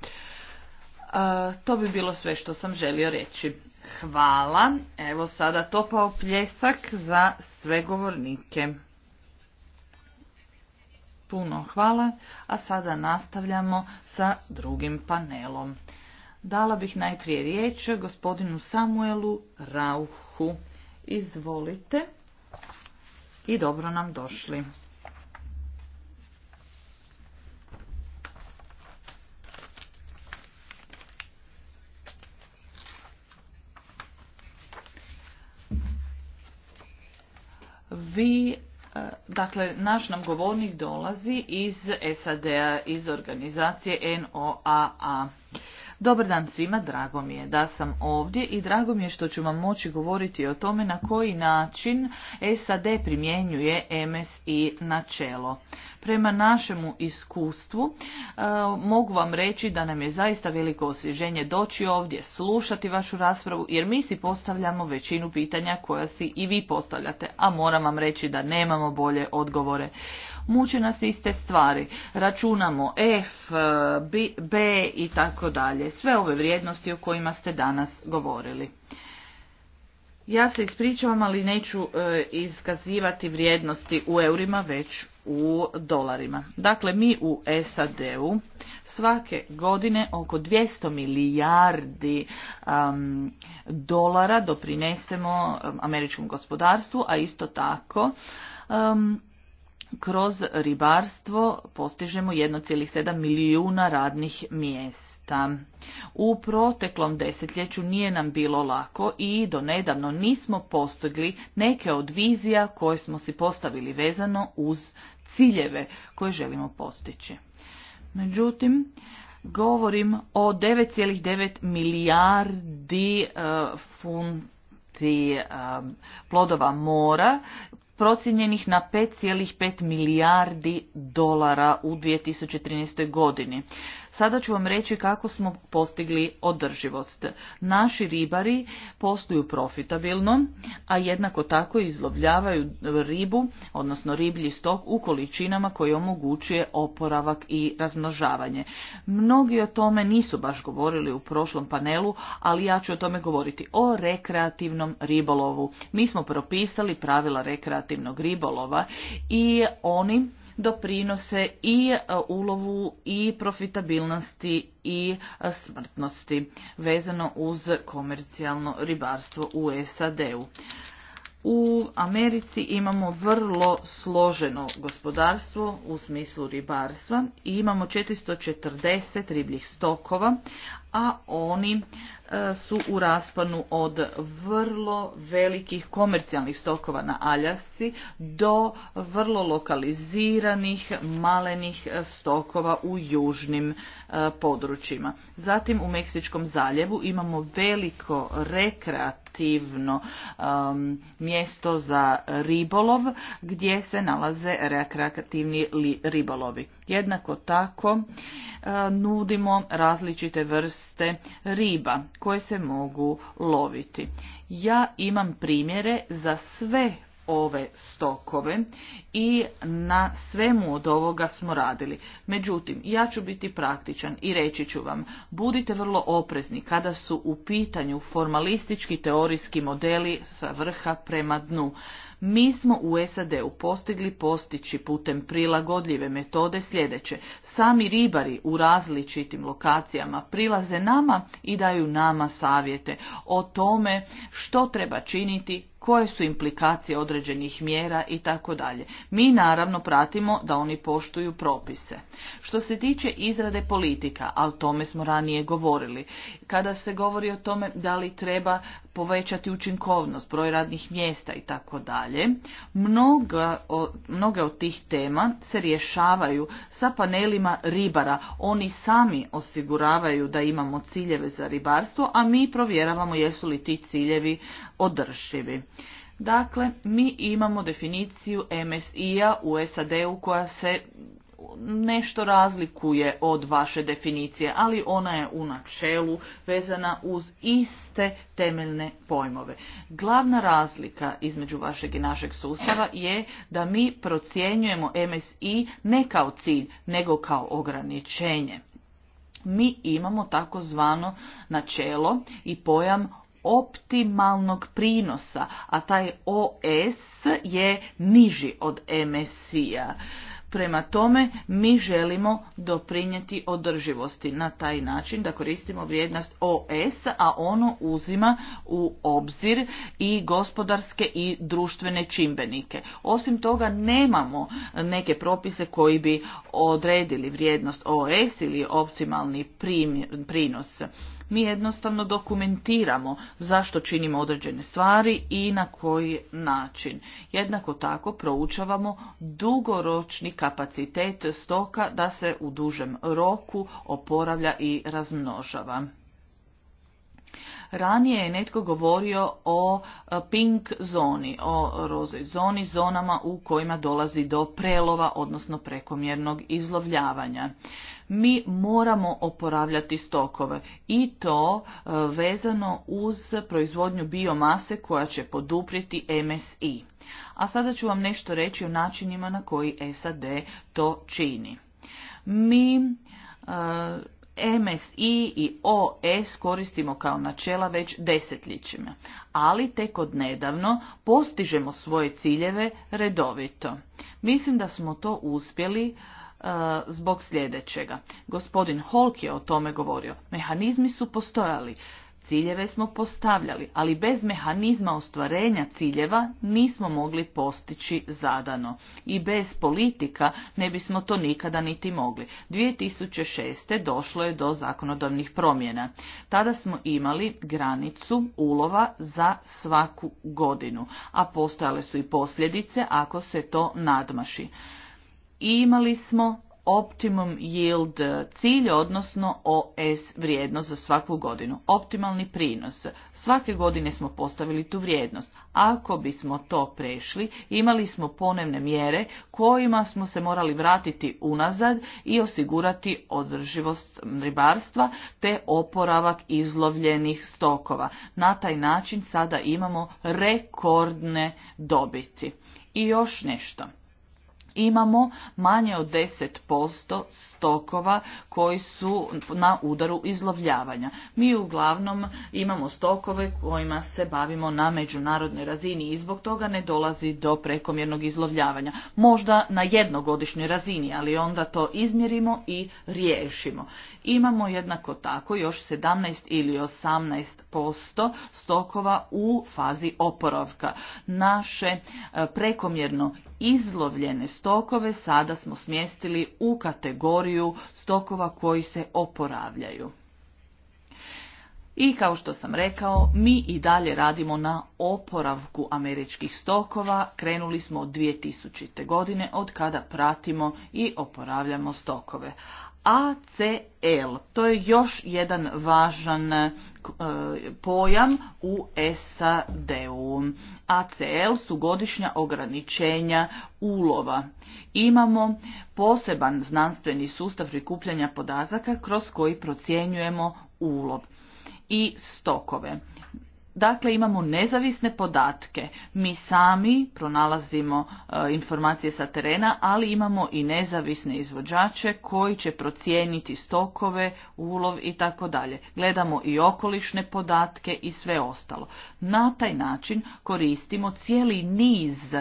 e, to bi bilo sve što sam želio reći. Hvala. Evo sada topao pljesak za sve govornike. Puno hvala, a sada nastavljamo sa drugim panelom. Dala bih najprije riječ gospodinu Samuelu Rauhu. Izvolite i dobro nam došli. Vi E, dakle, naš nam govornik dolazi iz SAD-a, iz organizacije NOAA. Dobar dan svima, drago mi je da sam ovdje i drago mi je što ću vam moći govoriti o tome na koji način SAD primjenjuje MSI načelo. Prema našemu iskustvu e, mogu vam reći da nam je zaista veliko osvježenje doći ovdje, slušati vašu raspravu, jer mi si postavljamo većinu pitanja koja si i vi postavljate, a moram vam reći da nemamo bolje odgovore. Muče nas iste stvari, računamo F, e, B, i tako dalje, sve ove vrijednosti o kojima ste danas govorili. Ja se ispričavam, ali neću e, iskazivati vrijednosti u eurima, već u dolarima. Dakle, mi u SAD-u svake godine oko 200 milijardi dolara doprinesemo američkom gospodarstvu, a isto tako kroz ribarstvo postižemo 1,7 milijuna radnih mjesta. U proteklom desetljeću nije nam bilo lako i do nedavno nismo postigli neke od vizija koje smo si postavili vezano uz ciljeve koje želimo postići. Međutim, govorim o 9,9 milijardi e, funti e, plodova mora procijenjenih na 5,5 milijardi dolara u 2013. godini. Sada ću vam reći kako smo postigli održivost. Naši ribari postuju profitabilno, a jednako tako izlovljavaju ribu, odnosno riblji stok u količinama koje omogućuje oporavak i razmnožavanje. Mnogi o tome nisu baš govorili u prošlom panelu, ali ja ću o tome govoriti o rekreativnom ribolovu. Mi smo propisali pravila rekreativnog ribolova i oni doprinose i e, ulovu i profitabilnosti i e, smrtnosti vezano uz komercijalno ribarstvo u SAD-u. U Americi imamo vrlo složeno gospodarstvo u smislu ribarstva i imamo 440 ribljih stokova, a oni e, su u raspanu od vrlo velikih komercijalnih stokova na Aljasci do vrlo lokaliziranih malenih e, stokova u južnim e, područjima. Zatim u Meksičkom zaljevu imamo veliko rekreativno mjesto za ribolov gdje se nalaze rekreativni ribolovi. Jednako tako nudimo različite vrste vrste riba koje se mogu loviti. Ja imam primjere za sve ove stokove i na svemu od ovoga smo radili. Međutim, ja ću biti praktičan i reći ću vam, budite vrlo oprezni kada su u pitanju formalistički teorijski modeli sa vrha prema dnu. Mi smo u SAD-u postigli postići putem prilagodljive metode sljedeće. Sami ribari u različitim lokacijama prilaze nama i daju nama savjete o tome što treba činiti, koje su implikacije određenih mjera i tako dalje. Mi naravno pratimo da oni poštuju propise. Što se tiče izrade politika, ali tome smo ranije govorili, kada se govori o tome da li treba povećati učinkovnost, broj radnih mjesta i tako dalje. Mnoge od tih tema se rješavaju sa panelima ribara. Oni sami osiguravaju da imamo ciljeve za ribarstvo, a mi provjeravamo jesu li ti ciljevi održivi. Dakle, mi imamo definiciju MSI-a u SAD-u koja se nešto razlikuje od vaše definicije, ali ona je u načelu vezana uz iste temeljne pojmove. Glavna razlika između vašeg i našeg sustava je da mi procjenjujemo MSI ne kao cilj, nego kao ograničenje. Mi imamo takozvano načelo i pojam optimalnog prinosa, a taj OS je niži od MSI-a. Prema tome, mi želimo doprinijeti održivosti na taj način da koristimo vrijednost OS, a ono uzima u obzir i gospodarske i društvene čimbenike. Osim toga, nemamo neke propise koji bi odredili vrijednost OS ili optimalni prinos mi jednostavno dokumentiramo zašto činimo određene stvari i na koji način. Jednako tako proučavamo dugoročni kapacitet stoka da se u dužem roku oporavlja i razmnožava. Ranije je netko govorio o pink zoni, o rozoj zoni, zonama u kojima dolazi do prelova, odnosno prekomjernog izlovljavanja. Mi moramo oporavljati stokove i to e, vezano uz proizvodnju biomase koja će poduprijeti MSI. A sada ću vam nešto reći o načinima na koji SAD to čini. Mi e, MSI i OS koristimo kao načela već desetljećima, ali tek od nedavno postižemo svoje ciljeve redovito. Mislim da smo to uspjeli e, E, zbog sljedećega. Gospodin Holk je o tome govorio. Mehanizmi su postojali, ciljeve smo postavljali, ali bez mehanizma ostvarenja ciljeva nismo mogli postići zadano. I bez politika ne bismo to nikada niti mogli. 2006. došlo je do zakonodavnih promjena. Tada smo imali granicu ulova za svaku godinu, a postojale su i posljedice ako se to nadmaši imali smo optimum yield cilj, odnosno OS vrijednost za svaku godinu, optimalni prinos. Svake godine smo postavili tu vrijednost. Ako bismo to prešli, imali smo ponevne mjere kojima smo se morali vratiti unazad i osigurati održivost ribarstva te oporavak izlovljenih stokova. Na taj način sada imamo rekordne dobiti. I još nešto imamo manje od 10% stokova koji su na udaru izlovljavanja. Mi uglavnom imamo stokove kojima se bavimo na međunarodnoj razini i zbog toga ne dolazi do prekomjernog izlovljavanja. Možda na jednogodišnjoj razini, ali onda to izmjerimo i riješimo. Imamo jednako tako još 17 ili 18% stokova u fazi oporavka. Naše e, prekomjerno izlovljene stokove stokove sada smo smjestili u kategoriju stokova koji se oporavljaju. I kao što sam rekao, mi i dalje radimo na oporavku američkih stokova. Krenuli smo od 2000. godine od kada pratimo i oporavljamo stokove. ACL, to je još jedan važan e, pojam u SAD-u. ACL su godišnja ograničenja ulova. Imamo poseban znanstveni sustav prikupljanja podataka kroz koji procjenjujemo ulov i stokove. Dakle, imamo nezavisne podatke. Mi sami pronalazimo e, informacije sa terena, ali imamo i nezavisne izvođače koji će procijeniti stokove, ulov i tako dalje. Gledamo i okolišne podatke i sve ostalo. Na taj način koristimo cijeli niz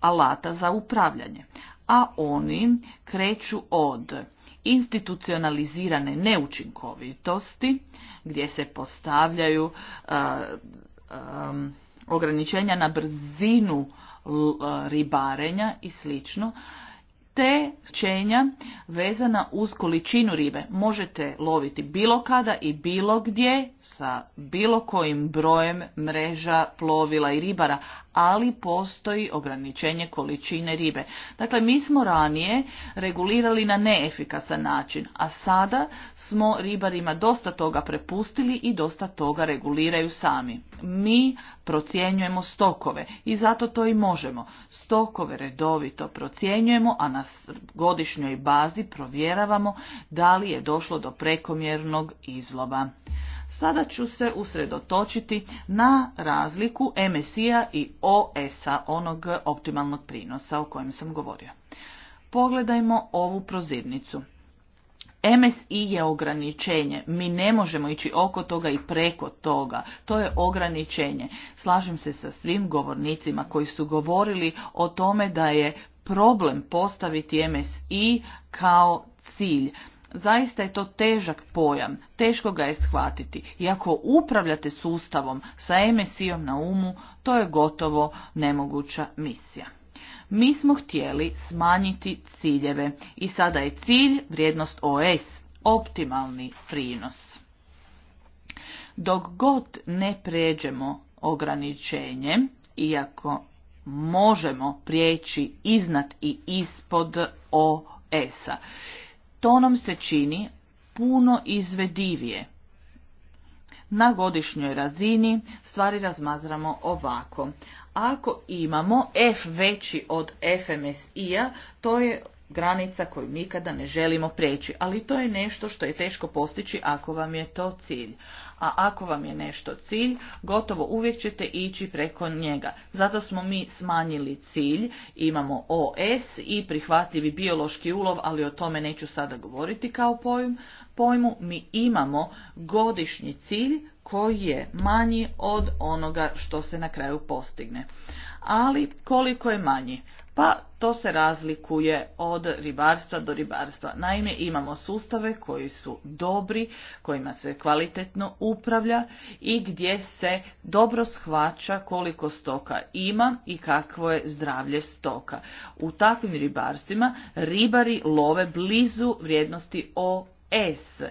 alata za upravljanje, a oni kreću od institucionalizirane neučinkovitosti gdje se postavljaju e, e, ograničenja na brzinu e, ribarenja i slično te čenja vezana uz količinu ribe. Možete loviti bilo kada i bilo gdje sa bilo kojim brojem mreža, plovila i ribara, ali postoji ograničenje količine ribe. Dakle, mi smo ranije regulirali na neefikasan način, a sada smo ribarima dosta toga prepustili i dosta toga reguliraju sami. Mi procjenjujemo stokove i zato to i možemo. Stokove redovito procjenjujemo, a na godišnjoj bazi provjeravamo da li je došlo do prekomjernog izlova. Sada ću se usredotočiti na razliku MSI-a i OS-a, onog optimalnog prinosa o kojem sam govorio. Pogledajmo ovu prozirnicu. MSI je ograničenje. Mi ne možemo ići oko toga i preko toga. To je ograničenje. Slažem se sa svim govornicima koji su govorili o tome da je problem postaviti MSI kao cilj. Zaista je to težak pojam, teško ga je shvatiti i ako upravljate sustavom sa MSI-om na umu, to je gotovo nemoguća misija. Mi smo htjeli smanjiti ciljeve i sada je cilj vrijednost OS, optimalni prinos. Dok god ne pređemo ograničenje, iako možemo prijeći iznad i ispod OS-a, to nam se čini puno izvedivije. Na godišnjoj razini stvari razmazramo ovako. Ako imamo F veći od FMSI-a, to je granica koju nikada ne želimo preći, ali to je nešto što je teško postići ako vam je to cilj. A ako vam je nešto cilj, gotovo uvijek ćete ići preko njega. Zato smo mi smanjili cilj, imamo OS i prihvatljivi biološki ulov, ali o tome neću sada govoriti kao pojmu. pojmu. Mi imamo godišnji cilj koji je manji od onoga što se na kraju postigne. Ali koliko je manji? pa to se razlikuje od ribarstva do ribarstva. Naime, imamo sustave koji su dobri, kojima se kvalitetno upravlja i gdje se dobro shvaća koliko stoka ima i kakvo je zdravlje stoka. U takvim ribarstvima ribari love blizu vrijednosti OS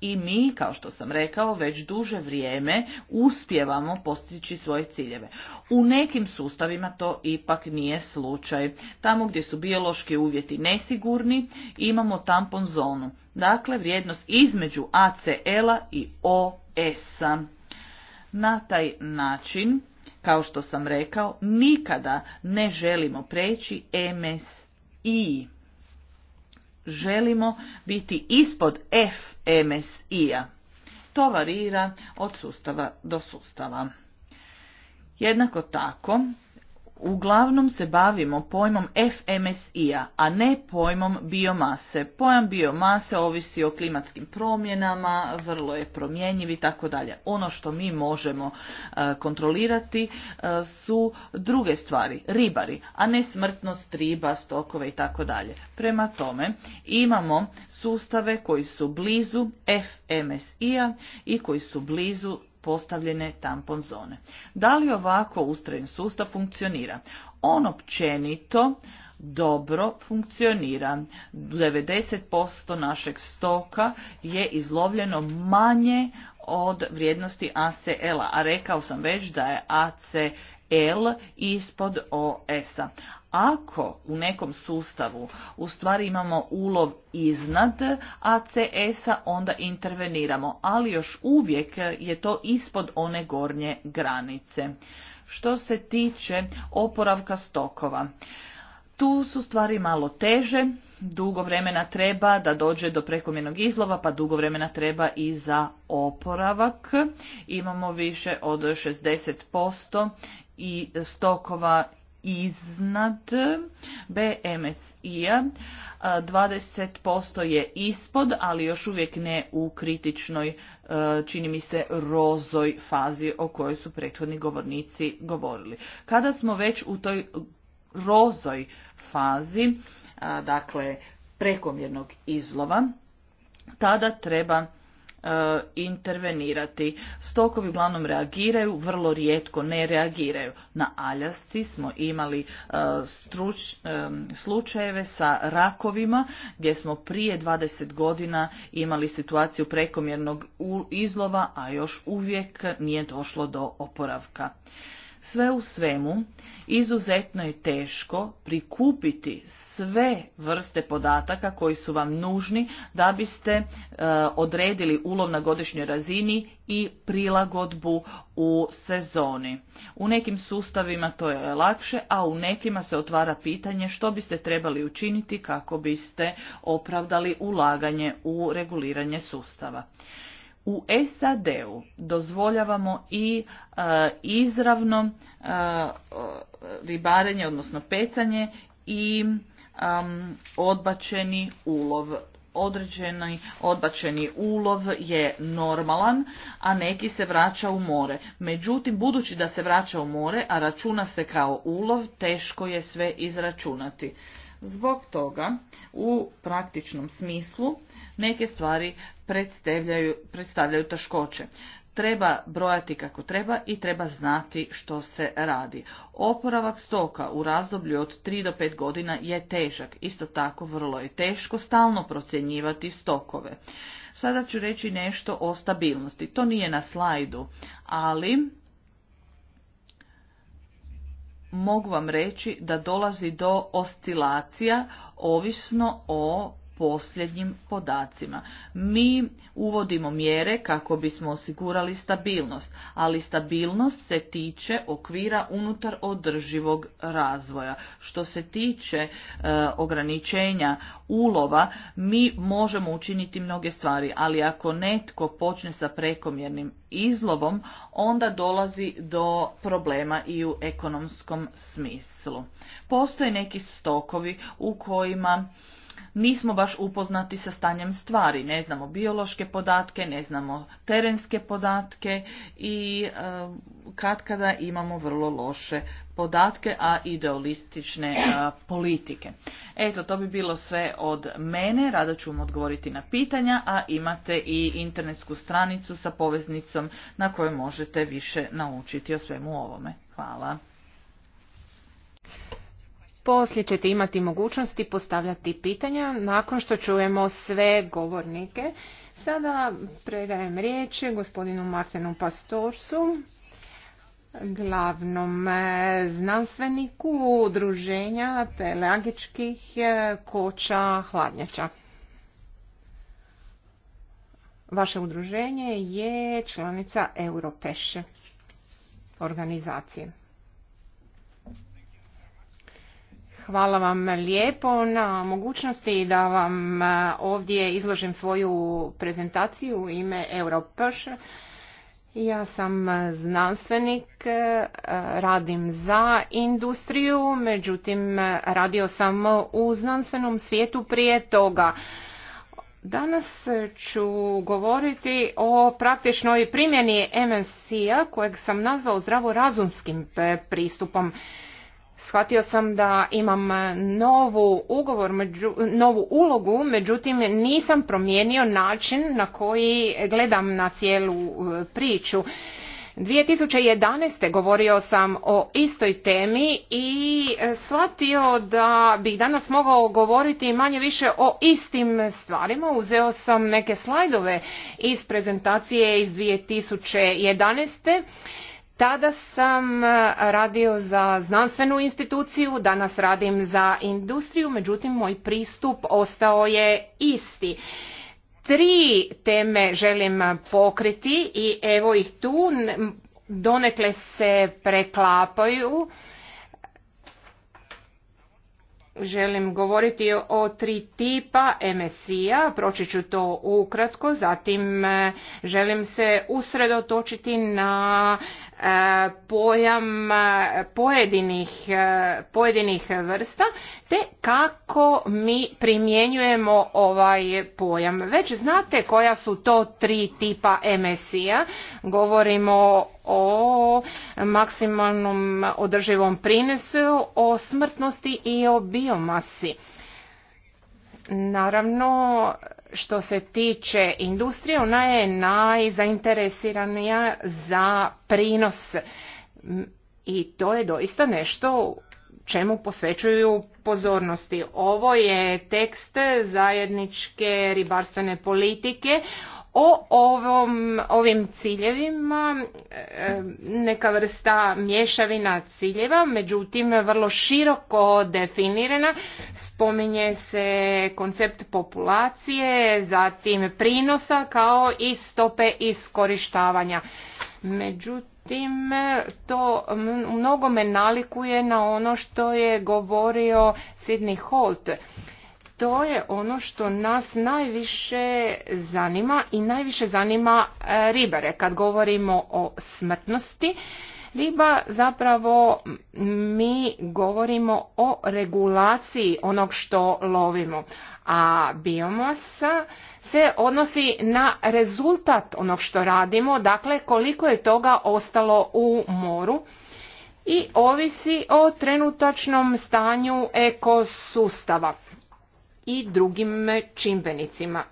i mi, kao što sam rekao, već duže vrijeme uspjevamo postići svoje ciljeve. U nekim sustavima to ipak nije slučaj. Tamo gdje su biološki uvjeti nesigurni, imamo tampon zonu. Dakle, vrijednost između ACL-a i OS-a. Na taj način, kao što sam rekao, nikada ne želimo preći MSI želimo biti ispod FMSI-a. To varira od sustava do sustava. Jednako tako, uglavnom se bavimo pojmom FMSI-a, a ne pojmom biomase. Pojam biomase ovisi o klimatskim promjenama, vrlo je promjenjiv i tako dalje. Ono što mi možemo e, kontrolirati e, su druge stvari, ribari, a ne smrtnost riba, stokove i tako dalje. Prema tome imamo sustave koji su blizu FMSI-a i koji su blizu postavljene tampon zone. Da li ovako ustrojen sustav funkcionira? On općenito dobro funkcionira. 90% našeg stoka je izlovljeno manje od vrijednosti ACL-a, a rekao sam već da je ACL ispod OS-a. Ako u nekom sustavu u stvari imamo ulov iznad ACS-a, onda interveniramo, ali još uvijek je to ispod one gornje granice. Što se tiče oporavka stokova, tu su stvari malo teže, dugo vremena treba da dođe do prekomjernog izlova, pa dugo vremena treba i za oporavak. Imamo više od 60% i stokova iznad BMSI-a, 20% je ispod, ali još uvijek ne u kritičnoj, e, čini mi se, rozoj fazi o kojoj su prethodni govornici govorili. Kada smo već u toj rozoj fazi, dakle prekomjernog izlova, tada treba E, intervenirati. Stokovi uglavnom reagiraju, vrlo rijetko ne reagiraju. Na Aljasci smo imali e, struč, e, slučajeve sa rakovima gdje smo prije 20 godina imali situaciju prekomjernog izlova, a još uvijek nije došlo do oporavka. Sve u svemu, izuzetno je teško prikupiti sve vrste podataka koji su vam nužni da biste e, odredili ulov na godišnjoj razini i prilagodbu u sezoni. U nekim sustavima to je lakše, a u nekima se otvara pitanje što biste trebali učiniti kako biste opravdali ulaganje u reguliranje sustava. U SAD-u dozvoljavamo i e, izravno e, ribarenje, odnosno pecanje i e, odbačeni ulov. Određeni odbačeni ulov je normalan, a neki se vraća u more. Međutim, budući da se vraća u more, a računa se kao ulov, teško je sve izračunati. Zbog toga u praktičnom smislu neke stvari predstavljaju, predstavljaju Treba brojati kako treba i treba znati što se radi. Oporavak stoka u razdoblju od 3 do 5 godina je težak. Isto tako vrlo je teško stalno procjenjivati stokove. Sada ću reći nešto o stabilnosti. To nije na slajdu, ali mogu vam reći da dolazi do oscilacija ovisno o posljednjim podacima. Mi uvodimo mjere kako bismo osigurali stabilnost, ali stabilnost se tiče okvira unutar održivog razvoja. Što se tiče e, ograničenja ulova, mi možemo učiniti mnoge stvari, ali ako netko počne sa prekomjernim izlovom, onda dolazi do problema i u ekonomskom smislu. Postoje neki stokovi u kojima nismo baš upoznati sa stanjem stvari. Ne znamo biološke podatke, ne znamo terenske podatke i e, kad kada imamo vrlo loše podatke, a idealistične e, politike. Eto, to bi bilo sve od mene. rada ću vam odgovoriti na pitanja, a imate i internetsku stranicu sa poveznicom na kojoj možete više naučiti o svemu ovome. Hvala. Poslije ćete imati mogućnosti postavljati pitanja nakon što čujemo sve govornike. Sada predajem riječ gospodinu Martinu Pastorsu, glavnom e, znanstveniku udruženja pelagičkih e, koča hladnjača. Vaše udruženje je članica Europeše organizacije. Hvala vam lijepo na mogućnosti da vam e, ovdje izložim svoju prezentaciju u ime Europrš. Ja sam znanstvenik, e, radim za industriju, međutim radio sam u znanstvenom svijetu prije toga. Danas ću govoriti o praktičnoj primjeni MSC-a kojeg sam nazvao zdravorazumskim e, pristupom. Shvatio sam da imam novu ugovor, među, novu ulogu, međutim nisam promijenio način na koji gledam na cijelu e, priču. 2011. govorio sam o istoj temi i e, shvatio da bih danas mogao govoriti manje više o istim stvarima. Uzeo sam neke slajdove iz prezentacije iz 2011 tada sam e, radio za znanstvenu instituciju, danas radim za industriju, međutim moj pristup ostao je isti. Tri teme želim pokriti i evo ih tu, donekle se preklapaju. Želim govoriti o tri tipa MSI-a, proći ću to ukratko, zatim e, želim se usredotočiti na E, pojam e, pojedinih, e, pojedinih vrsta te kako mi primjenjujemo ovaj pojam. Već znate koja su to tri tipa msi Govorimo o maksimalnom održivom prinesu, o smrtnosti i o biomasi. Naravno, što se tiče industrije, ona je najzainteresiranija za prinos i to je doista nešto čemu posvećuju pozornosti. Ovo je tekst zajedničke ribarstvene politike o ovom, ovim ciljevima e, neka vrsta mješavina ciljeva, međutim vrlo široko definirana. Spominje se koncept populacije, zatim prinosa kao i stope iskorištavanja. Međutim, to mnogo me nalikuje na ono što je govorio Sidney Holt to je ono što nas najviše zanima i najviše zanima e, ribare. Kad govorimo o smrtnosti riba, zapravo mi govorimo o regulaciji onog što lovimo. A biomasa se odnosi na rezultat onog što radimo, dakle koliko je toga ostalo u moru i ovisi o trenutačnom stanju ekosustava i drugim čimbenicima.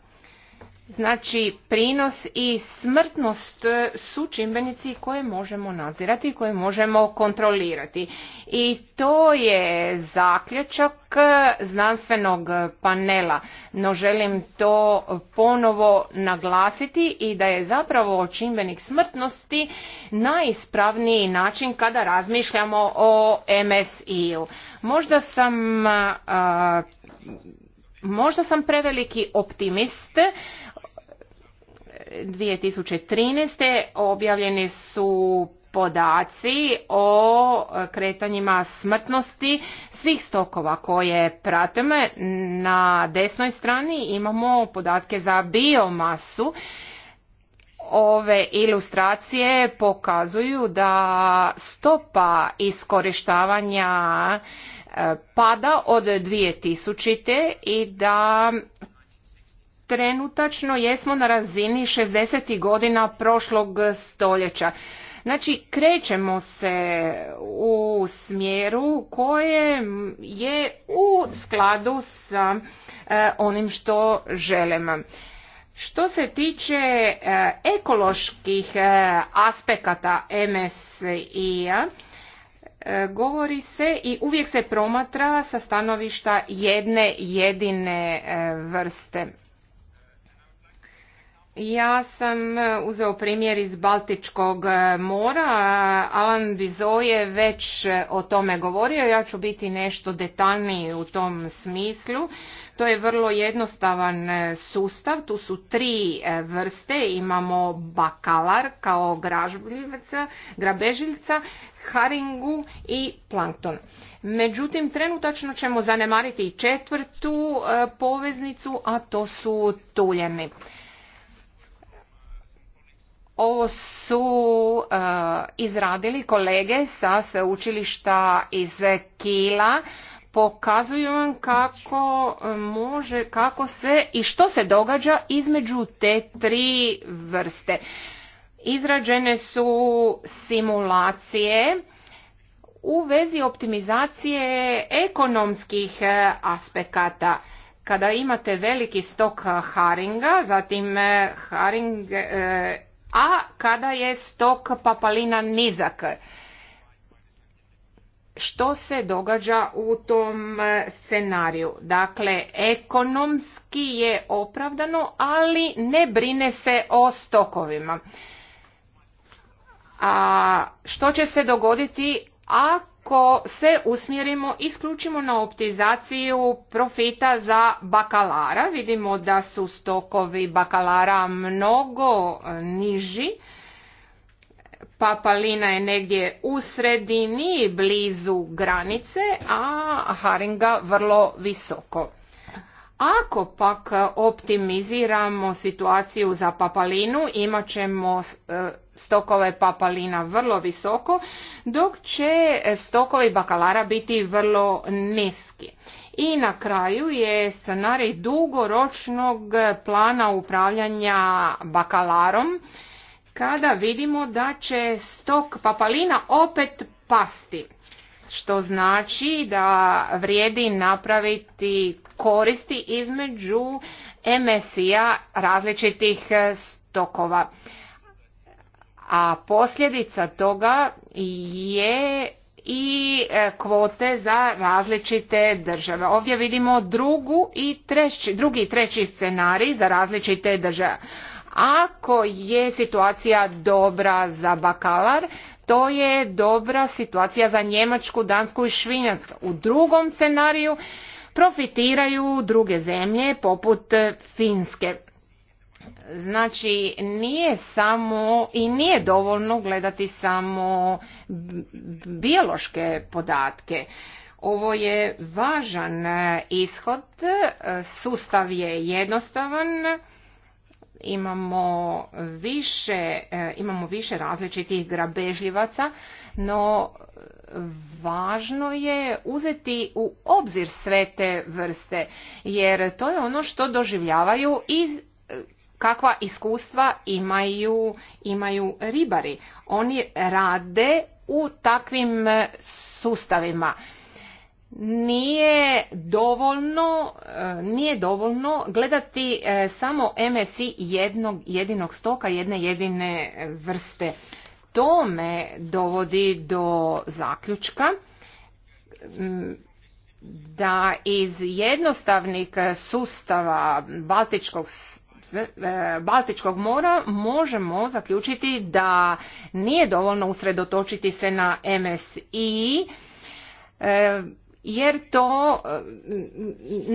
Znači, prinos i smrtnost su čimbenici koje možemo nadzirati, koje možemo kontrolirati. I to je zaključak znanstvenog panela, no želim to ponovo naglasiti i da je zapravo čimbenik smrtnosti najispravniji način kada razmišljamo o MSI-u. Možda sam Možda sam preveliki optimist. 2013. objavljeni su podaci o kretanjima smrtnosti svih stokova koje pratimo. Na desnoj strani imamo podatke za biomasu. Ove ilustracije pokazuju da stopa iskorištavanja E, pada od 2000. i da trenutačno jesmo na razini 60. godina prošlog stoljeća. Znači, krećemo se u smjeru koje je u skladu sa e, onim što želimo. Što se tiče e, ekoloških aspekata MSI-a, E, govori se i uvijek se promatra sa stanovišta jedne jedine e, vrste. Ja sam uzeo primjer iz Baltičkog e, mora, Alan Bizo je već o tome govorio, ja ću biti nešto detaljniji u tom smislu. To je vrlo jednostavan e, sustav, tu su tri e, vrste, imamo bakalar kao gražbiljica, grabežiljca, haringu i plankton. Međutim, trenutačno ćemo zanemariti i četvrtu e, poveznicu, a to su tuljeni. Ovo su izradili kolege sa sveučilišta iz Kila pokazuju vam kako e, može, kako se i što se događa između te tri vrste. Izrađene su simulacije u vezi optimizacije ekonomskih e, aspekata. Kada imate veliki stok haringa, zatim e, haring, a kada je stok papalina nizak što se događa u tom e, scenariju. Dakle, ekonomski je opravdano, ali ne brine se o stokovima. A što će se dogoditi ako se usmjerimo isključimo na optizaciju profita za bakalara? Vidimo da su stokovi bakalara mnogo e, niži Papalina je negdje u sredini, blizu granice, a Haringa vrlo visoko. Ako pak optimiziramo situaciju za papalinu, imat ćemo e, stokove papalina vrlo visoko, dok će stokovi bakalara biti vrlo niski. I na kraju je scenarij dugoročnog plana upravljanja bakalarom, kada vidimo da će stok papalina opet pasti što znači da vrijedi napraviti koristi između emesija različitih stokova. A posljedica toga je i e, kvote za različite države. Ovdje vidimo drugu i drugi i treći scenarij za različite države. Ako je situacija dobra za bakalar, to je dobra situacija za Njemačku, Dansku i Švinjansku. U drugom scenariju profitiraju druge zemlje poput Finske. Znači, nije samo i nije dovoljno gledati samo biološke podatke. Ovo je važan ishod, sustav je jednostavan, imamo više, e, imamo više različitih grabežljivaca, no važno je uzeti u obzir sve te vrste, jer to je ono što doživljavaju i e, kakva iskustva imaju, imaju ribari. Oni rade u takvim e, sustavima nije dovoljno, e, nije dovoljno gledati e, samo MSI jednog jedinog stoka, jedne jedine vrste. To me dovodi do zaključka da iz jednostavnih sustava Baltičkog e, Baltičkog mora možemo zaključiti da nije dovoljno usredotočiti se na MSI, jer to e,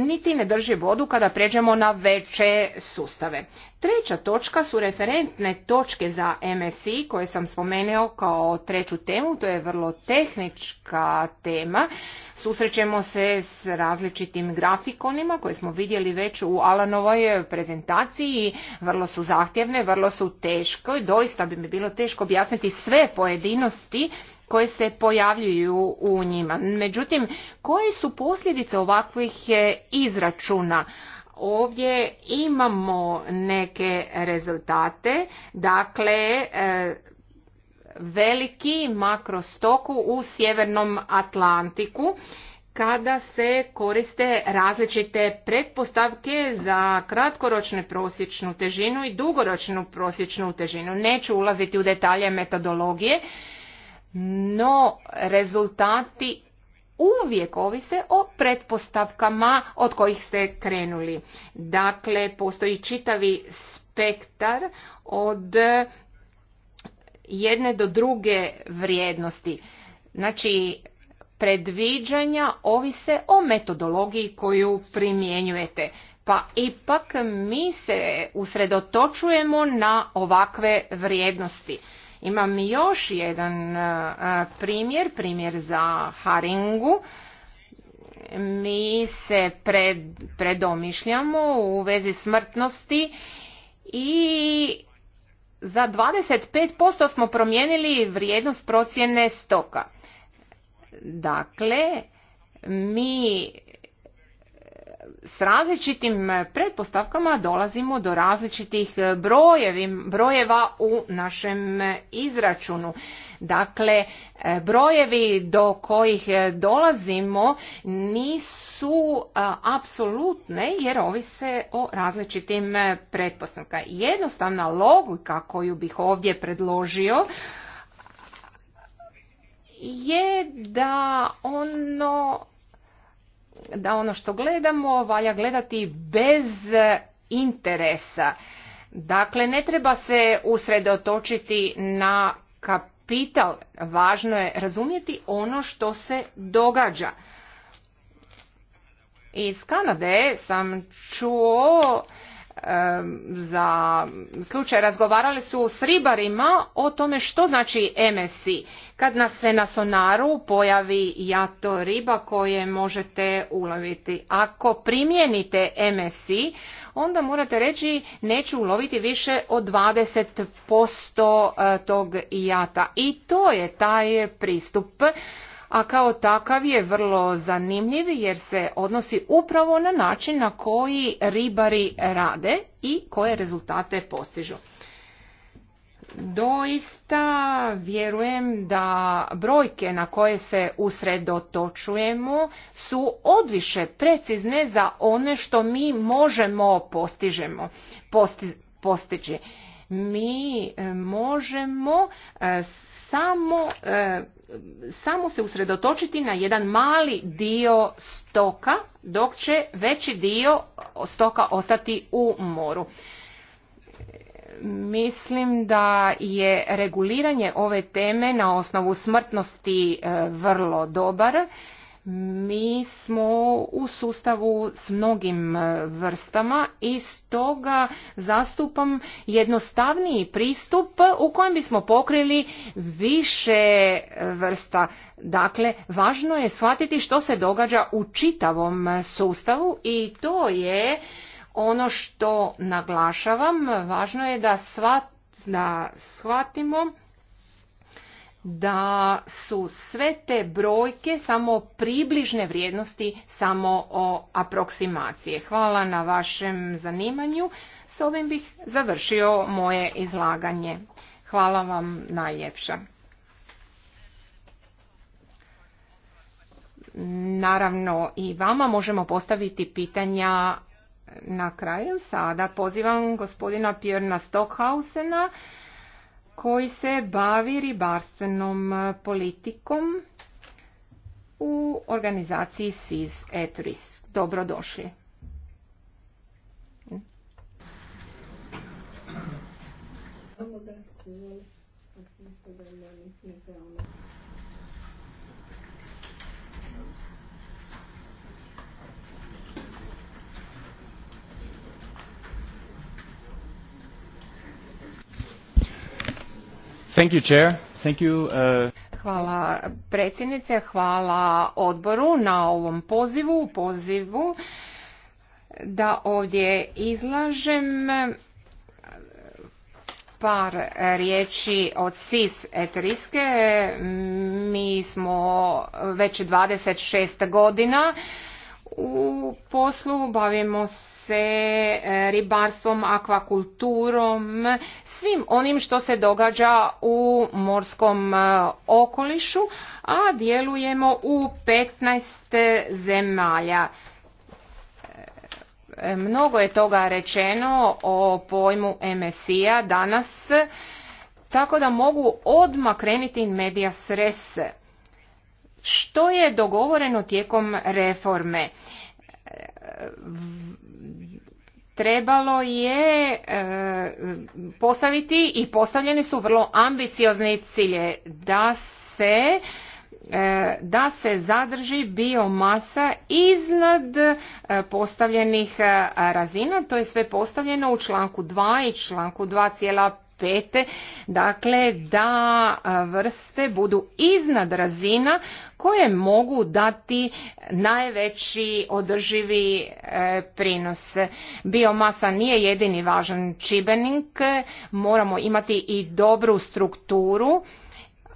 niti ne drži vodu kada pređemo na veće sustave. Treća točka su referentne točke za MSI koje sam spomenuo kao treću temu, to je vrlo tehnička tema. Susrećemo se s različitim grafikonima koje smo vidjeli već u Alanovoj prezentaciji, vrlo su zahtjevne, vrlo su teško i doista bi mi bilo teško objasniti sve pojedinosti koje se pojavljuju u njima. Međutim, koje su posljedice ovakvih e, izračuna? Ovdje imamo neke rezultate, dakle e, veliki makrostoku u sjevernom Atlantiku kada se koriste različite pretpostavke za kratkoročnu prosječnu težinu i dugoročnu prosječnu težinu. Neću ulaziti u detalje metodologije, no, rezultati uvijek ovise o pretpostavkama od kojih ste krenuli. Dakle, postoji čitavi spektar od jedne do druge vrijednosti. Znači, predviđanja ovise o metodologiji koju primjenjujete. Pa ipak mi se usredotočujemo na ovakve vrijednosti. Imam još jedan e, e, primjer, primjer za Haringu. Mi se predomišljamo u vezi smrtnosti i za 25% smo promijenili vrijednost procjene stoka. Dakle, mi s različitim e, pretpostavkama dolazimo do različitih e, brojevi, brojeva u našem e, izračunu. Dakle, brojevi do kojih dolazimo nisu apsolutne jer ovise o različitim pretpostavkama. Jednostavna logika koju bih ovdje predložio je da ono da ono što gledamo valja gledati bez interesa. Dakle, ne treba se usredotočiti na kapital. Važno je razumjeti ono što se događa. Iz Kanade sam čuo za slučaj razgovarali su s ribarima o tome što znači MSI. Kad nas se na sonaru pojavi jato riba koje možete uloviti. Ako primijenite MSI, onda morate reći neću uloviti više od 20% eh, tog jata. I to je taj pristup a kao takav je vrlo zanimljiv jer se odnosi upravo na način na koji ribari rade i koje rezultate postižu. Doista vjerujem da brojke na koje se usredotočujemo su odviše precizne za one što mi možemo postižemo, postići. Mi e, možemo e, samo e, samo se usredotočiti na jedan mali dio stoka, dok će veći dio stoka ostati u moru. Mislim da je reguliranje ove teme na osnovu smrtnosti e, vrlo dobar mi smo u sustavu s mnogim e, vrstama i stoga zastupam jednostavniji pristup u kojem bismo pokrili više e, vrsta. Dakle, važno je shvatiti što se događa u čitavom sustavu i to je ono što naglašavam. Važno je da shvatimo da su sve te brojke samo približne vrijednosti, samo o aproksimacije. Hvala na vašem zanimanju. S ovim bih završio moje izlaganje. Hvala vam najljepša. Naravno i vama možemo postaviti pitanja na kraju. Sada pozivam gospodina Pjörna Stockhausena koji se bavi ribarstvenom e, politikom u organizaciji SIS ETRIS. Dobrodošli. Hvala Uh, hvala predsjednice, hvala odboru na ovom pozivu, pozivu da ovdje izlažem par riječi od SIS Eteriske. Mi smo već 26 godina u poslu, bavimo se e, ribarstvom, akvakulturom, svim onim što se događa u morskom e, okolišu, a djelujemo u 15 zemalja. E, mnogo je toga rečeno o pojmu MSI-a danas, tako da mogu odmah krenuti medija srese što je dogovoreno tijekom reforme e, trebalo je e, postaviti i postavljeni su vrlo ambiciozni cilje da se e, da se zadrži biomasa iznad postavljenih razina. To je sve postavljeno u članku 2 i članku 2,5 pete, dakle da vrste budu iznad razina koje mogu dati najveći održivi e, prinos. Biomasa nije jedini važan čibenik, moramo imati i dobru strukturu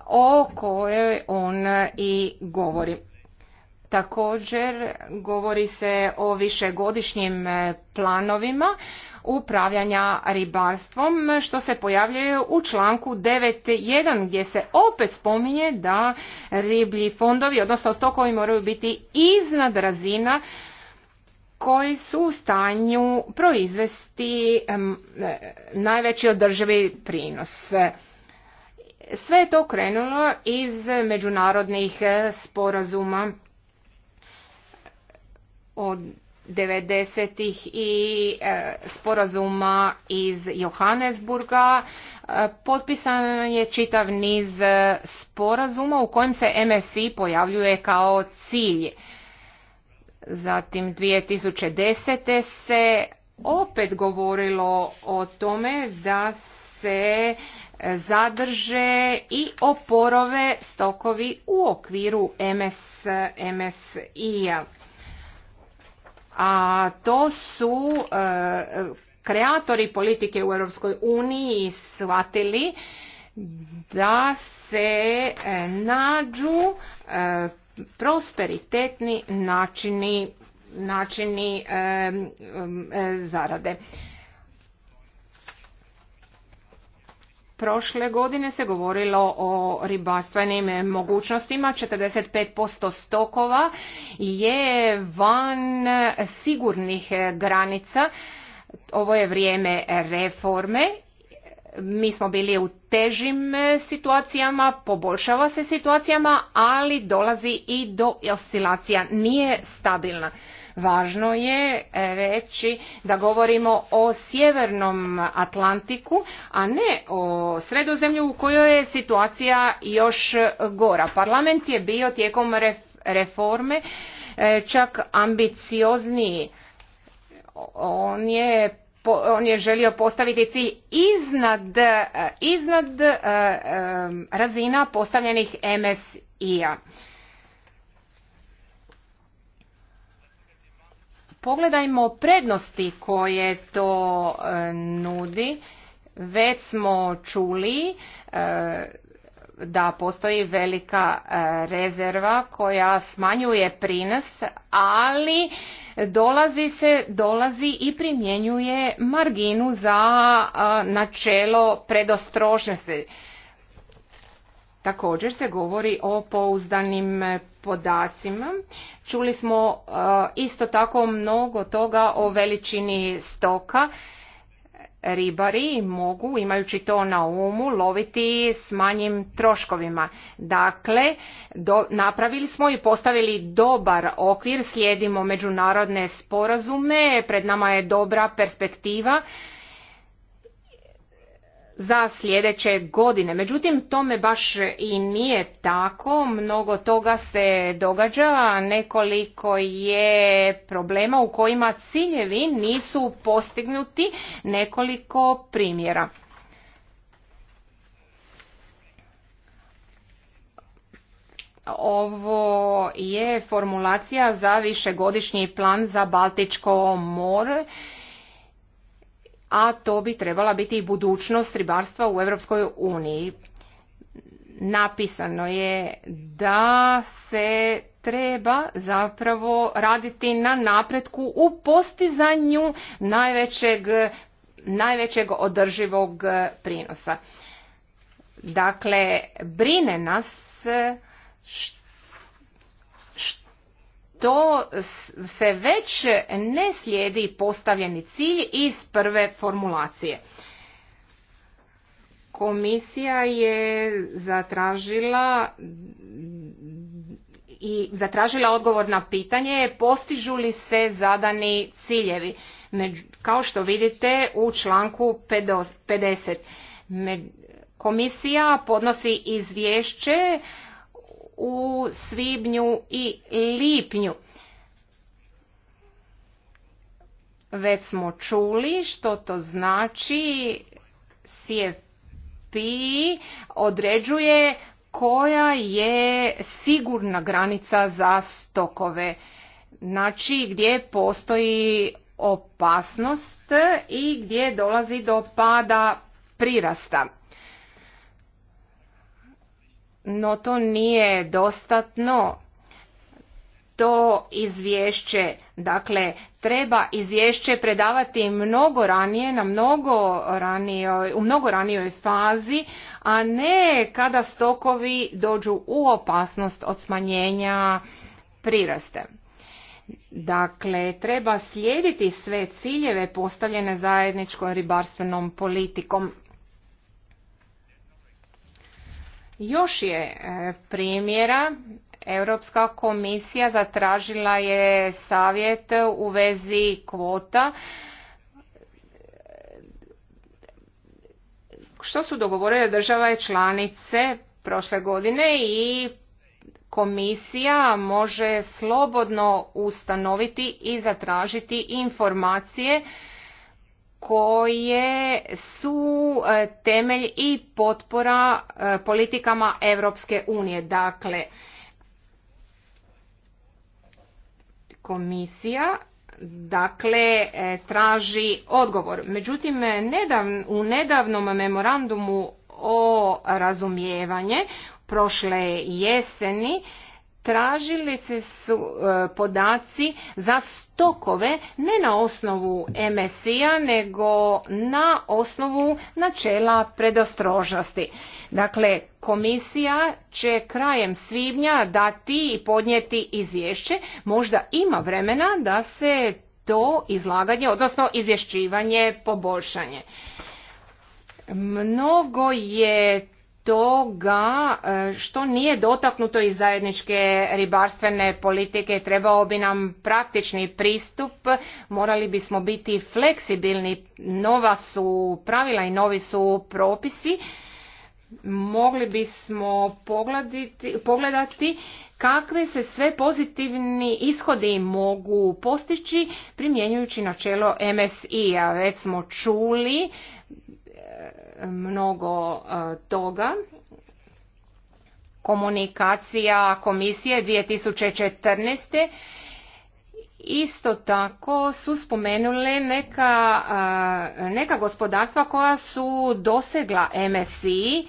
o kojoj on i govori. Također govori se o višegodišnjim e, planovima upravljanja ribarstvom što se pojavljuje u članku 9.1 gdje se opet spominje da riblji fondovi odnosno stokovi moraju biti iznad razina koji su u stanju proizvesti e, najveći održivi prinos. Sve je to krenulo iz međunarodnih e, sporazuma od 90-ih i e, sporazuma iz Johannesburga e, potpisan je čitav niz sporazuma u kojem se MSI pojavljuje kao cilj. Zatim 2010. se opet govorilo o tome da se zadrže i oporove stokovi u okviru MS, MSI-a a to su e, kreatori politike u Europskoj uniji shvatili da se e, nađu e, prosperitetni načini, načini zarade. Prošle godine se govorilo o ribarstvenim mogućnostima, 45% stokova je van sigurnih granica. Ovo je vrijeme reforme mi smo bili u težim situacijama, poboljšava se situacijama, ali dolazi i do oscilacija, nije stabilna. Važno je e, reći da govorimo o sjevernom Atlantiku, a ne o sredozemlju u kojoj je situacija još gora. Parlament je bio tijekom reforme e, čak ambiciozniji. On je on je želio postaviti cilj iznad, e, iznad razina postavljenih MSI-a. Pogledajmo prednosti koje to e, nudi. Već smo čuli e, da postoji velika e, rezerva koja smanjuje prinos, ali dolazi se dolazi i primjenjuje marginu za načelo predostrožnosti. Također se govori o pouzdanim podacima. Čuli smo e, isto tako mnogo toga o veličini stoka. Ribari mogu, imajući to na umu, loviti s manjim troškovima. Dakle, napravili smo i postavili dobar okvir, slijedimo međunarodne sporazume, pred nama je dobra perspektiva za sljedeće godine. Međutim, tome baš i nije tako. Mnogo toga se događa, nekoliko je problema u kojima ciljevi nisu postignuti, nekoliko primjera. Ovo je formulacija za višegodišnji plan za Baltičko more a to bi trebala biti i budućnost ribarstva u Europskoj uniji. Napisano je da se treba zapravo raditi na napretku u postizanju najvećeg, najvećeg održivog prinosa. Dakle, brine nas što to se već ne slijedi postavljeni cilj iz prve formulacije. Komisija je zatražila i zatražila odgovor na pitanje postižu li se zadani ciljevi. kao što vidite u članku 50. komisija podnosi izvješće u svibnju i lipnju. Već smo čuli što to znači CFP određuje koja je sigurna granica za stokove. Znači gdje postoji opasnost i gdje dolazi do pada prirasta no to nije dostatno to izvješće dakle treba izvješće predavati mnogo ranije na mnogo ranijoj, u mnogo ranijoj fazi a ne kada stokovi dođu u opasnost od smanjenja priraste Dakle, treba slijediti sve ciljeve postavljene zajedničkom ribarstvenom politikom. Još je e, primjera Europska komisija zatražila je savjet u vezi kvota. Što su dogovorile države članice prošle godine i komisija može slobodno ustanoviti i zatražiti informacije koje su e, temelj i potpora e, politikama Europske unije. Dakle, komisija dakle e, traži odgovor. Međutim, u nedavnom memorandumu o razumijevanje prošle jeseni tražili se su e, podaci za stokove ne na osnovu MSI-a nego na osnovu načela predostrožnosti. Dakle, komisija će krajem svibnja dati i podnijeti izvješće. Možda ima vremena da se to izlaganje, odnosno izvješćivanje, poboljšanje. Mnogo je toga e, što nije dotaknuto iz zajedničke ribarstvene politike trebao bi nam praktični pristup morali bismo biti fleksibilni nova su pravila i novi su propisi mogli bismo pogledati, pogledati kakve se sve pozitivni ishodi mogu postići primjenjujući načelo MSI-a. Već smo čuli mnogo e, toga. Komunikacija komisije 2014. Isto tako su spomenule neka, e, neka gospodarstva koja su dosegla MSI,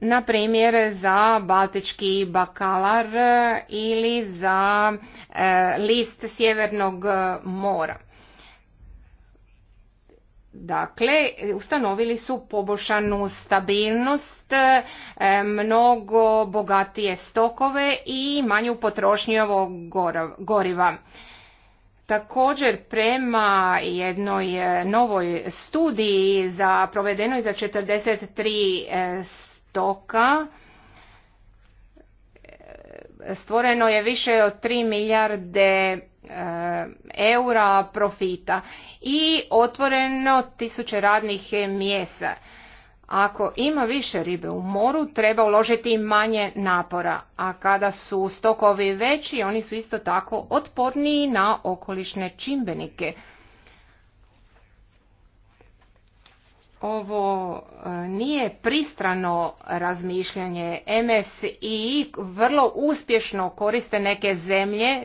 na primjer za baltički bakalar e, ili za list sjevernog mora. Dakle, ustanovili su poboljšanu stabilnost, e, mnogo bogatije stokove i manju potrošnju ovog goriva. Također prema jednoj e, novoj studiji za provedenoj za 43 e, stoka stvoreno je više od 3 milijarde Eh, eura profita i otvoreno tisuće radnih mjesa Ako ima više ribe u moru, treba uložiti manje napora, a kada su stokovi veći, oni su isto tako otporniji na okolišne čimbenike. ovo eh, nije pristrano razmišljanje. MSI vrlo uspješno koriste neke zemlje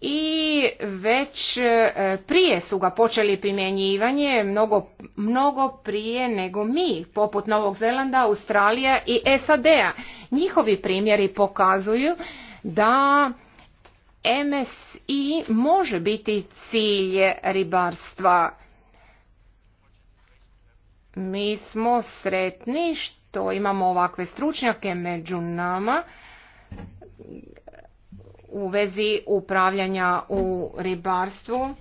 i već e, prije su ga počeli primjenjivanje mnogo, mnogo prije nego mi, poput Novog Zelanda, Australija i SAD-a. Njihovi primjeri pokazuju da MSI može biti cilj ribarstva. Mi smo sretni što imamo ovakve stručnjake među nama u vezi upravljanja u ribarstvu.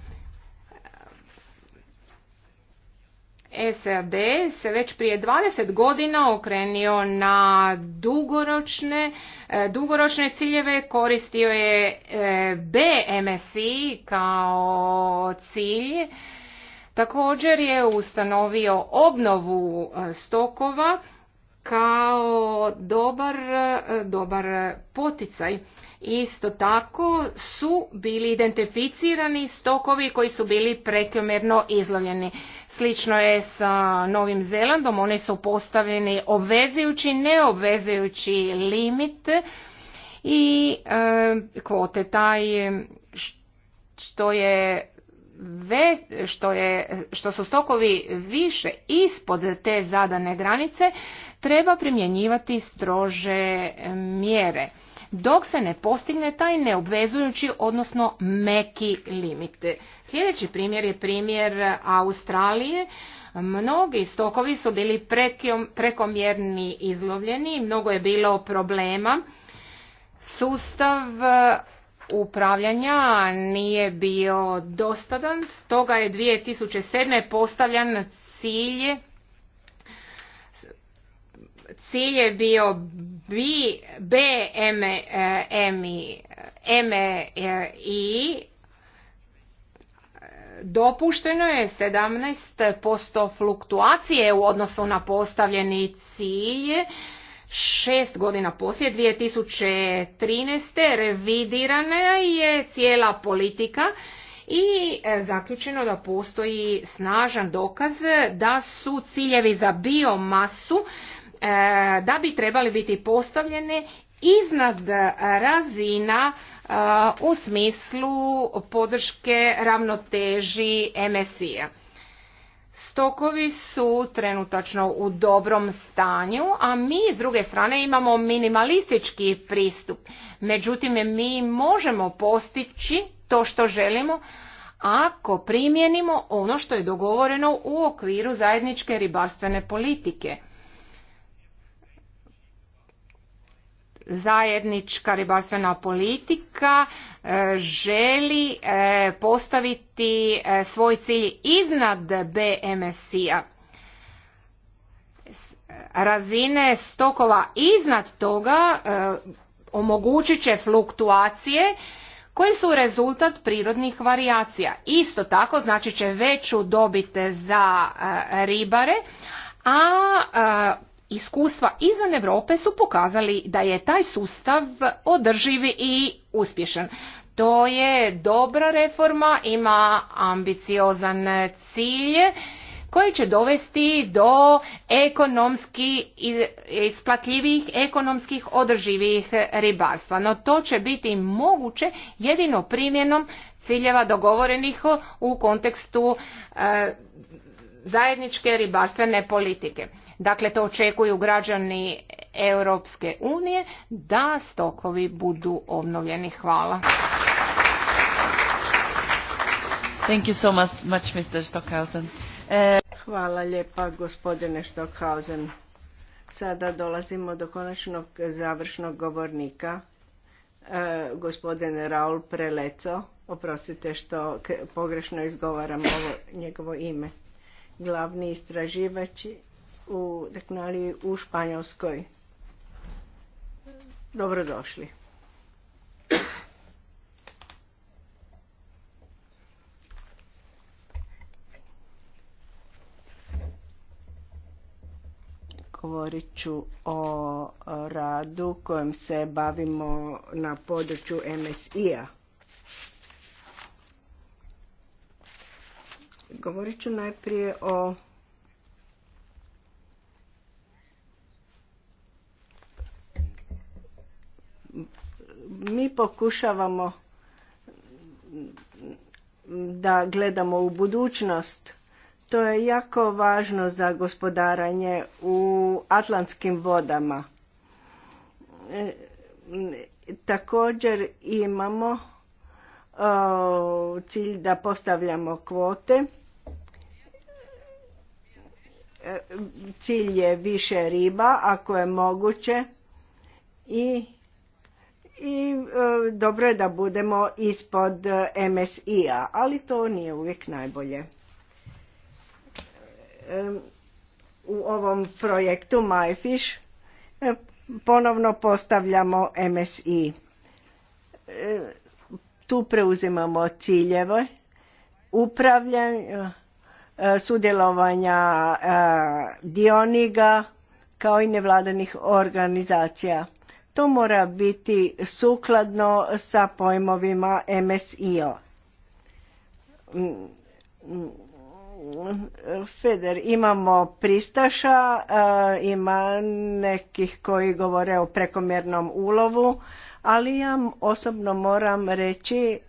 SAD se već prije 20 godina okrenio na dugoročne, e, dugoročne ciljeve, koristio je e, BMSI kao cilj. Također je ustanovio obnovu e, stokova kao dobar, dobar poticaj Isto tako su bili identificirani stokovi koji su bili prekomjerno izlovljeni. Slično je sa Novim Zelandom, oni su postavljeni obvezujući, neobvezujući limit i e, kvote taj što je ve, što, je, što su stokovi više ispod te zadane granice treba primjenjivati strože mjere dok se ne postigne taj neobvezujući, odnosno meki limit. Sljedeći primjer je primjer Australije. Mnogi stokovi su bili prekomjerni izlovljeni, mnogo je bilo problema. Sustav uh, upravljanja nije bio dostadan, stoga je 2007. postavljan cilj cilj je bio B, B M, e, M, M, e, I dopušteno je 17% fluktuacije u odnosu na postavljeni cilj. Šest godina poslije, 2013. revidirana je cijela politika i e, zaključeno da postoji snažan dokaz da su ciljevi za biomasu E, da bi trebali biti postavljene iznad razina e, u smislu podrške ravnoteži MSI-a. Stokovi su trenutačno u dobrom stanju, a mi s druge strane imamo minimalistički pristup. Međutim, mi možemo postići to što želimo ako primijenimo ono što je dogovoreno u okviru zajedničke ribarstvene politike. zajednička ribarstvena politika e, želi e, postaviti e, svoj cilj iznad BMSI-a. Razine stokova iznad toga omogućit će fluktuacije koji su rezultat prirodnih varijacija. Isto tako znači će veću dobite za ribare, a iskustva izvan Europe su pokazali da je taj sustav održivi i uspješan. To je dobra reforma, ima ambiciozan cilj koji će dovesti do ekonomski isplatljivih, ekonomskih održivih ribarstva. No to će biti moguće jedino primjenom ciljeva dogovorenih u kontekstu e, zajedničke ribarstvene politike dakle to očekuju građani Europske unije, da stokovi budu obnovljeni. Hvala. Thank you so much, Mr. Stockhausen. E, Hvala lijepa gospodine Stockhausen. Sada dolazimo do konačnog završnog govornika, e, gospodin Raul Preleco. Oprostite što pogrešno izgovaram ovo njegovo ime. Glavni istraživači u Deknaliji u Španjolskoj. Dobrodošli. Govorit ću o radu kojem se bavimo na području MSI-a. Govorit ću najprije o Mi pokušavamo da gledamo u budućnost. To je jako važno za gospodaranje u atlantskim vodama. E, također imamo cilj da postavljamo kvote. E, cilj je više riba ako je moguće i i e, dobro je da budemo ispod e, MSI-a, ali to nije uvijek najbolje. E, u ovom projektu MyFish ponovno postavljamo MSI. Tu preuzimamo ciljeve, upravljanja, sudjelovanja dioniga kao i nevladanih organizacija to mora biti sukladno sa pojmovima MSIO. Feder, imamo pristaša, eh, ima nekih koji govore o prekomjernom ulovu, ali ja osobno moram reći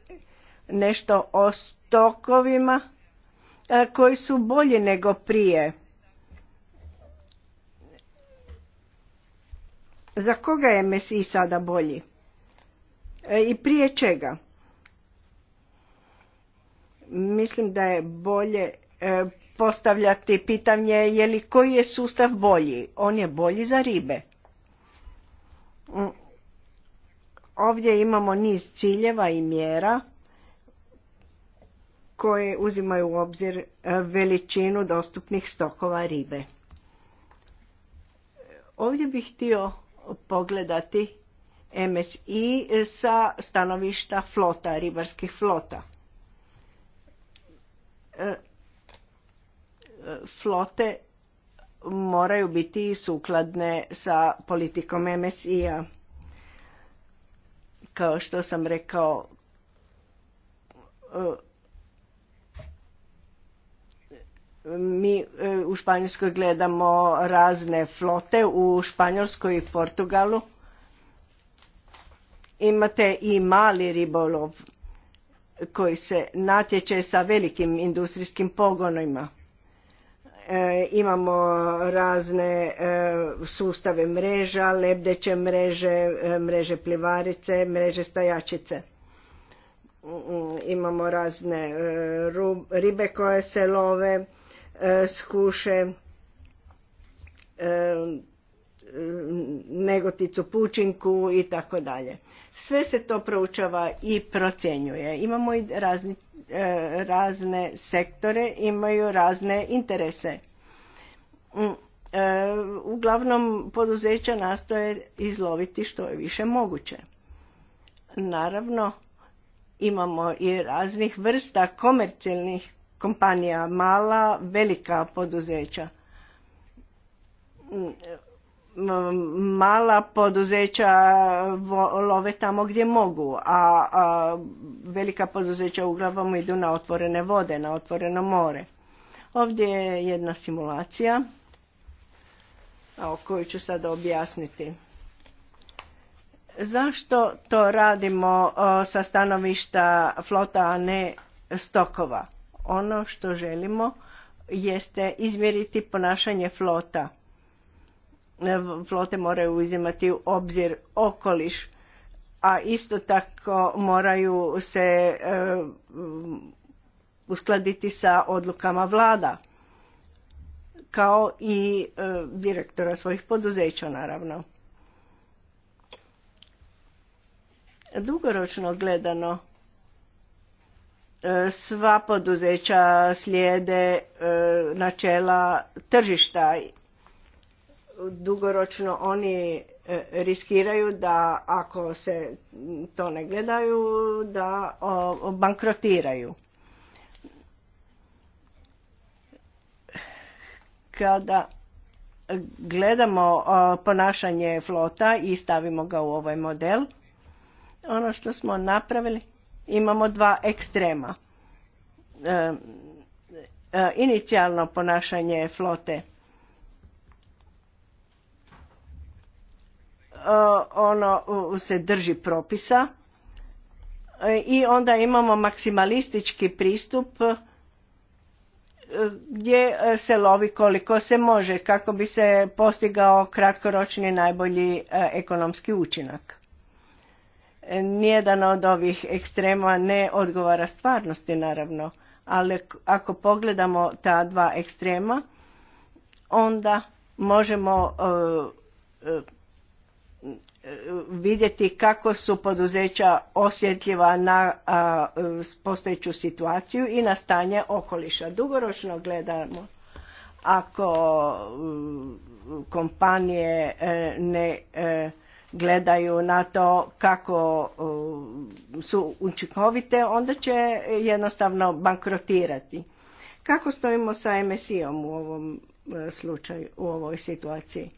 nešto o stokovima eh, koji su bolji nego prije Za koga je MSI sada bolji? E, I prije čega? Mislim da je bolje e, postavljati pitanje je li koji je sustav bolji? On je bolji za ribe. Mm. Ovdje imamo niz ciljeva i mjera koje uzimaju u obzir e, veličinu dostupnih stokova ribe. Ovdje bih htio pogledati MSI sa stanovišta flota, ribarskih flota. E, flote moraju biti sukladne sa politikom MSI-a. Kao što sam rekao, e, mi e, u Španjolskoj gledamo razne flote, u Španjolskoj i Portugalu imate i mali ribolov koji se natječe sa velikim industrijskim pogonima. E, imamo razne e, sustave mreža, lebdeće mreže, mreže plivarice, mreže stajačice mm, mm, imamo razne ribe koje se love E, skuše e, negoticu pučinku i tako dalje. Sve se to proučava i procjenjuje. Imamo i e, razne sektore, imaju razne interese. Mm, uglavnom poduzeća nastoje izloviti što je više moguće. Naravno, imamo i raznih vrsta komercijalnih kompanija, mala, velika poduzeća. Mm, mala poduzeća love tamo gdje mogu, a, velika poduzeća uglavnom idu na otvorene vode, na otvoreno more. Ovdje je jedna simulacija o kojoj ću sada objasniti. Zašto to radimo sa stanovišta flota, a ne stokova? Ono što želimo jeste izmjeriti ponašanje flota. Flote moraju uzimati u obzir okoliš, a isto tako moraju se e, uskladiti sa odlukama vlada kao i e, direktora svojih poduzeća naravno. Dugoročno gledano E, sva poduzeća slijede e, načela tržišta. Dugoročno oni e, riskiraju da ako se to ne gledaju da bankrotiraju. Kada gledamo ponašanje flota i stavimo ga u ovaj model, ono što smo napravili Imamo dva ekstrema. E, e, inicijalno ponašanje flote. E, ono se drži propisa i onda imamo maksimalistički pristup gdje se lovi koliko se može kako bi se postigao kratkoročni najbolji ekonomski učinak. Nijedan od ovih ekstrema ne odgovara stvarnosti, naravno, ali ako pogledamo ta dva ekstrema, onda možemo e, e, e, vidjeti kako su poduzeća osjetljiva na postojeću situaciju i na stanje okoliša. Dugoročno gledamo ako kompanije ne gledaju na to kako su učinkovite, onda će jednostavno bankrotirati. Kako stojimo sa MSI-om u ovom e, slučaju, u ovoj situaciji?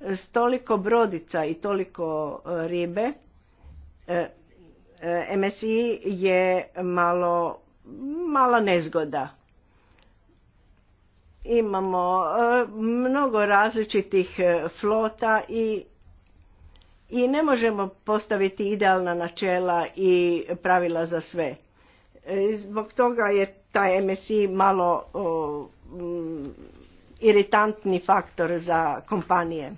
S toliko brodica i toliko e, ribe, e, MSI je malo, malo nezgoda. Imamo mnogo različitih flota i i ne možemo postaviti idealna načela i pravila za sve. E, zbog toga je taj MSI malo mm, iritantni faktor za kompanije.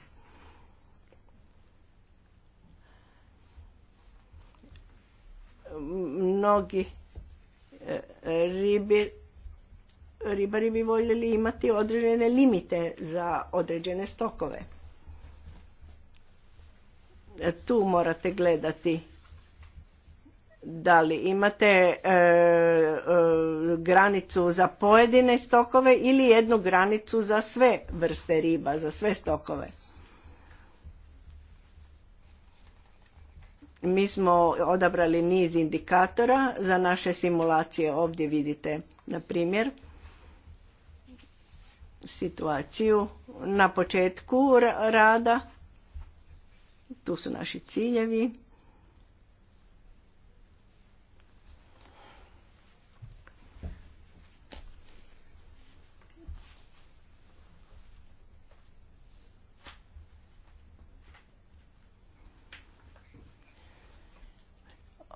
Mnogi e, ribari bi voljeli imati određene limite za određene stokove. Tu morate gledati da li imate e, e, granicu za pojedine stokove ili jednu granicu za sve vrste riba, za sve stokove. Mi smo odabrali niz indikatora za naše simulacije. Ovdje vidite, na primjer, situaciju na početku rada tu su naši ciljevi.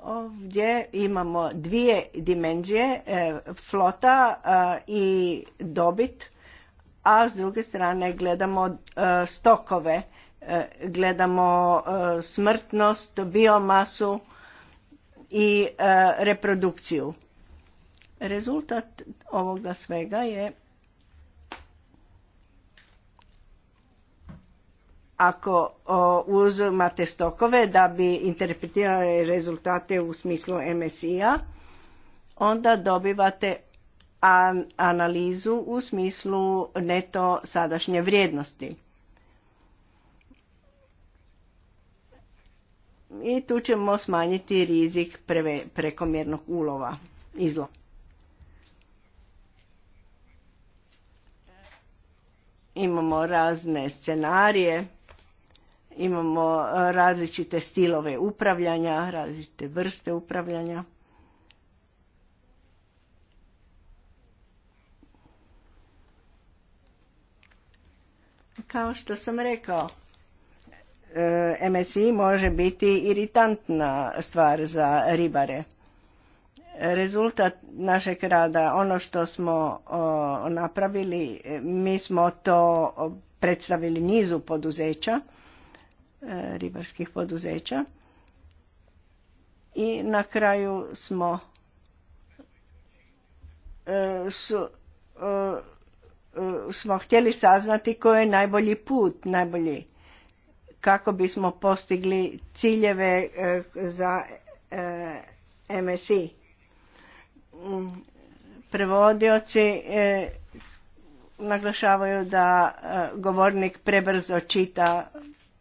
ovdje imamo dvije dimenzije, e, flota e, i dobit, a s druge strane gledamo e, stokove. E, gledamo e, smrtnost, biomasu i e, reprodukciju. Rezultat ovoga svega je ako uzmate stokove da bi interpretirali rezultate u smislu MSI-a, onda dobivate analizu u smislu neto sadašnje vrijednosti. i tu ćemo smanjiti rizik prekomjernog ulova izlo. Imamo razne scenarije, imamo e, različite stilove upravljanja, različite vrste upravljanja. Kao što sam rekao, E, MSI može biti iritantna stvar za ribare. Rezultat našeg rada, ono što smo napravili, e, mi smo to predstavili nizu poduzeća, e, ribarskih poduzeća i na kraju smo smo htjeli saznati koji je najbolji put, najbolji kako bismo postigli ciljeve e, za e, MSI. Mm, prevodioci e, naglašavaju da govornik prebrzo čita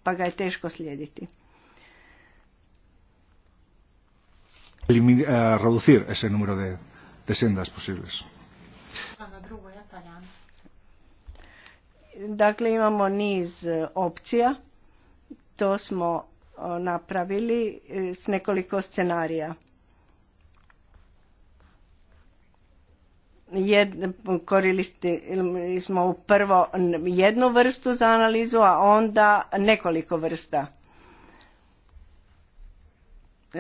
pa ga je teško slijediti. reducir ese de, posibles. Dakle, imamo niz opcija. To smo napravili e, s nekoliko scenarija. Jed, koristili smo prvo jednu vrstu za analizu, a onda nekoliko vrsta.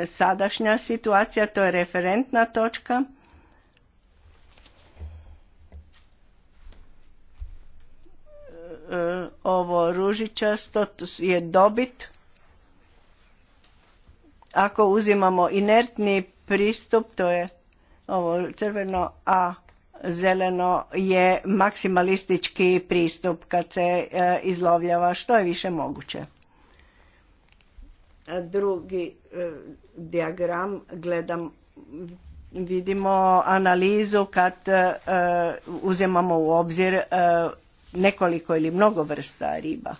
Sadašnja situacija, to je referentna točka. E, ovo ružičasto je dobit. Ako uzimamo inertni pristup, to je ovo crveno, a zeleno je maksimalistički pristup kad se e, izlovljava što je više moguće. Drugi e, diagram gledam, vidimo analizu kad uzimamo u obzir nekoliko ili mnogo vrsta riba.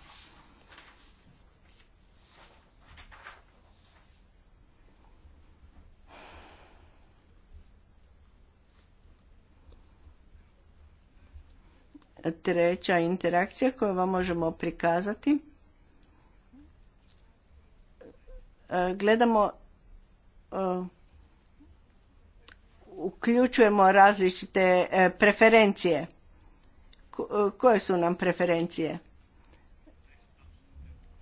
Treća interakcija koju vam možemo prikazati. E, gledamo e, uključujemo različite e, preferencije koje su nam preferencije?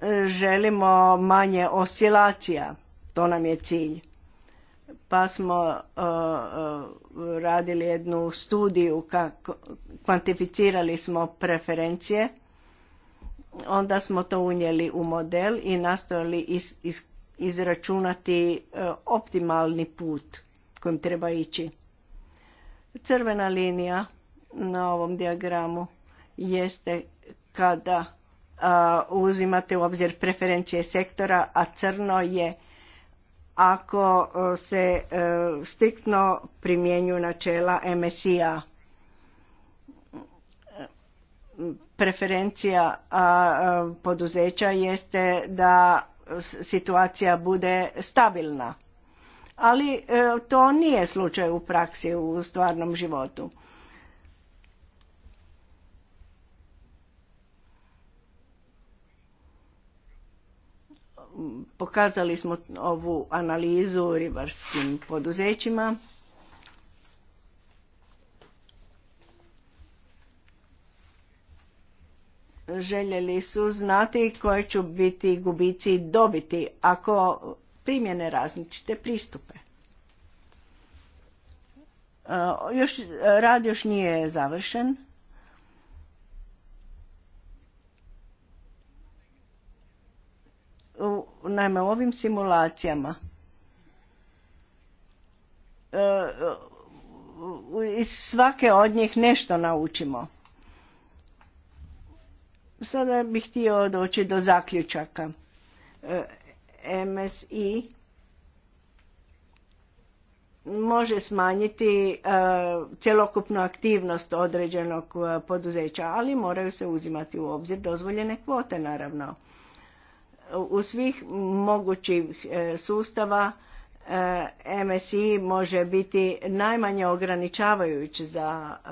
E, želimo manje oscilacija, to nam je cilj. Pa smo e, e, radili jednu studiju, kako, kvantificirali smo preferencije, onda smo to unijeli u model i nastojali izračunati optimalni put kojim treba ići. Crvena linija na ovom diagramu jeste kada uzimate u obzir preferencije sektora, a crno je ako se e, striktno primjenju načela MSI-a. Preferencija a, poduzeća jeste da situacija bude stabilna. Ali e, to nije slučaj u praksi u stvarnom životu. pokazali smo ovu analizu ribarskim poduzećima. Željeli su znati koje će biti gubici dobiti ako primjene različite pristupe. E, još, rad još nije završen. naime ovim simulacijama e, iz svake od njih nešto naučimo. Sada bih htio doći do zaključaka. E, MSI može smanjiti e, cjelokupnu aktivnost određenog poduzeća, ali moraju se uzimati u obzir dozvoljene kvote, naravno u svih mogućih e, sustava e, MSI može biti najmanje ograničavajući za e,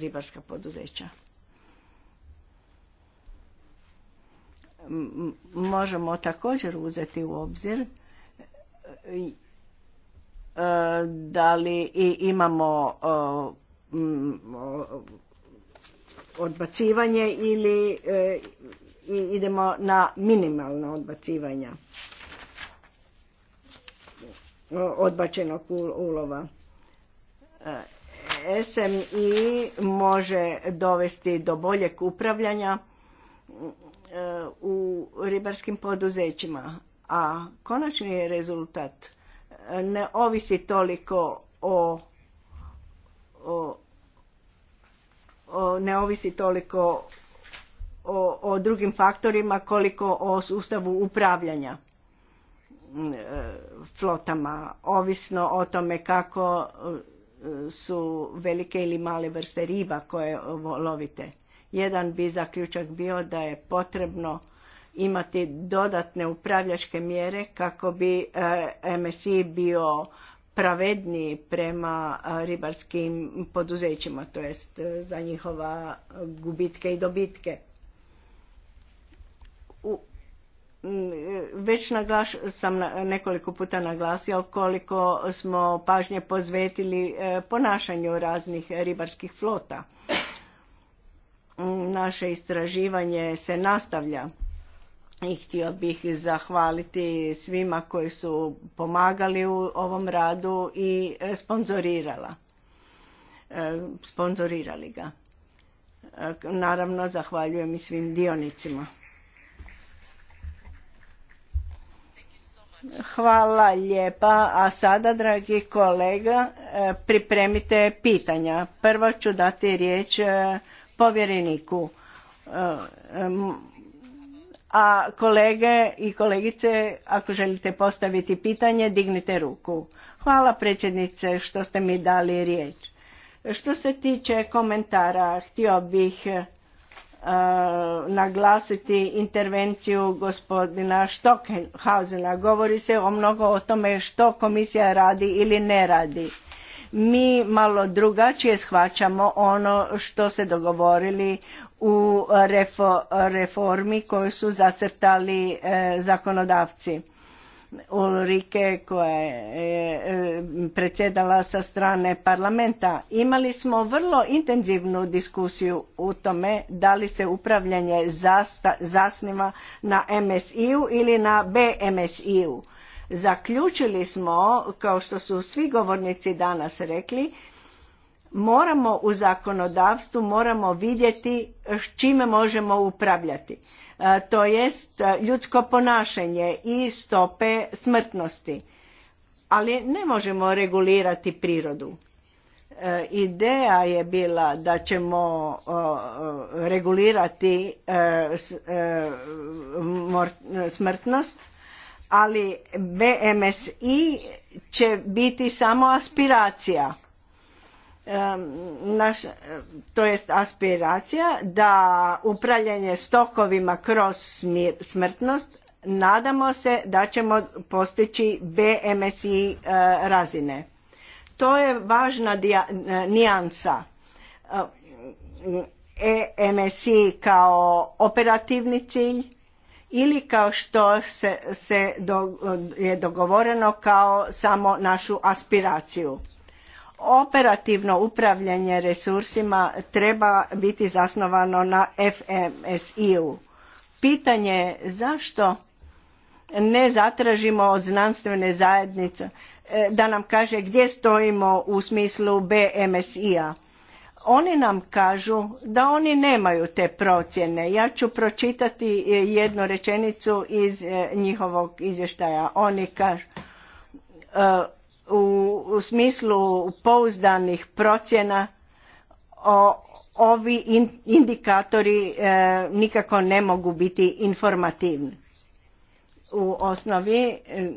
ribarska poduzeća. Možemo također uzeti u obzir da li i imamo odbacivanje ili i idemo na minimalno odbacivanja odbačenog ulova. E, SMI može dovesti do boljeg upravljanja e, u ribarskim poduzećima, a konačni rezultat e, ne ovisi toliko o, o ne ovisi toliko o, o drugim faktorima koliko o sustavu upravljanja e, flotama, ovisno o tome kako e, su velike ili male vrste riba koje lovite. Jedan bi zaključak bio da je potrebno imati dodatne upravljačke mjere kako bi e, MSI bio pravedniji prema ribarskim poduzećima, to jest za njihova gubitke i dobitke. već naglaš, sam nekoliko puta naglasio koliko smo pažnje pozvetili e, ponašanju raznih ribarskih flota. Naše istraživanje se nastavlja i htio bih zahvaliti svima koji su pomagali u ovom radu i e, sponzorirala. E, sponzorirali ga. Naravno, zahvaljujem i svim dionicima. Hvala lijepa, a sada, dragi kolega, e, pripremite pitanja. Prvo ću dati riječ e, povjereniku. E, a kolege i kolegice, ako želite postaviti pitanje, dignite ruku. Hvala predsjednice što ste mi dali riječ. Što se tiče komentara, htio bih naglasiti intervenciju gospodina Stockhausena. Govori se o mnogo o tome što komisija radi ili ne radi. Mi malo drugačije shvaćamo ono što se dogovorili u reformi koju su zacrtali eh, zakonodavci Ulrike koja je e, predsjedala sa strane parlamenta. Imali smo vrlo intenzivnu diskusiju u tome da li se upravljanje zasniva na MSI-u ili na BMSI-u. Zaključili smo, kao što su svi govornici danas rekli, moramo u zakonodavstvu moramo vidjeti s čime možemo upravljati e, to jest e, ljudsko ponašanje i stope smrtnosti ali ne možemo regulirati prirodu e, ideja je bila da ćemo regulirati smrtnost ali BMSI će biti samo aspiracija naš, to jest aspiracija da upravljanje stokovima kroz smrtnost nadamo se da ćemo postići BMSI e, razine. To je važna nijanca e, nijansa. EMSI e kao operativni cilj ili kao što se, se je dogovoreno kao samo našu aspiraciju Operativno upravljanje resursima treba biti zasnovano na FMSI-u. Pitanje je zašto ne zatražimo od znanstvene zajednice e, da nam kaže gdje stojimo u smislu BMSI-a. Oni nam kažu da oni nemaju te procjene. Ja ću pročitati e, jednu rečenicu iz e, njihovog izvještaja. Oni kažu u, smislu pouzdanih procjena o, ovi indikatori e, nikako ne mogu biti informativni u osnovi e,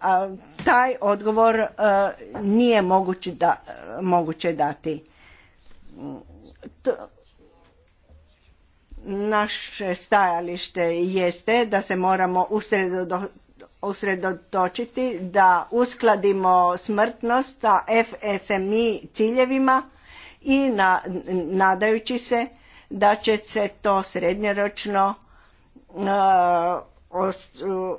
a taj odgovor e, nije da, moguće dati naše stajalište jeste da se moramo usredotočiti usredotočiti da uskladimo smrtnost sa FSMI ciljevima i na, nadajući se da će se to srednjoročno uh, uh,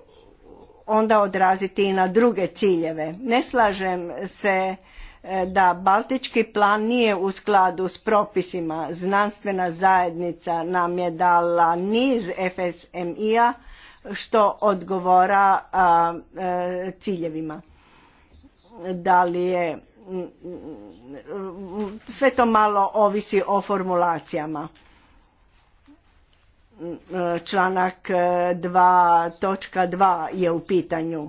onda odraziti i na druge ciljeve. Ne slažem se uh, da baltički plan nije u skladu s propisima. Znanstvena zajednica nam je dala niz FSMI-a što odgovara e, ciljevima. Da li je sve to malo ovisi o formulacijama. Članak 2.2 e, je u pitanju. E,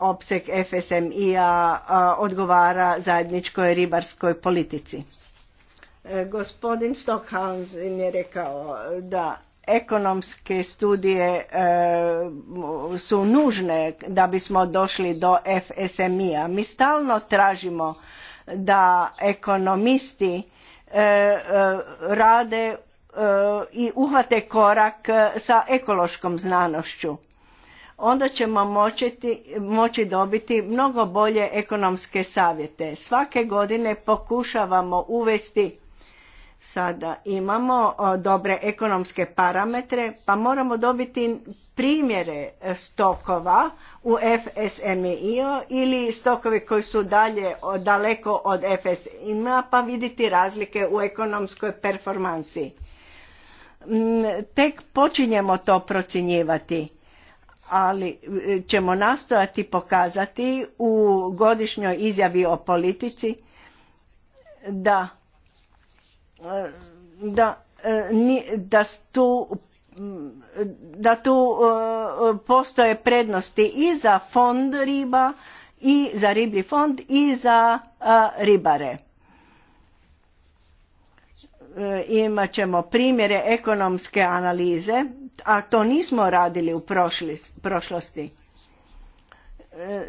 Opsek FSMI-a odgovara zajedničkoj ribarskoj politici. Gospodin Stockhausen je rekao da ekonomske studije e, su nužne da bismo došli do FSMI-a. Mi stalno tražimo da ekonomisti e, e, rade i uhvate korak sa ekološkom znanošću. Onda ćemo moći, moći dobiti mnogo bolje ekonomske savjete. Svake godine pokušavamo uvesti sada imamo dobre ekonomske parametre, pa moramo dobiti primjere e, stokova u FSMI ili stokovi koji su dalje daleko od FSMI-a pa vidjeti razlike u ekonomskoj performansi. Mm, tek počinjemo to procjenjivati, ali e, ćemo nastojati pokazati u godišnjoj izjavi o politici da da, e, da tu da e, tu postoje prednosti i za fond riba i za riblji fond i za e, ribare. Imat ćemo primjere ekonomske analize, a to nismo radili u prošlosti.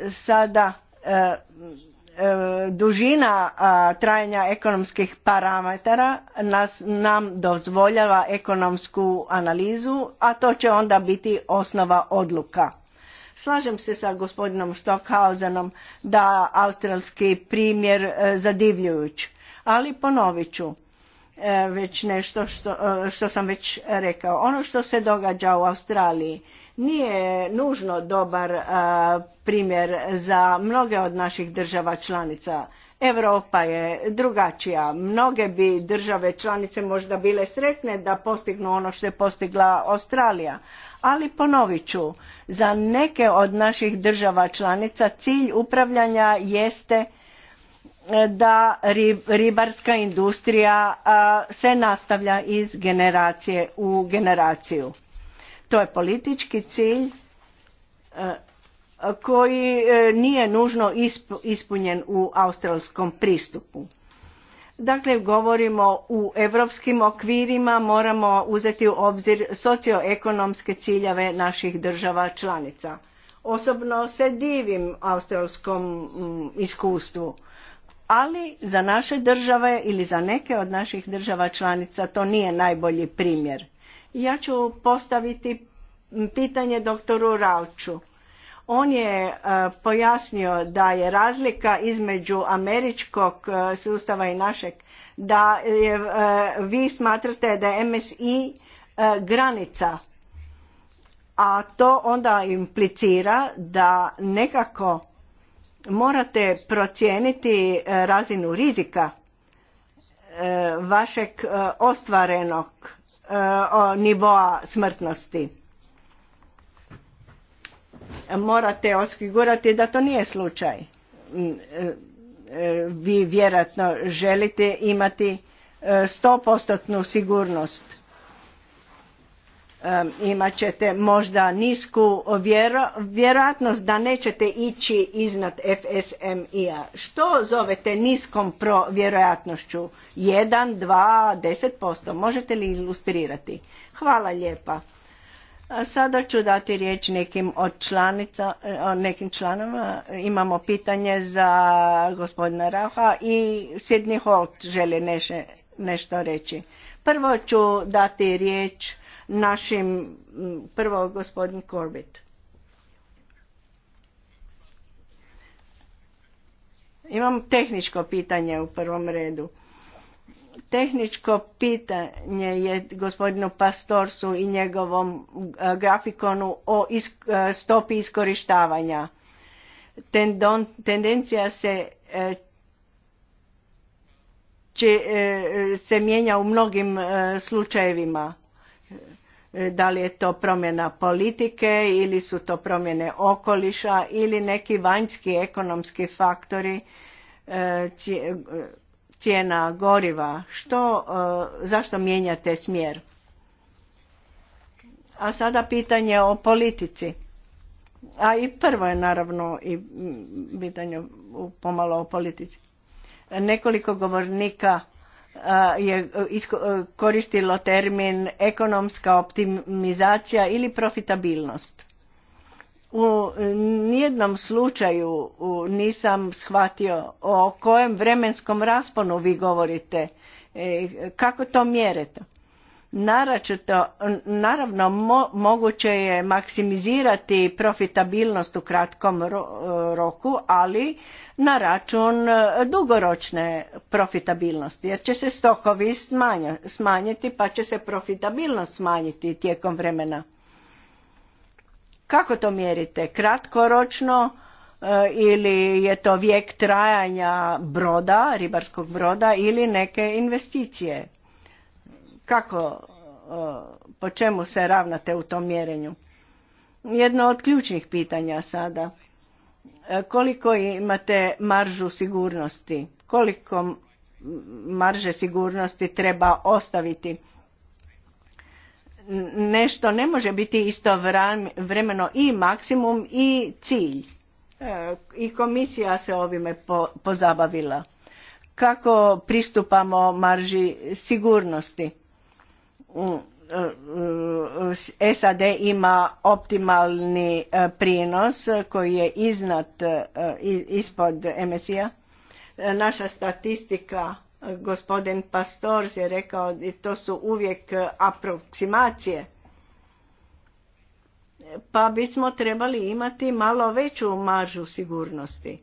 Sada E, dužina trajanja ekonomskih parametara nam dozvoljava ekonomsku analizu, a to će onda biti osnova odluka. Slažem se sa gospodinom Stockhausenom da australski primjer e, zadivljujuć, ali ponovit ću e, već nešto što sam već rekao. Ono što se događa u Australiji nije nužno dobar primjer za mnoge od naših država članica. Europa je drugačija. Mnoge bi države članice možda bile sretne da postignu ono što je postigla Australija. Ali ponovit ću, za neke od naših država članica cilj upravljanja jeste e, da ribarska industrija se nastavlja iz generacije u generaciju to je politički cilj e, koji e, nije nužno ispunjen u australskom pristupu. Dakle, govorimo u europskim okvirima, moramo uzeti u obzir socioekonomske ciljeve naših država članica. Osobno se divim australskom iskustvu, ali za naše države ili za neke od naših država članica to nije najbolji primjer. Ja ću postaviti pitanje doktoru Rauču. On je e, pojasnio da je razlika između američkog e, sustava i našeg da je, e, vi smatrate da je MSI granica, a to onda implicira da nekako morate procijeniti razinu rizika vašeg ostvarenog nivoa smrtnosti. Morate osigurati da to nije slučaj. Mm, e, e, vi vjerojatno želite imati 100% e, sigurnost imat ćete možda nisku vjerojatnost da nećete ići iznad FSMI-a. Što zovete niskom pro vjerojatnošću? 1, 2, 10%. Možete li ilustrirati? Hvala lijepa. sada ću dati riječ nekim od članica, e, nekim članovima Imamo pitanje za gospodina Raha i Sidney Holt želi nešto reći. Prvo ću dati riječ našim, prvo gospodin Corbett. Imam tehničko pitanje u prvom redu. Tehničko pitanje je gospodinu Pastorsu i njegovom e, grafikonu o e, stopi iskorištavanja. tendencija se e, se mijenja u mnogim slučajevima da li je to promjena politike ili su to promjene okoliša ili neki vanjski ekonomski faktori e, e, cijena goriva što e, zašto mijenjate smjer a sada pitanje o politici a i prvo je naravno i pitanje pomalo o politici nekoliko govornika je e, e, koristilo termin ekonomska optimizacija ili profitabilnost. U e, nijednom slučaju nisam shvatio o kojem vremenskom rasponu vi govorite, kako to mjerete? Naračito, naravno moguće je maksimizirati profitabilnost u kratkom roku, ali na račun e, dugoročne profitabilnosti jer će se stokovi smanjiti pa će se profitabilnost smanjiti tijekom vremena. Kako to mjerite? Kratkoročno e, ili je to vijek trajanja broda, ribarskog broda ili neke investicije? Kako, e, po čemu se ravnate u tom mjerenju? Jedno od ključnih pitanja sada – E, koliko imate maržu sigurnosti, koliko marže sigurnosti treba ostaviti. Nešto ne može biti isto vremeno i maksimum i cilj. E, I komisija se ovime pozabavila. Kako pristupamo marži sigurnosti? Mm, E, e, SAD ima optimalni e, prinos koji je iznad, ispod MSI-a. Naša statistika, gospodin Pastor je rekao, i to su uvijek aproksimacije. Pa bismo trebali imati malo veću maržu sigurnosti.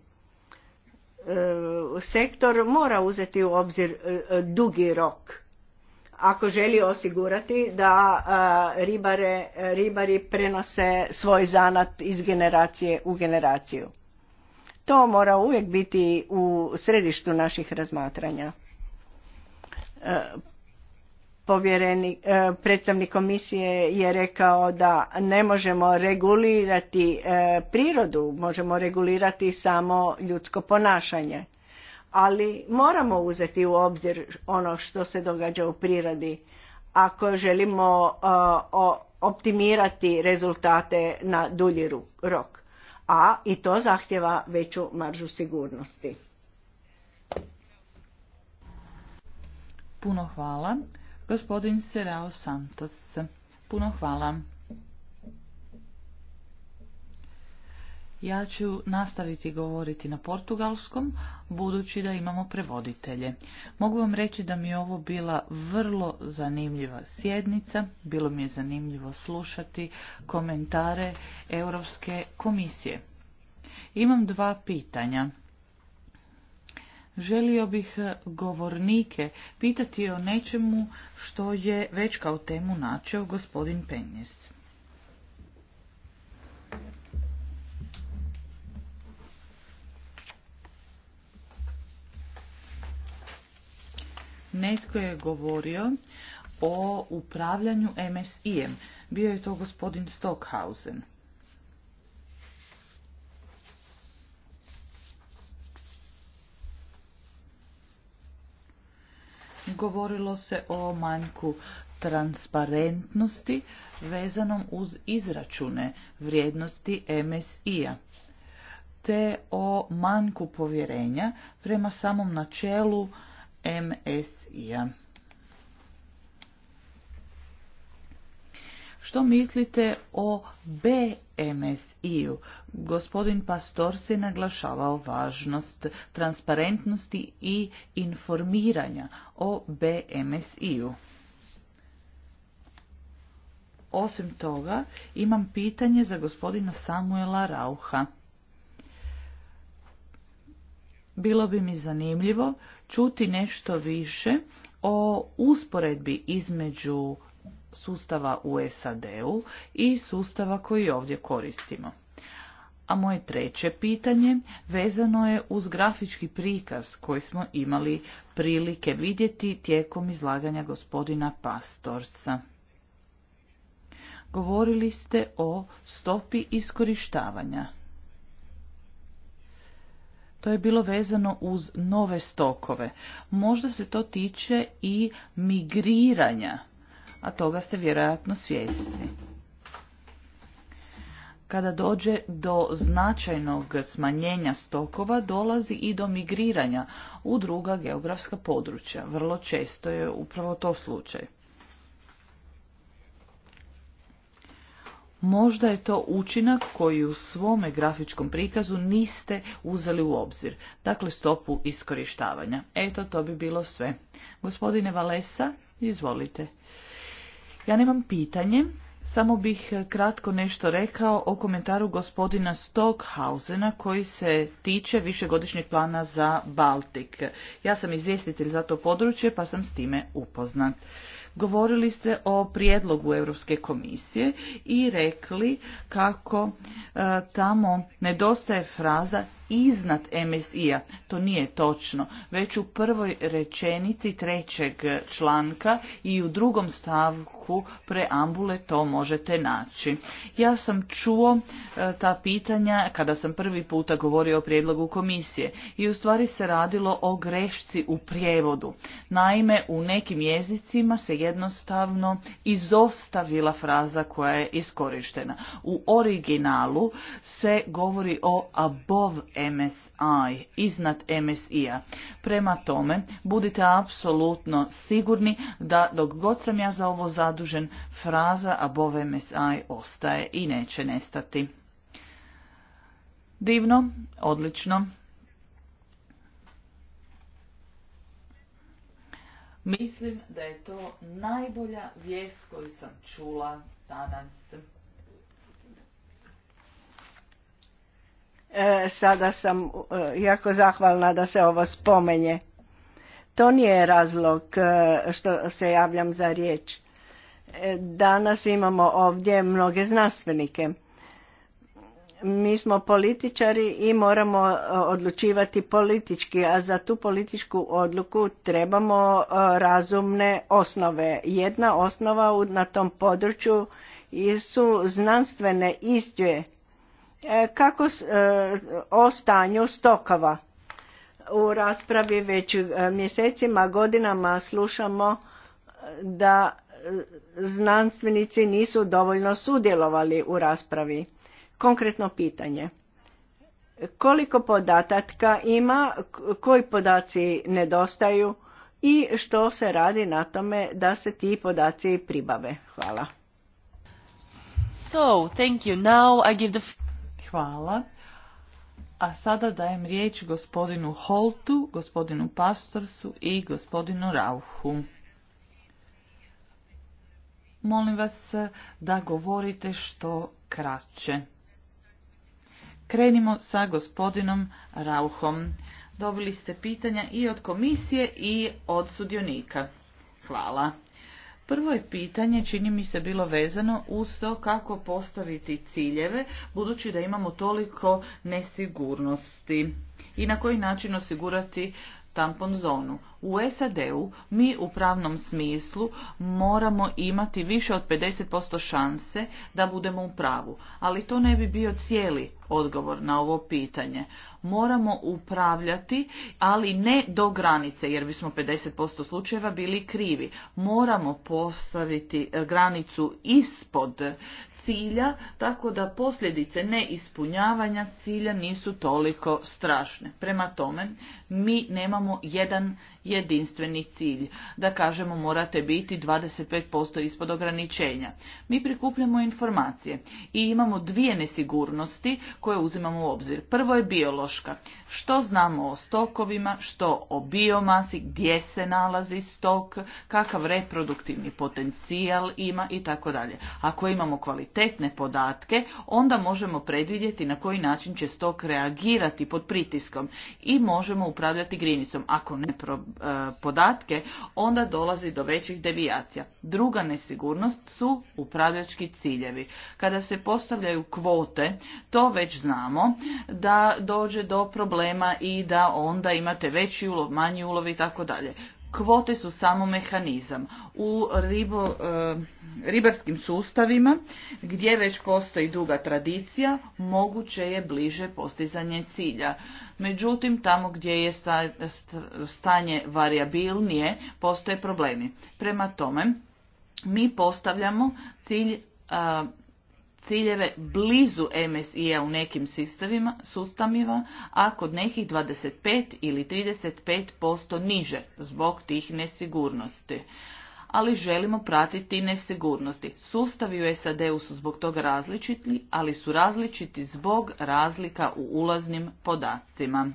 Sektor mora uzeti u obzir dugi rok ako želi osigurati da ribare, ribari prenose svoj zanat iz generacije u generaciju. To mora uvijek biti u središtu naših razmatranja. E, Povjereni, e, predstavnik komisije je rekao da ne možemo regulirati e, prirodu, možemo regulirati samo ljudsko ponašanje ali moramo uzeti u obzir ono što se događa u prirodi ako želimo uh, optimirati rezultate na dulji rok a i to zahtjeva veću maržu sigurnosti puno hvala gospodin Serao Santos puno hvala Ja ću nastaviti govoriti na portugalskom, budući da imamo prevoditelje. Mogu vam reći da mi je ovo bila vrlo zanimljiva sjednica, bilo mi je zanimljivo slušati komentare Europske komisije. Imam dva pitanja. Želio bih govornike pitati o nečemu što je već kao temu načeo gospodin Penjes. Netko je govorio o upravljanju MSI-em. Bio je to gospodin Stockhausen. Govorilo se o manjku transparentnosti vezanom uz izračune vrijednosti MSI-a te o manjku povjerenja prema samom načelu MSI-a. Što mislite o BMSI-u? Gospodin Pastor se naglašavao važnost transparentnosti i informiranja o BMSI-u. Osim toga, imam pitanje za gospodina Samuela Rauha. Bilo bi mi zanimljivo čuti nešto više o usporedbi između sustava u SAD-u i sustava koji ovdje koristimo. A moje treće pitanje vezano je uz grafički prikaz koji smo imali prilike vidjeti tijekom izlaganja gospodina Pastorca. Govorili ste o stopi iskorištavanja to je bilo vezano uz nove stokove. Možda se to tiče i migriranja, a toga ste vjerojatno svjesni. Kada dođe do značajnog smanjenja stokova, dolazi i do migriranja u druga geografska područja. Vrlo često je upravo to slučaj. Možda je to učinak koji u svome grafičkom prikazu niste uzeli u obzir, dakle stopu iskorištavanja. Eto, to bi bilo sve. Gospodine Valesa, izvolite. Ja nemam pitanje, samo bih kratko nešto rekao o komentaru gospodina Stockhausena koji se tiče višegodišnjeg plana za Baltik. Ja sam izvjestitelj za to područje pa sam s time upoznat. Govorili ste o prijedlogu Europske komisije i rekli kako e, tamo nedostaje fraza iznad MSI-a. To nije točno. Već u prvoj rečenici trećeg članka i u drugom stavku preambule to možete naći. Ja sam čuo e, ta pitanja kada sam prvi puta govorio o prijedlogu komisije i u stvari se radilo o grešci u prijevodu. Naime, u nekim jezicima se jednostavno izostavila fraza koja je iskorištena. U originalu se govori o above MSI, iznad MSI-a. Prema tome, budite apsolutno sigurni da dok god sam ja za ovo zadužen, fraza above MSI ostaje i neće nestati. Divno, odlično. Mislim da je to najbolja vijest koju sam čula danas. E, sada sam e, jako zahvalna da se ovo spomenje. To nije razlog e, što se javljam za riječ. Danas imamo ovdje mnoge znanstvenike. Mi smo političari i moramo odlučivati politički, a za tu političku odluku trebamo razumne osnove. Jedna osnova na tom području su znanstvene istje. E, kako e, o stanju stokava U raspravi već e, mjesecima, godinama slušamo da znanstvenici nisu dovoljno sudjelovali u raspravi. Konkretno pitanje. Koliko podataka ima, koji podaci nedostaju i što se radi na tome da se ti podaci pribave? Hvala. So, thank you. Hvala. A sada dajem riječ gospodinu Holtu, gospodinu Pastorsu i gospodinu Rauhu. Molim vas da govorite što kraće. Krenimo sa gospodinom Rauhom. Dobili ste pitanja i od komisije i od sudionika. Hvala. Prvo je pitanje, čini mi se, bilo vezano uz to kako postaviti ciljeve, budući da imamo toliko nesigurnosti i na koji način osigurati tampon zonu. U SAD-u mi u pravnom smislu moramo imati više od 50% šanse da budemo u pravu, ali to ne bi bio cijeli odgovor na ovo pitanje. Moramo upravljati, ali ne do granice, jer bismo 50% slučajeva bili krivi. Moramo postaviti eh, granicu ispod cilja, tako da posljedice neispunjavanja cilja nisu toliko strašne. Prema tome, mi nemamo jedan jedinstveni cilj, da kažemo morate biti 25% ispod ograničenja. Mi prikupljamo informacije i imamo dvije nesigurnosti koje uzimamo u obzir. Prvo je biološka. Što znamo o stokovima, što o biomasi, gdje se nalazi stok, kakav reproduktivni potencijal ima i tako dalje. Ako imamo kvalitetu kvalitetne podatke, onda možemo predvidjeti na koji način će stok reagirati pod pritiskom i možemo upravljati grinicom. Ako ne e, podatke, onda dolazi do većih devijacija. Druga nesigurnost su upravljački ciljevi. Kada se postavljaju kvote, to već znamo da dođe do problema i da onda imate veći ulov, manji ulov i tako dalje. Kvote su samo mehanizam. U ribo, e, ribarskim sustavima gdje već postoji duga tradicija moguće je bliže postizanje cilja. Međutim, tamo gdje je stanje variabilnije postoje problemi. Prema tome, mi postavljamo cilj ciljeve blizu MSI-a u nekim sustavima, a kod nekih 25 ili 35% niže zbog tih nesigurnosti. Ali želimo pratiti nesigurnosti. Sustavi u SAD-u su zbog toga različiti, ali su različiti zbog razlika u ulaznim podacima.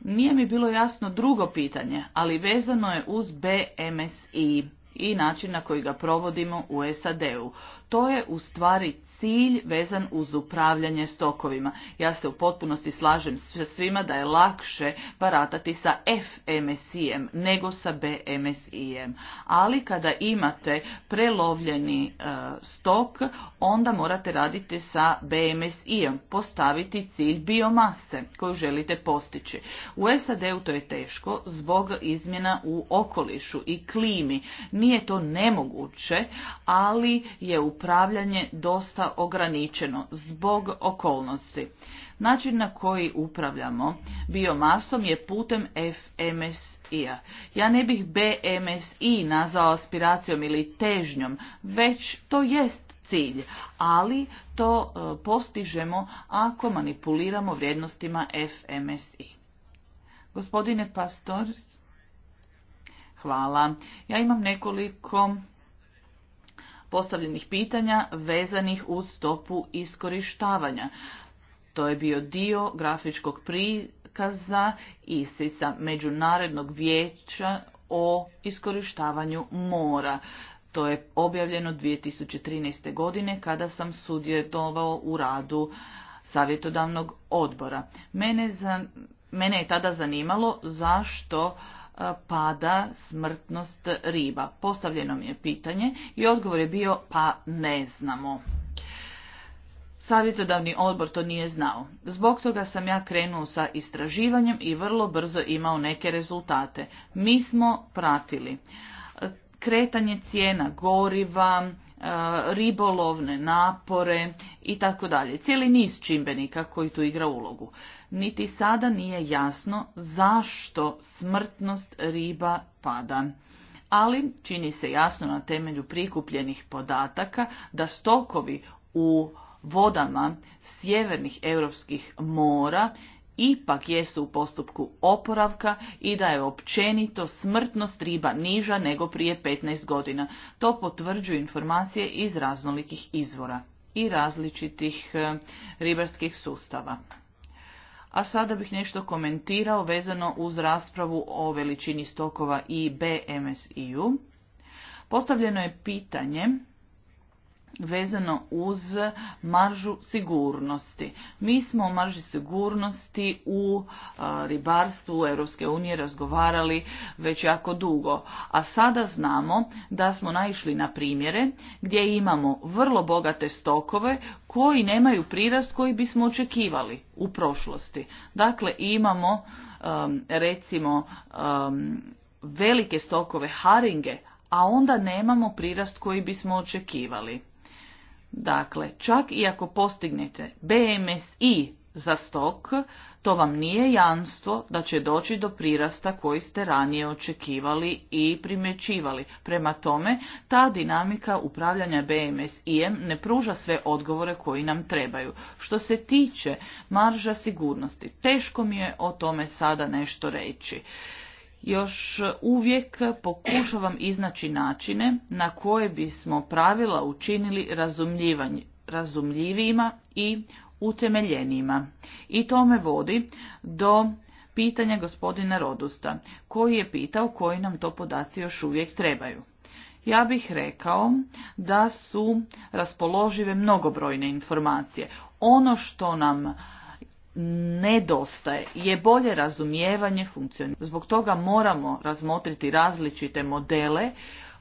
Nije mi bilo jasno drugo pitanje, ali vezano je uz BMSI i način na koji ga provodimo u SAD-u. To je u stvari cilj vezan uz upravljanje stokovima. Ja se u potpunosti slažem sa svima da je lakše baratati sa FMSI-em nego sa BMSI-em. Ali kada imate prelovljeni e, stok, onda morate raditi sa BMSI-em, postaviti cilj biomase koju želite postići. U SAD-u to je teško zbog izmjena u okolišu i klimi, nije to nemoguće, ali je upravljanje dosta ograničeno zbog okolnosti. Način na koji upravljamo biomasom je putem FMSI-a. Ja ne bih BMSI nazvao aspiracijom ili težnjom, već to jest cilj, ali to e, postižemo ako manipuliramo vrijednostima FMSI. Gospodine pastor. Hvala. Ja imam nekoliko postavljenih pitanja vezanih uz stopu iskorištavanja. To je bio dio grafičkog prikaza ISIS-a, Međunarodnog vijeća o iskorištavanju mora. To je objavljeno 2013. godine kada sam sudjelovao u radu savjetodavnog odbora. Mene, mene je tada zanimalo zašto E, pada smrtnost riba? Postavljeno mi je pitanje i odgovor je bio pa ne znamo. Savjetodavni odbor to nije znao. Zbog toga sam ja krenuo sa istraživanjem i vrlo brzo imao neke rezultate. Mi smo pratili e, kretanje cijena goriva, ribolovne napore i tako dalje. Cijeli niz čimbenika koji tu igra ulogu. Niti sada nije jasno zašto smrtnost riba pada. Ali čini se jasno na temelju prikupljenih podataka da stokovi u vodama sjevernih europskih mora ipak jesu u postupku oporavka i da je općenito smrtnost riba niža nego prije 15 godina. To potvrđuju informacije iz raznolikih izvora i različitih e, ribarskih sustava. A sada bih nešto komentirao vezano uz raspravu o veličini stokova i BMSI-u. Postavljeno je pitanje vezano uz maržu sigurnosti. Mi smo o marži sigurnosti u ribarstvu Europske unije razgovarali već jako dugo, a sada znamo da smo naišli na primjere gdje imamo vrlo bogate stokove koji nemaju prirast koji bismo očekivali u prošlosti. Dakle, imamo um, recimo um, velike stokove haringe, a onda nemamo prirast koji bismo očekivali. Dakle, čak i ako postignete BMS-I za stok, to vam nije jamstvo da će doći do prirasta koji ste ranije očekivali i primjećivali. Prema tome, ta dinamika upravljanja BMSI-em ne pruža sve odgovore koji nam trebaju. Što se tiče marža sigurnosti, teško mi je o tome sada nešto reći još uvijek pokušavam iznaći načine na koje bismo pravila učinili razumljivijima i utemeljenijima. I to me vodi do pitanja gospodina Rodusta, koji je pitao koji nam to podaci još uvijek trebaju. Ja bih rekao da su raspoložive mnogobrojne informacije. Ono što nam nedostaje je bolje razumijevanje funkcioniranja. Zbog toga moramo razmotriti različite modele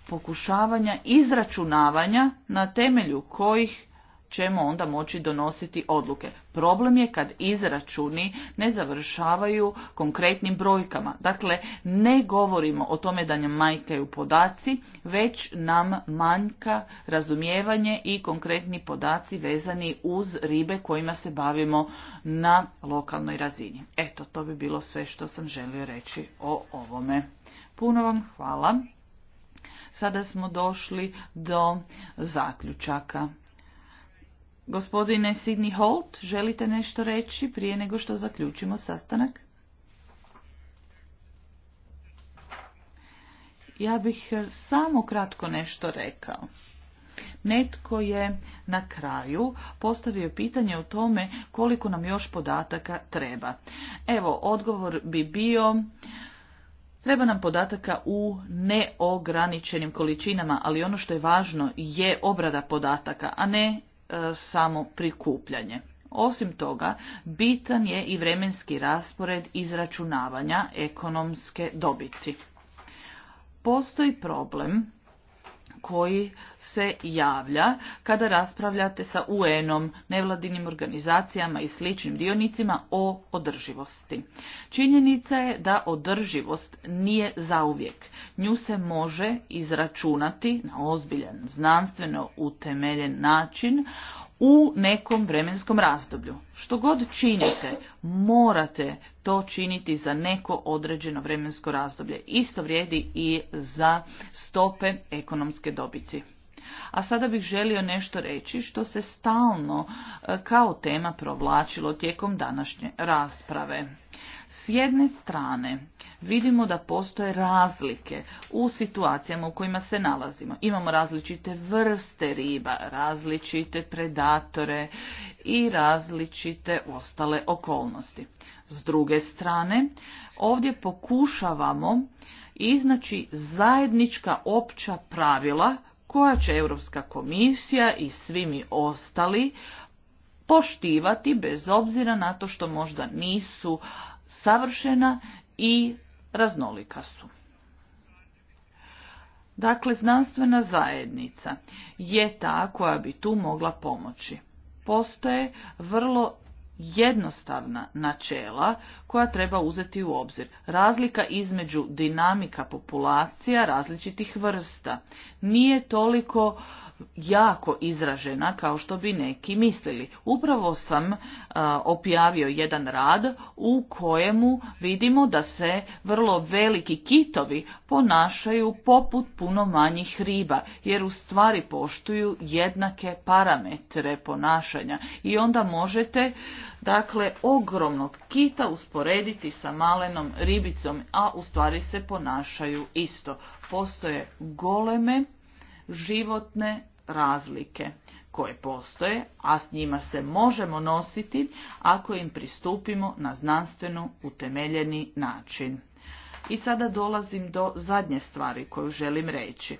pokušavanja izračunavanja na temelju kojih ćemo onda moći donositi odluke. Problem je kad izračuni ne završavaju konkretnim brojkama. Dakle, ne govorimo o tome da nam manjkaju podaci, već nam manjka razumijevanje i konkretni podaci vezani uz ribe kojima se bavimo na lokalnoj razini. Eto, to bi bilo sve što sam želio reći o ovome. Puno vam hvala. Sada smo došli do zaključaka. Gospodine Sidney Holt, želite nešto reći prije nego što zaključimo sastanak? Ja bih samo kratko nešto rekao. Netko je na kraju postavio pitanje o tome koliko nam još podataka treba. Evo, odgovor bi bio Treba nam podataka u neograničenim količinama, ali ono što je važno je obrada podataka, a ne E, samo prikupljanje. Osim toga, bitan je i vremenski raspored izračunavanja ekonomske dobiti. Postoji problem koji se javlja kada raspravljate sa UN-om, nevladinim organizacijama i sličnim dionicima o održivosti. Činjenica je da održivost nije zauvijek. Nju se može izračunati na ozbiljan, znanstveno utemeljen način u nekom vremenskom razdoblju. Što god činite, morate to činiti za neko određeno vremensko razdoblje. Isto vrijedi i za stope ekonomske dobici. A sada bih želio nešto reći što se stalno e, kao tema provlačilo tijekom današnje rasprave. S jedne strane vidimo da postoje razlike u situacijama u kojima se nalazimo. Imamo različite vrste riba, različite predatore i različite ostale okolnosti. S druge strane, ovdje pokušavamo iznaći zajednička opća pravila koja će Europska komisija i svi mi ostali poštivati bez obzira na to što možda nisu savršena i raznolika su. Dakle, znanstvena zajednica je ta koja bi tu mogla pomoći. Postoje vrlo jednostavna načela koja treba uzeti u obzir. Razlika između dinamika populacija različitih vrsta nije toliko jako izražena kao što bi neki mislili. Upravo sam a, opjavio jedan rad u kojemu vidimo da se vrlo veliki kitovi ponašaju poput puno manjih riba jer u stvari poštuju jednake parametre ponašanja i onda možete Dakle, ogromnog kita usporediti sa malenom ribicom, a u stvari se ponašaju isto. Postoje goleme životne razlike koje postoje, a s njima se možemo nositi ako im pristupimo na znanstveno utemeljeni način. I sada dolazim do zadnje stvari koju želim reći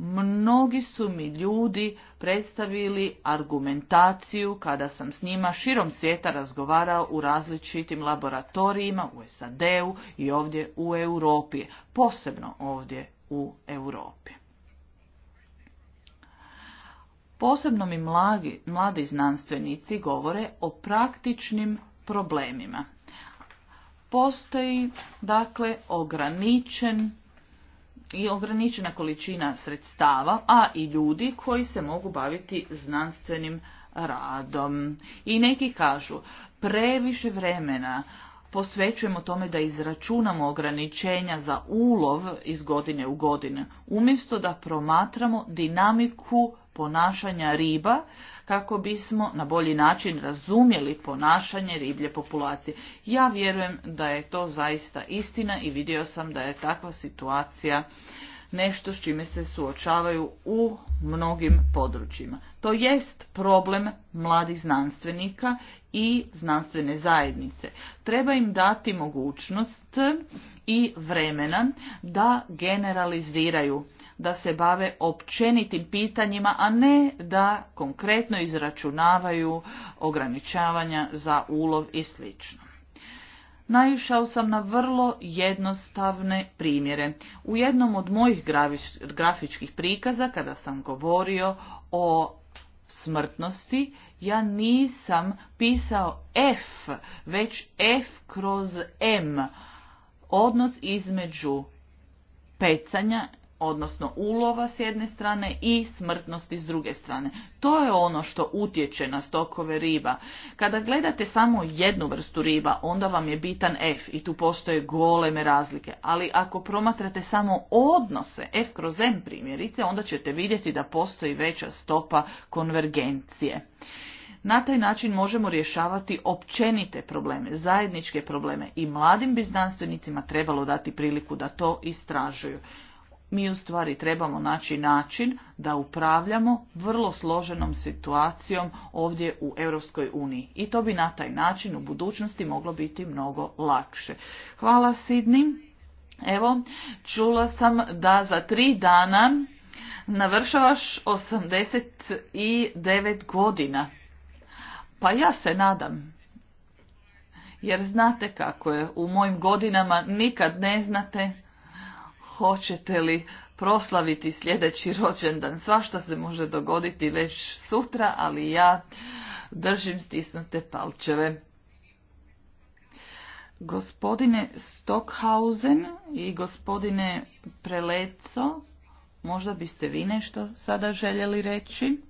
mnogi su mi ljudi predstavili argumentaciju kada sam s njima širom svijeta razgovarao u različitim laboratorijima u SAD-u i ovdje u Europi, posebno ovdje u Europi. Posebno mi mladi, mladi znanstvenici govore o praktičnim problemima. Postoji dakle ograničen i ograničena količina sredstava, a i ljudi koji se mogu baviti znanstvenim radom. I neki kažu, previše vremena posvećujemo tome da izračunamo ograničenja za ulov iz godine u godine, umjesto da promatramo dinamiku ponašanja riba kako bismo na bolji način razumjeli ponašanje riblje populacije. Ja vjerujem da je to zaista istina i vidio sam da je takva situacija nešto s čime se suočavaju u mnogim područjima. To jest problem mladih znanstvenika i znanstvene zajednice. Treba im dati mogućnost i vremena da generaliziraju da se bave općenitim pitanjima, a ne da konkretno izračunavaju ograničavanja za ulov i slično naišao sam na vrlo jednostavne primjere. U jednom od mojih grafičkih prikaza, kada sam govorio o smrtnosti, ja nisam pisao F, već F kroz M, odnos između pecanja odnosno ulova s jedne strane i smrtnosti s druge strane. To je ono što utječe na stokove riba. Kada gledate samo jednu vrstu riba, onda vam je bitan F i tu postoje goleme razlike. Ali ako promatrate samo odnose F kroz M primjerice, onda ćete vidjeti da postoji veća stopa konvergencije. Na taj način možemo rješavati općenite probleme, zajedničke probleme i mladim bi znanstvenicima trebalo dati priliku da to istražuju mi u stvari trebamo naći način da upravljamo vrlo složenom situacijom ovdje u Europskoj uniji. I to bi na taj način u budućnosti moglo biti mnogo lakše. Hvala Sidni. Evo, čula sam da za tri dana navršavaš 89 godina. Pa ja se nadam jer znate kako je, u mojim godinama nikad ne znate hoćete li proslaviti sljedeći rođendan. Svašta se može dogoditi već sutra, ali ja držim stisnute palčeve. Gospodine Stockhausen i gospodine Preleco, možda biste vi nešto sada željeli reći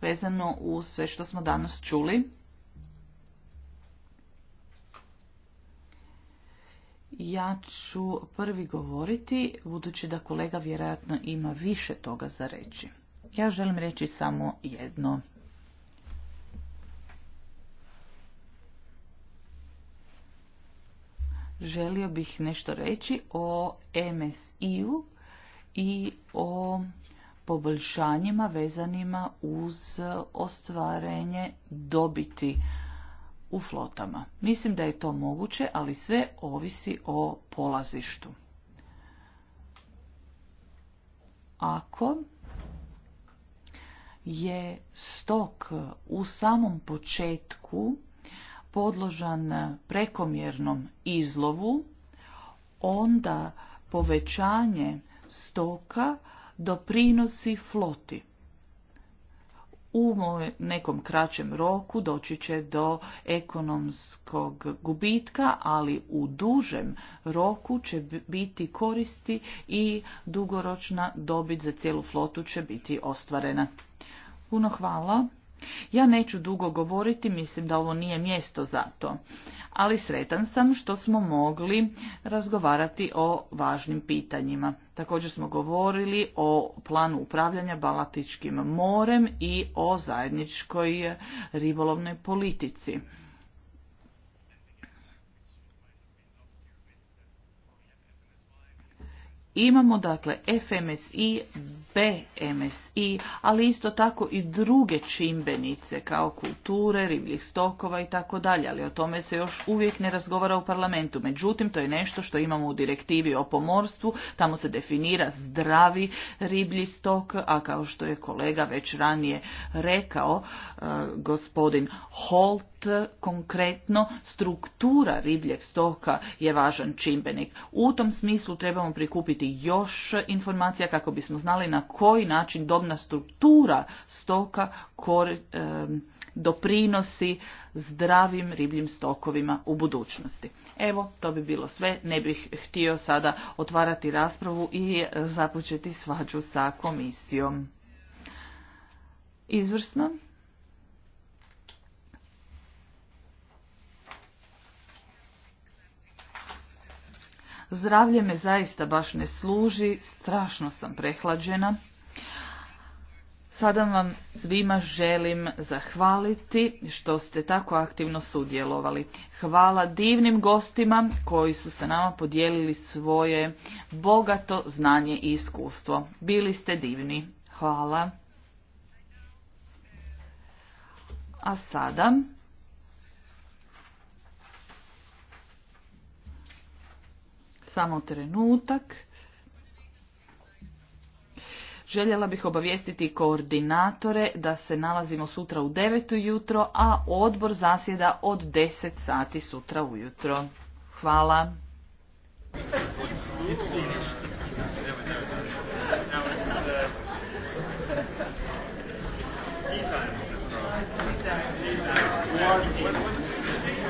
vezano uz sve što smo danas čuli. Ja ću prvi govoriti, budući da kolega vjerojatno ima više toga za reći. Ja želim reći samo jedno. Želio bih nešto reći o MSI-u i o poboljšanjima vezanima uz ostvarenje dobiti u flotama. Mislim da je to moguće, ali sve ovisi o polazištu. Ako je stok u samom početku podložan prekomjernom izlovu, onda povećanje stoka doprinosi floti u nekom kraćem roku doći će do ekonomskog gubitka, ali u dužem roku će biti koristi i dugoročna dobit za cijelu flotu će biti ostvarena. Puno hvala. Ja neću dugo govoriti, mislim da ovo nije mjesto za to, ali sretan sam što smo mogli razgovarati o važnim pitanjima. Također smo govorili o planu upravljanja Balatičkim morem i o zajedničkoj ribolovnoj politici. Imamo dakle FMSI, BMSI, ali isto tako i druge čimbenice kao kulture, ribljih stokova i tako dalje, ali o tome se još uvijek ne razgovara u parlamentu. Međutim, to je nešto što imamo u direktivi o pomorstvu, tamo se definira zdravi riblji stok, a kao što je kolega već ranije rekao, eh, gospodin Holt, konkretno struktura ribljeg stoka je važan čimbenik. U tom smislu trebamo prikupiti još informacija kako bismo znali na koji način dobna struktura stoka doprinosi zdravim ribljim stokovima u budućnosti. Evo, to bi bilo sve. Ne bih htio sada otvarati raspravu i započeti svađu sa komisijom. Izvrsno. Zdravlje me zaista baš ne služi, strašno sam prehlađena. Sada vam svima želim zahvaliti što ste tako aktivno sudjelovali. Hvala divnim gostima koji su se nama podijelili svoje bogato znanje i iskustvo. Bili ste divni. Hvala. A sada Samo trenutak. Željela bih obavijestiti koordinatore da se nalazimo sutra u 9. jutro, a odbor zasjeda od 10 sati sutra ujutro. Hvala.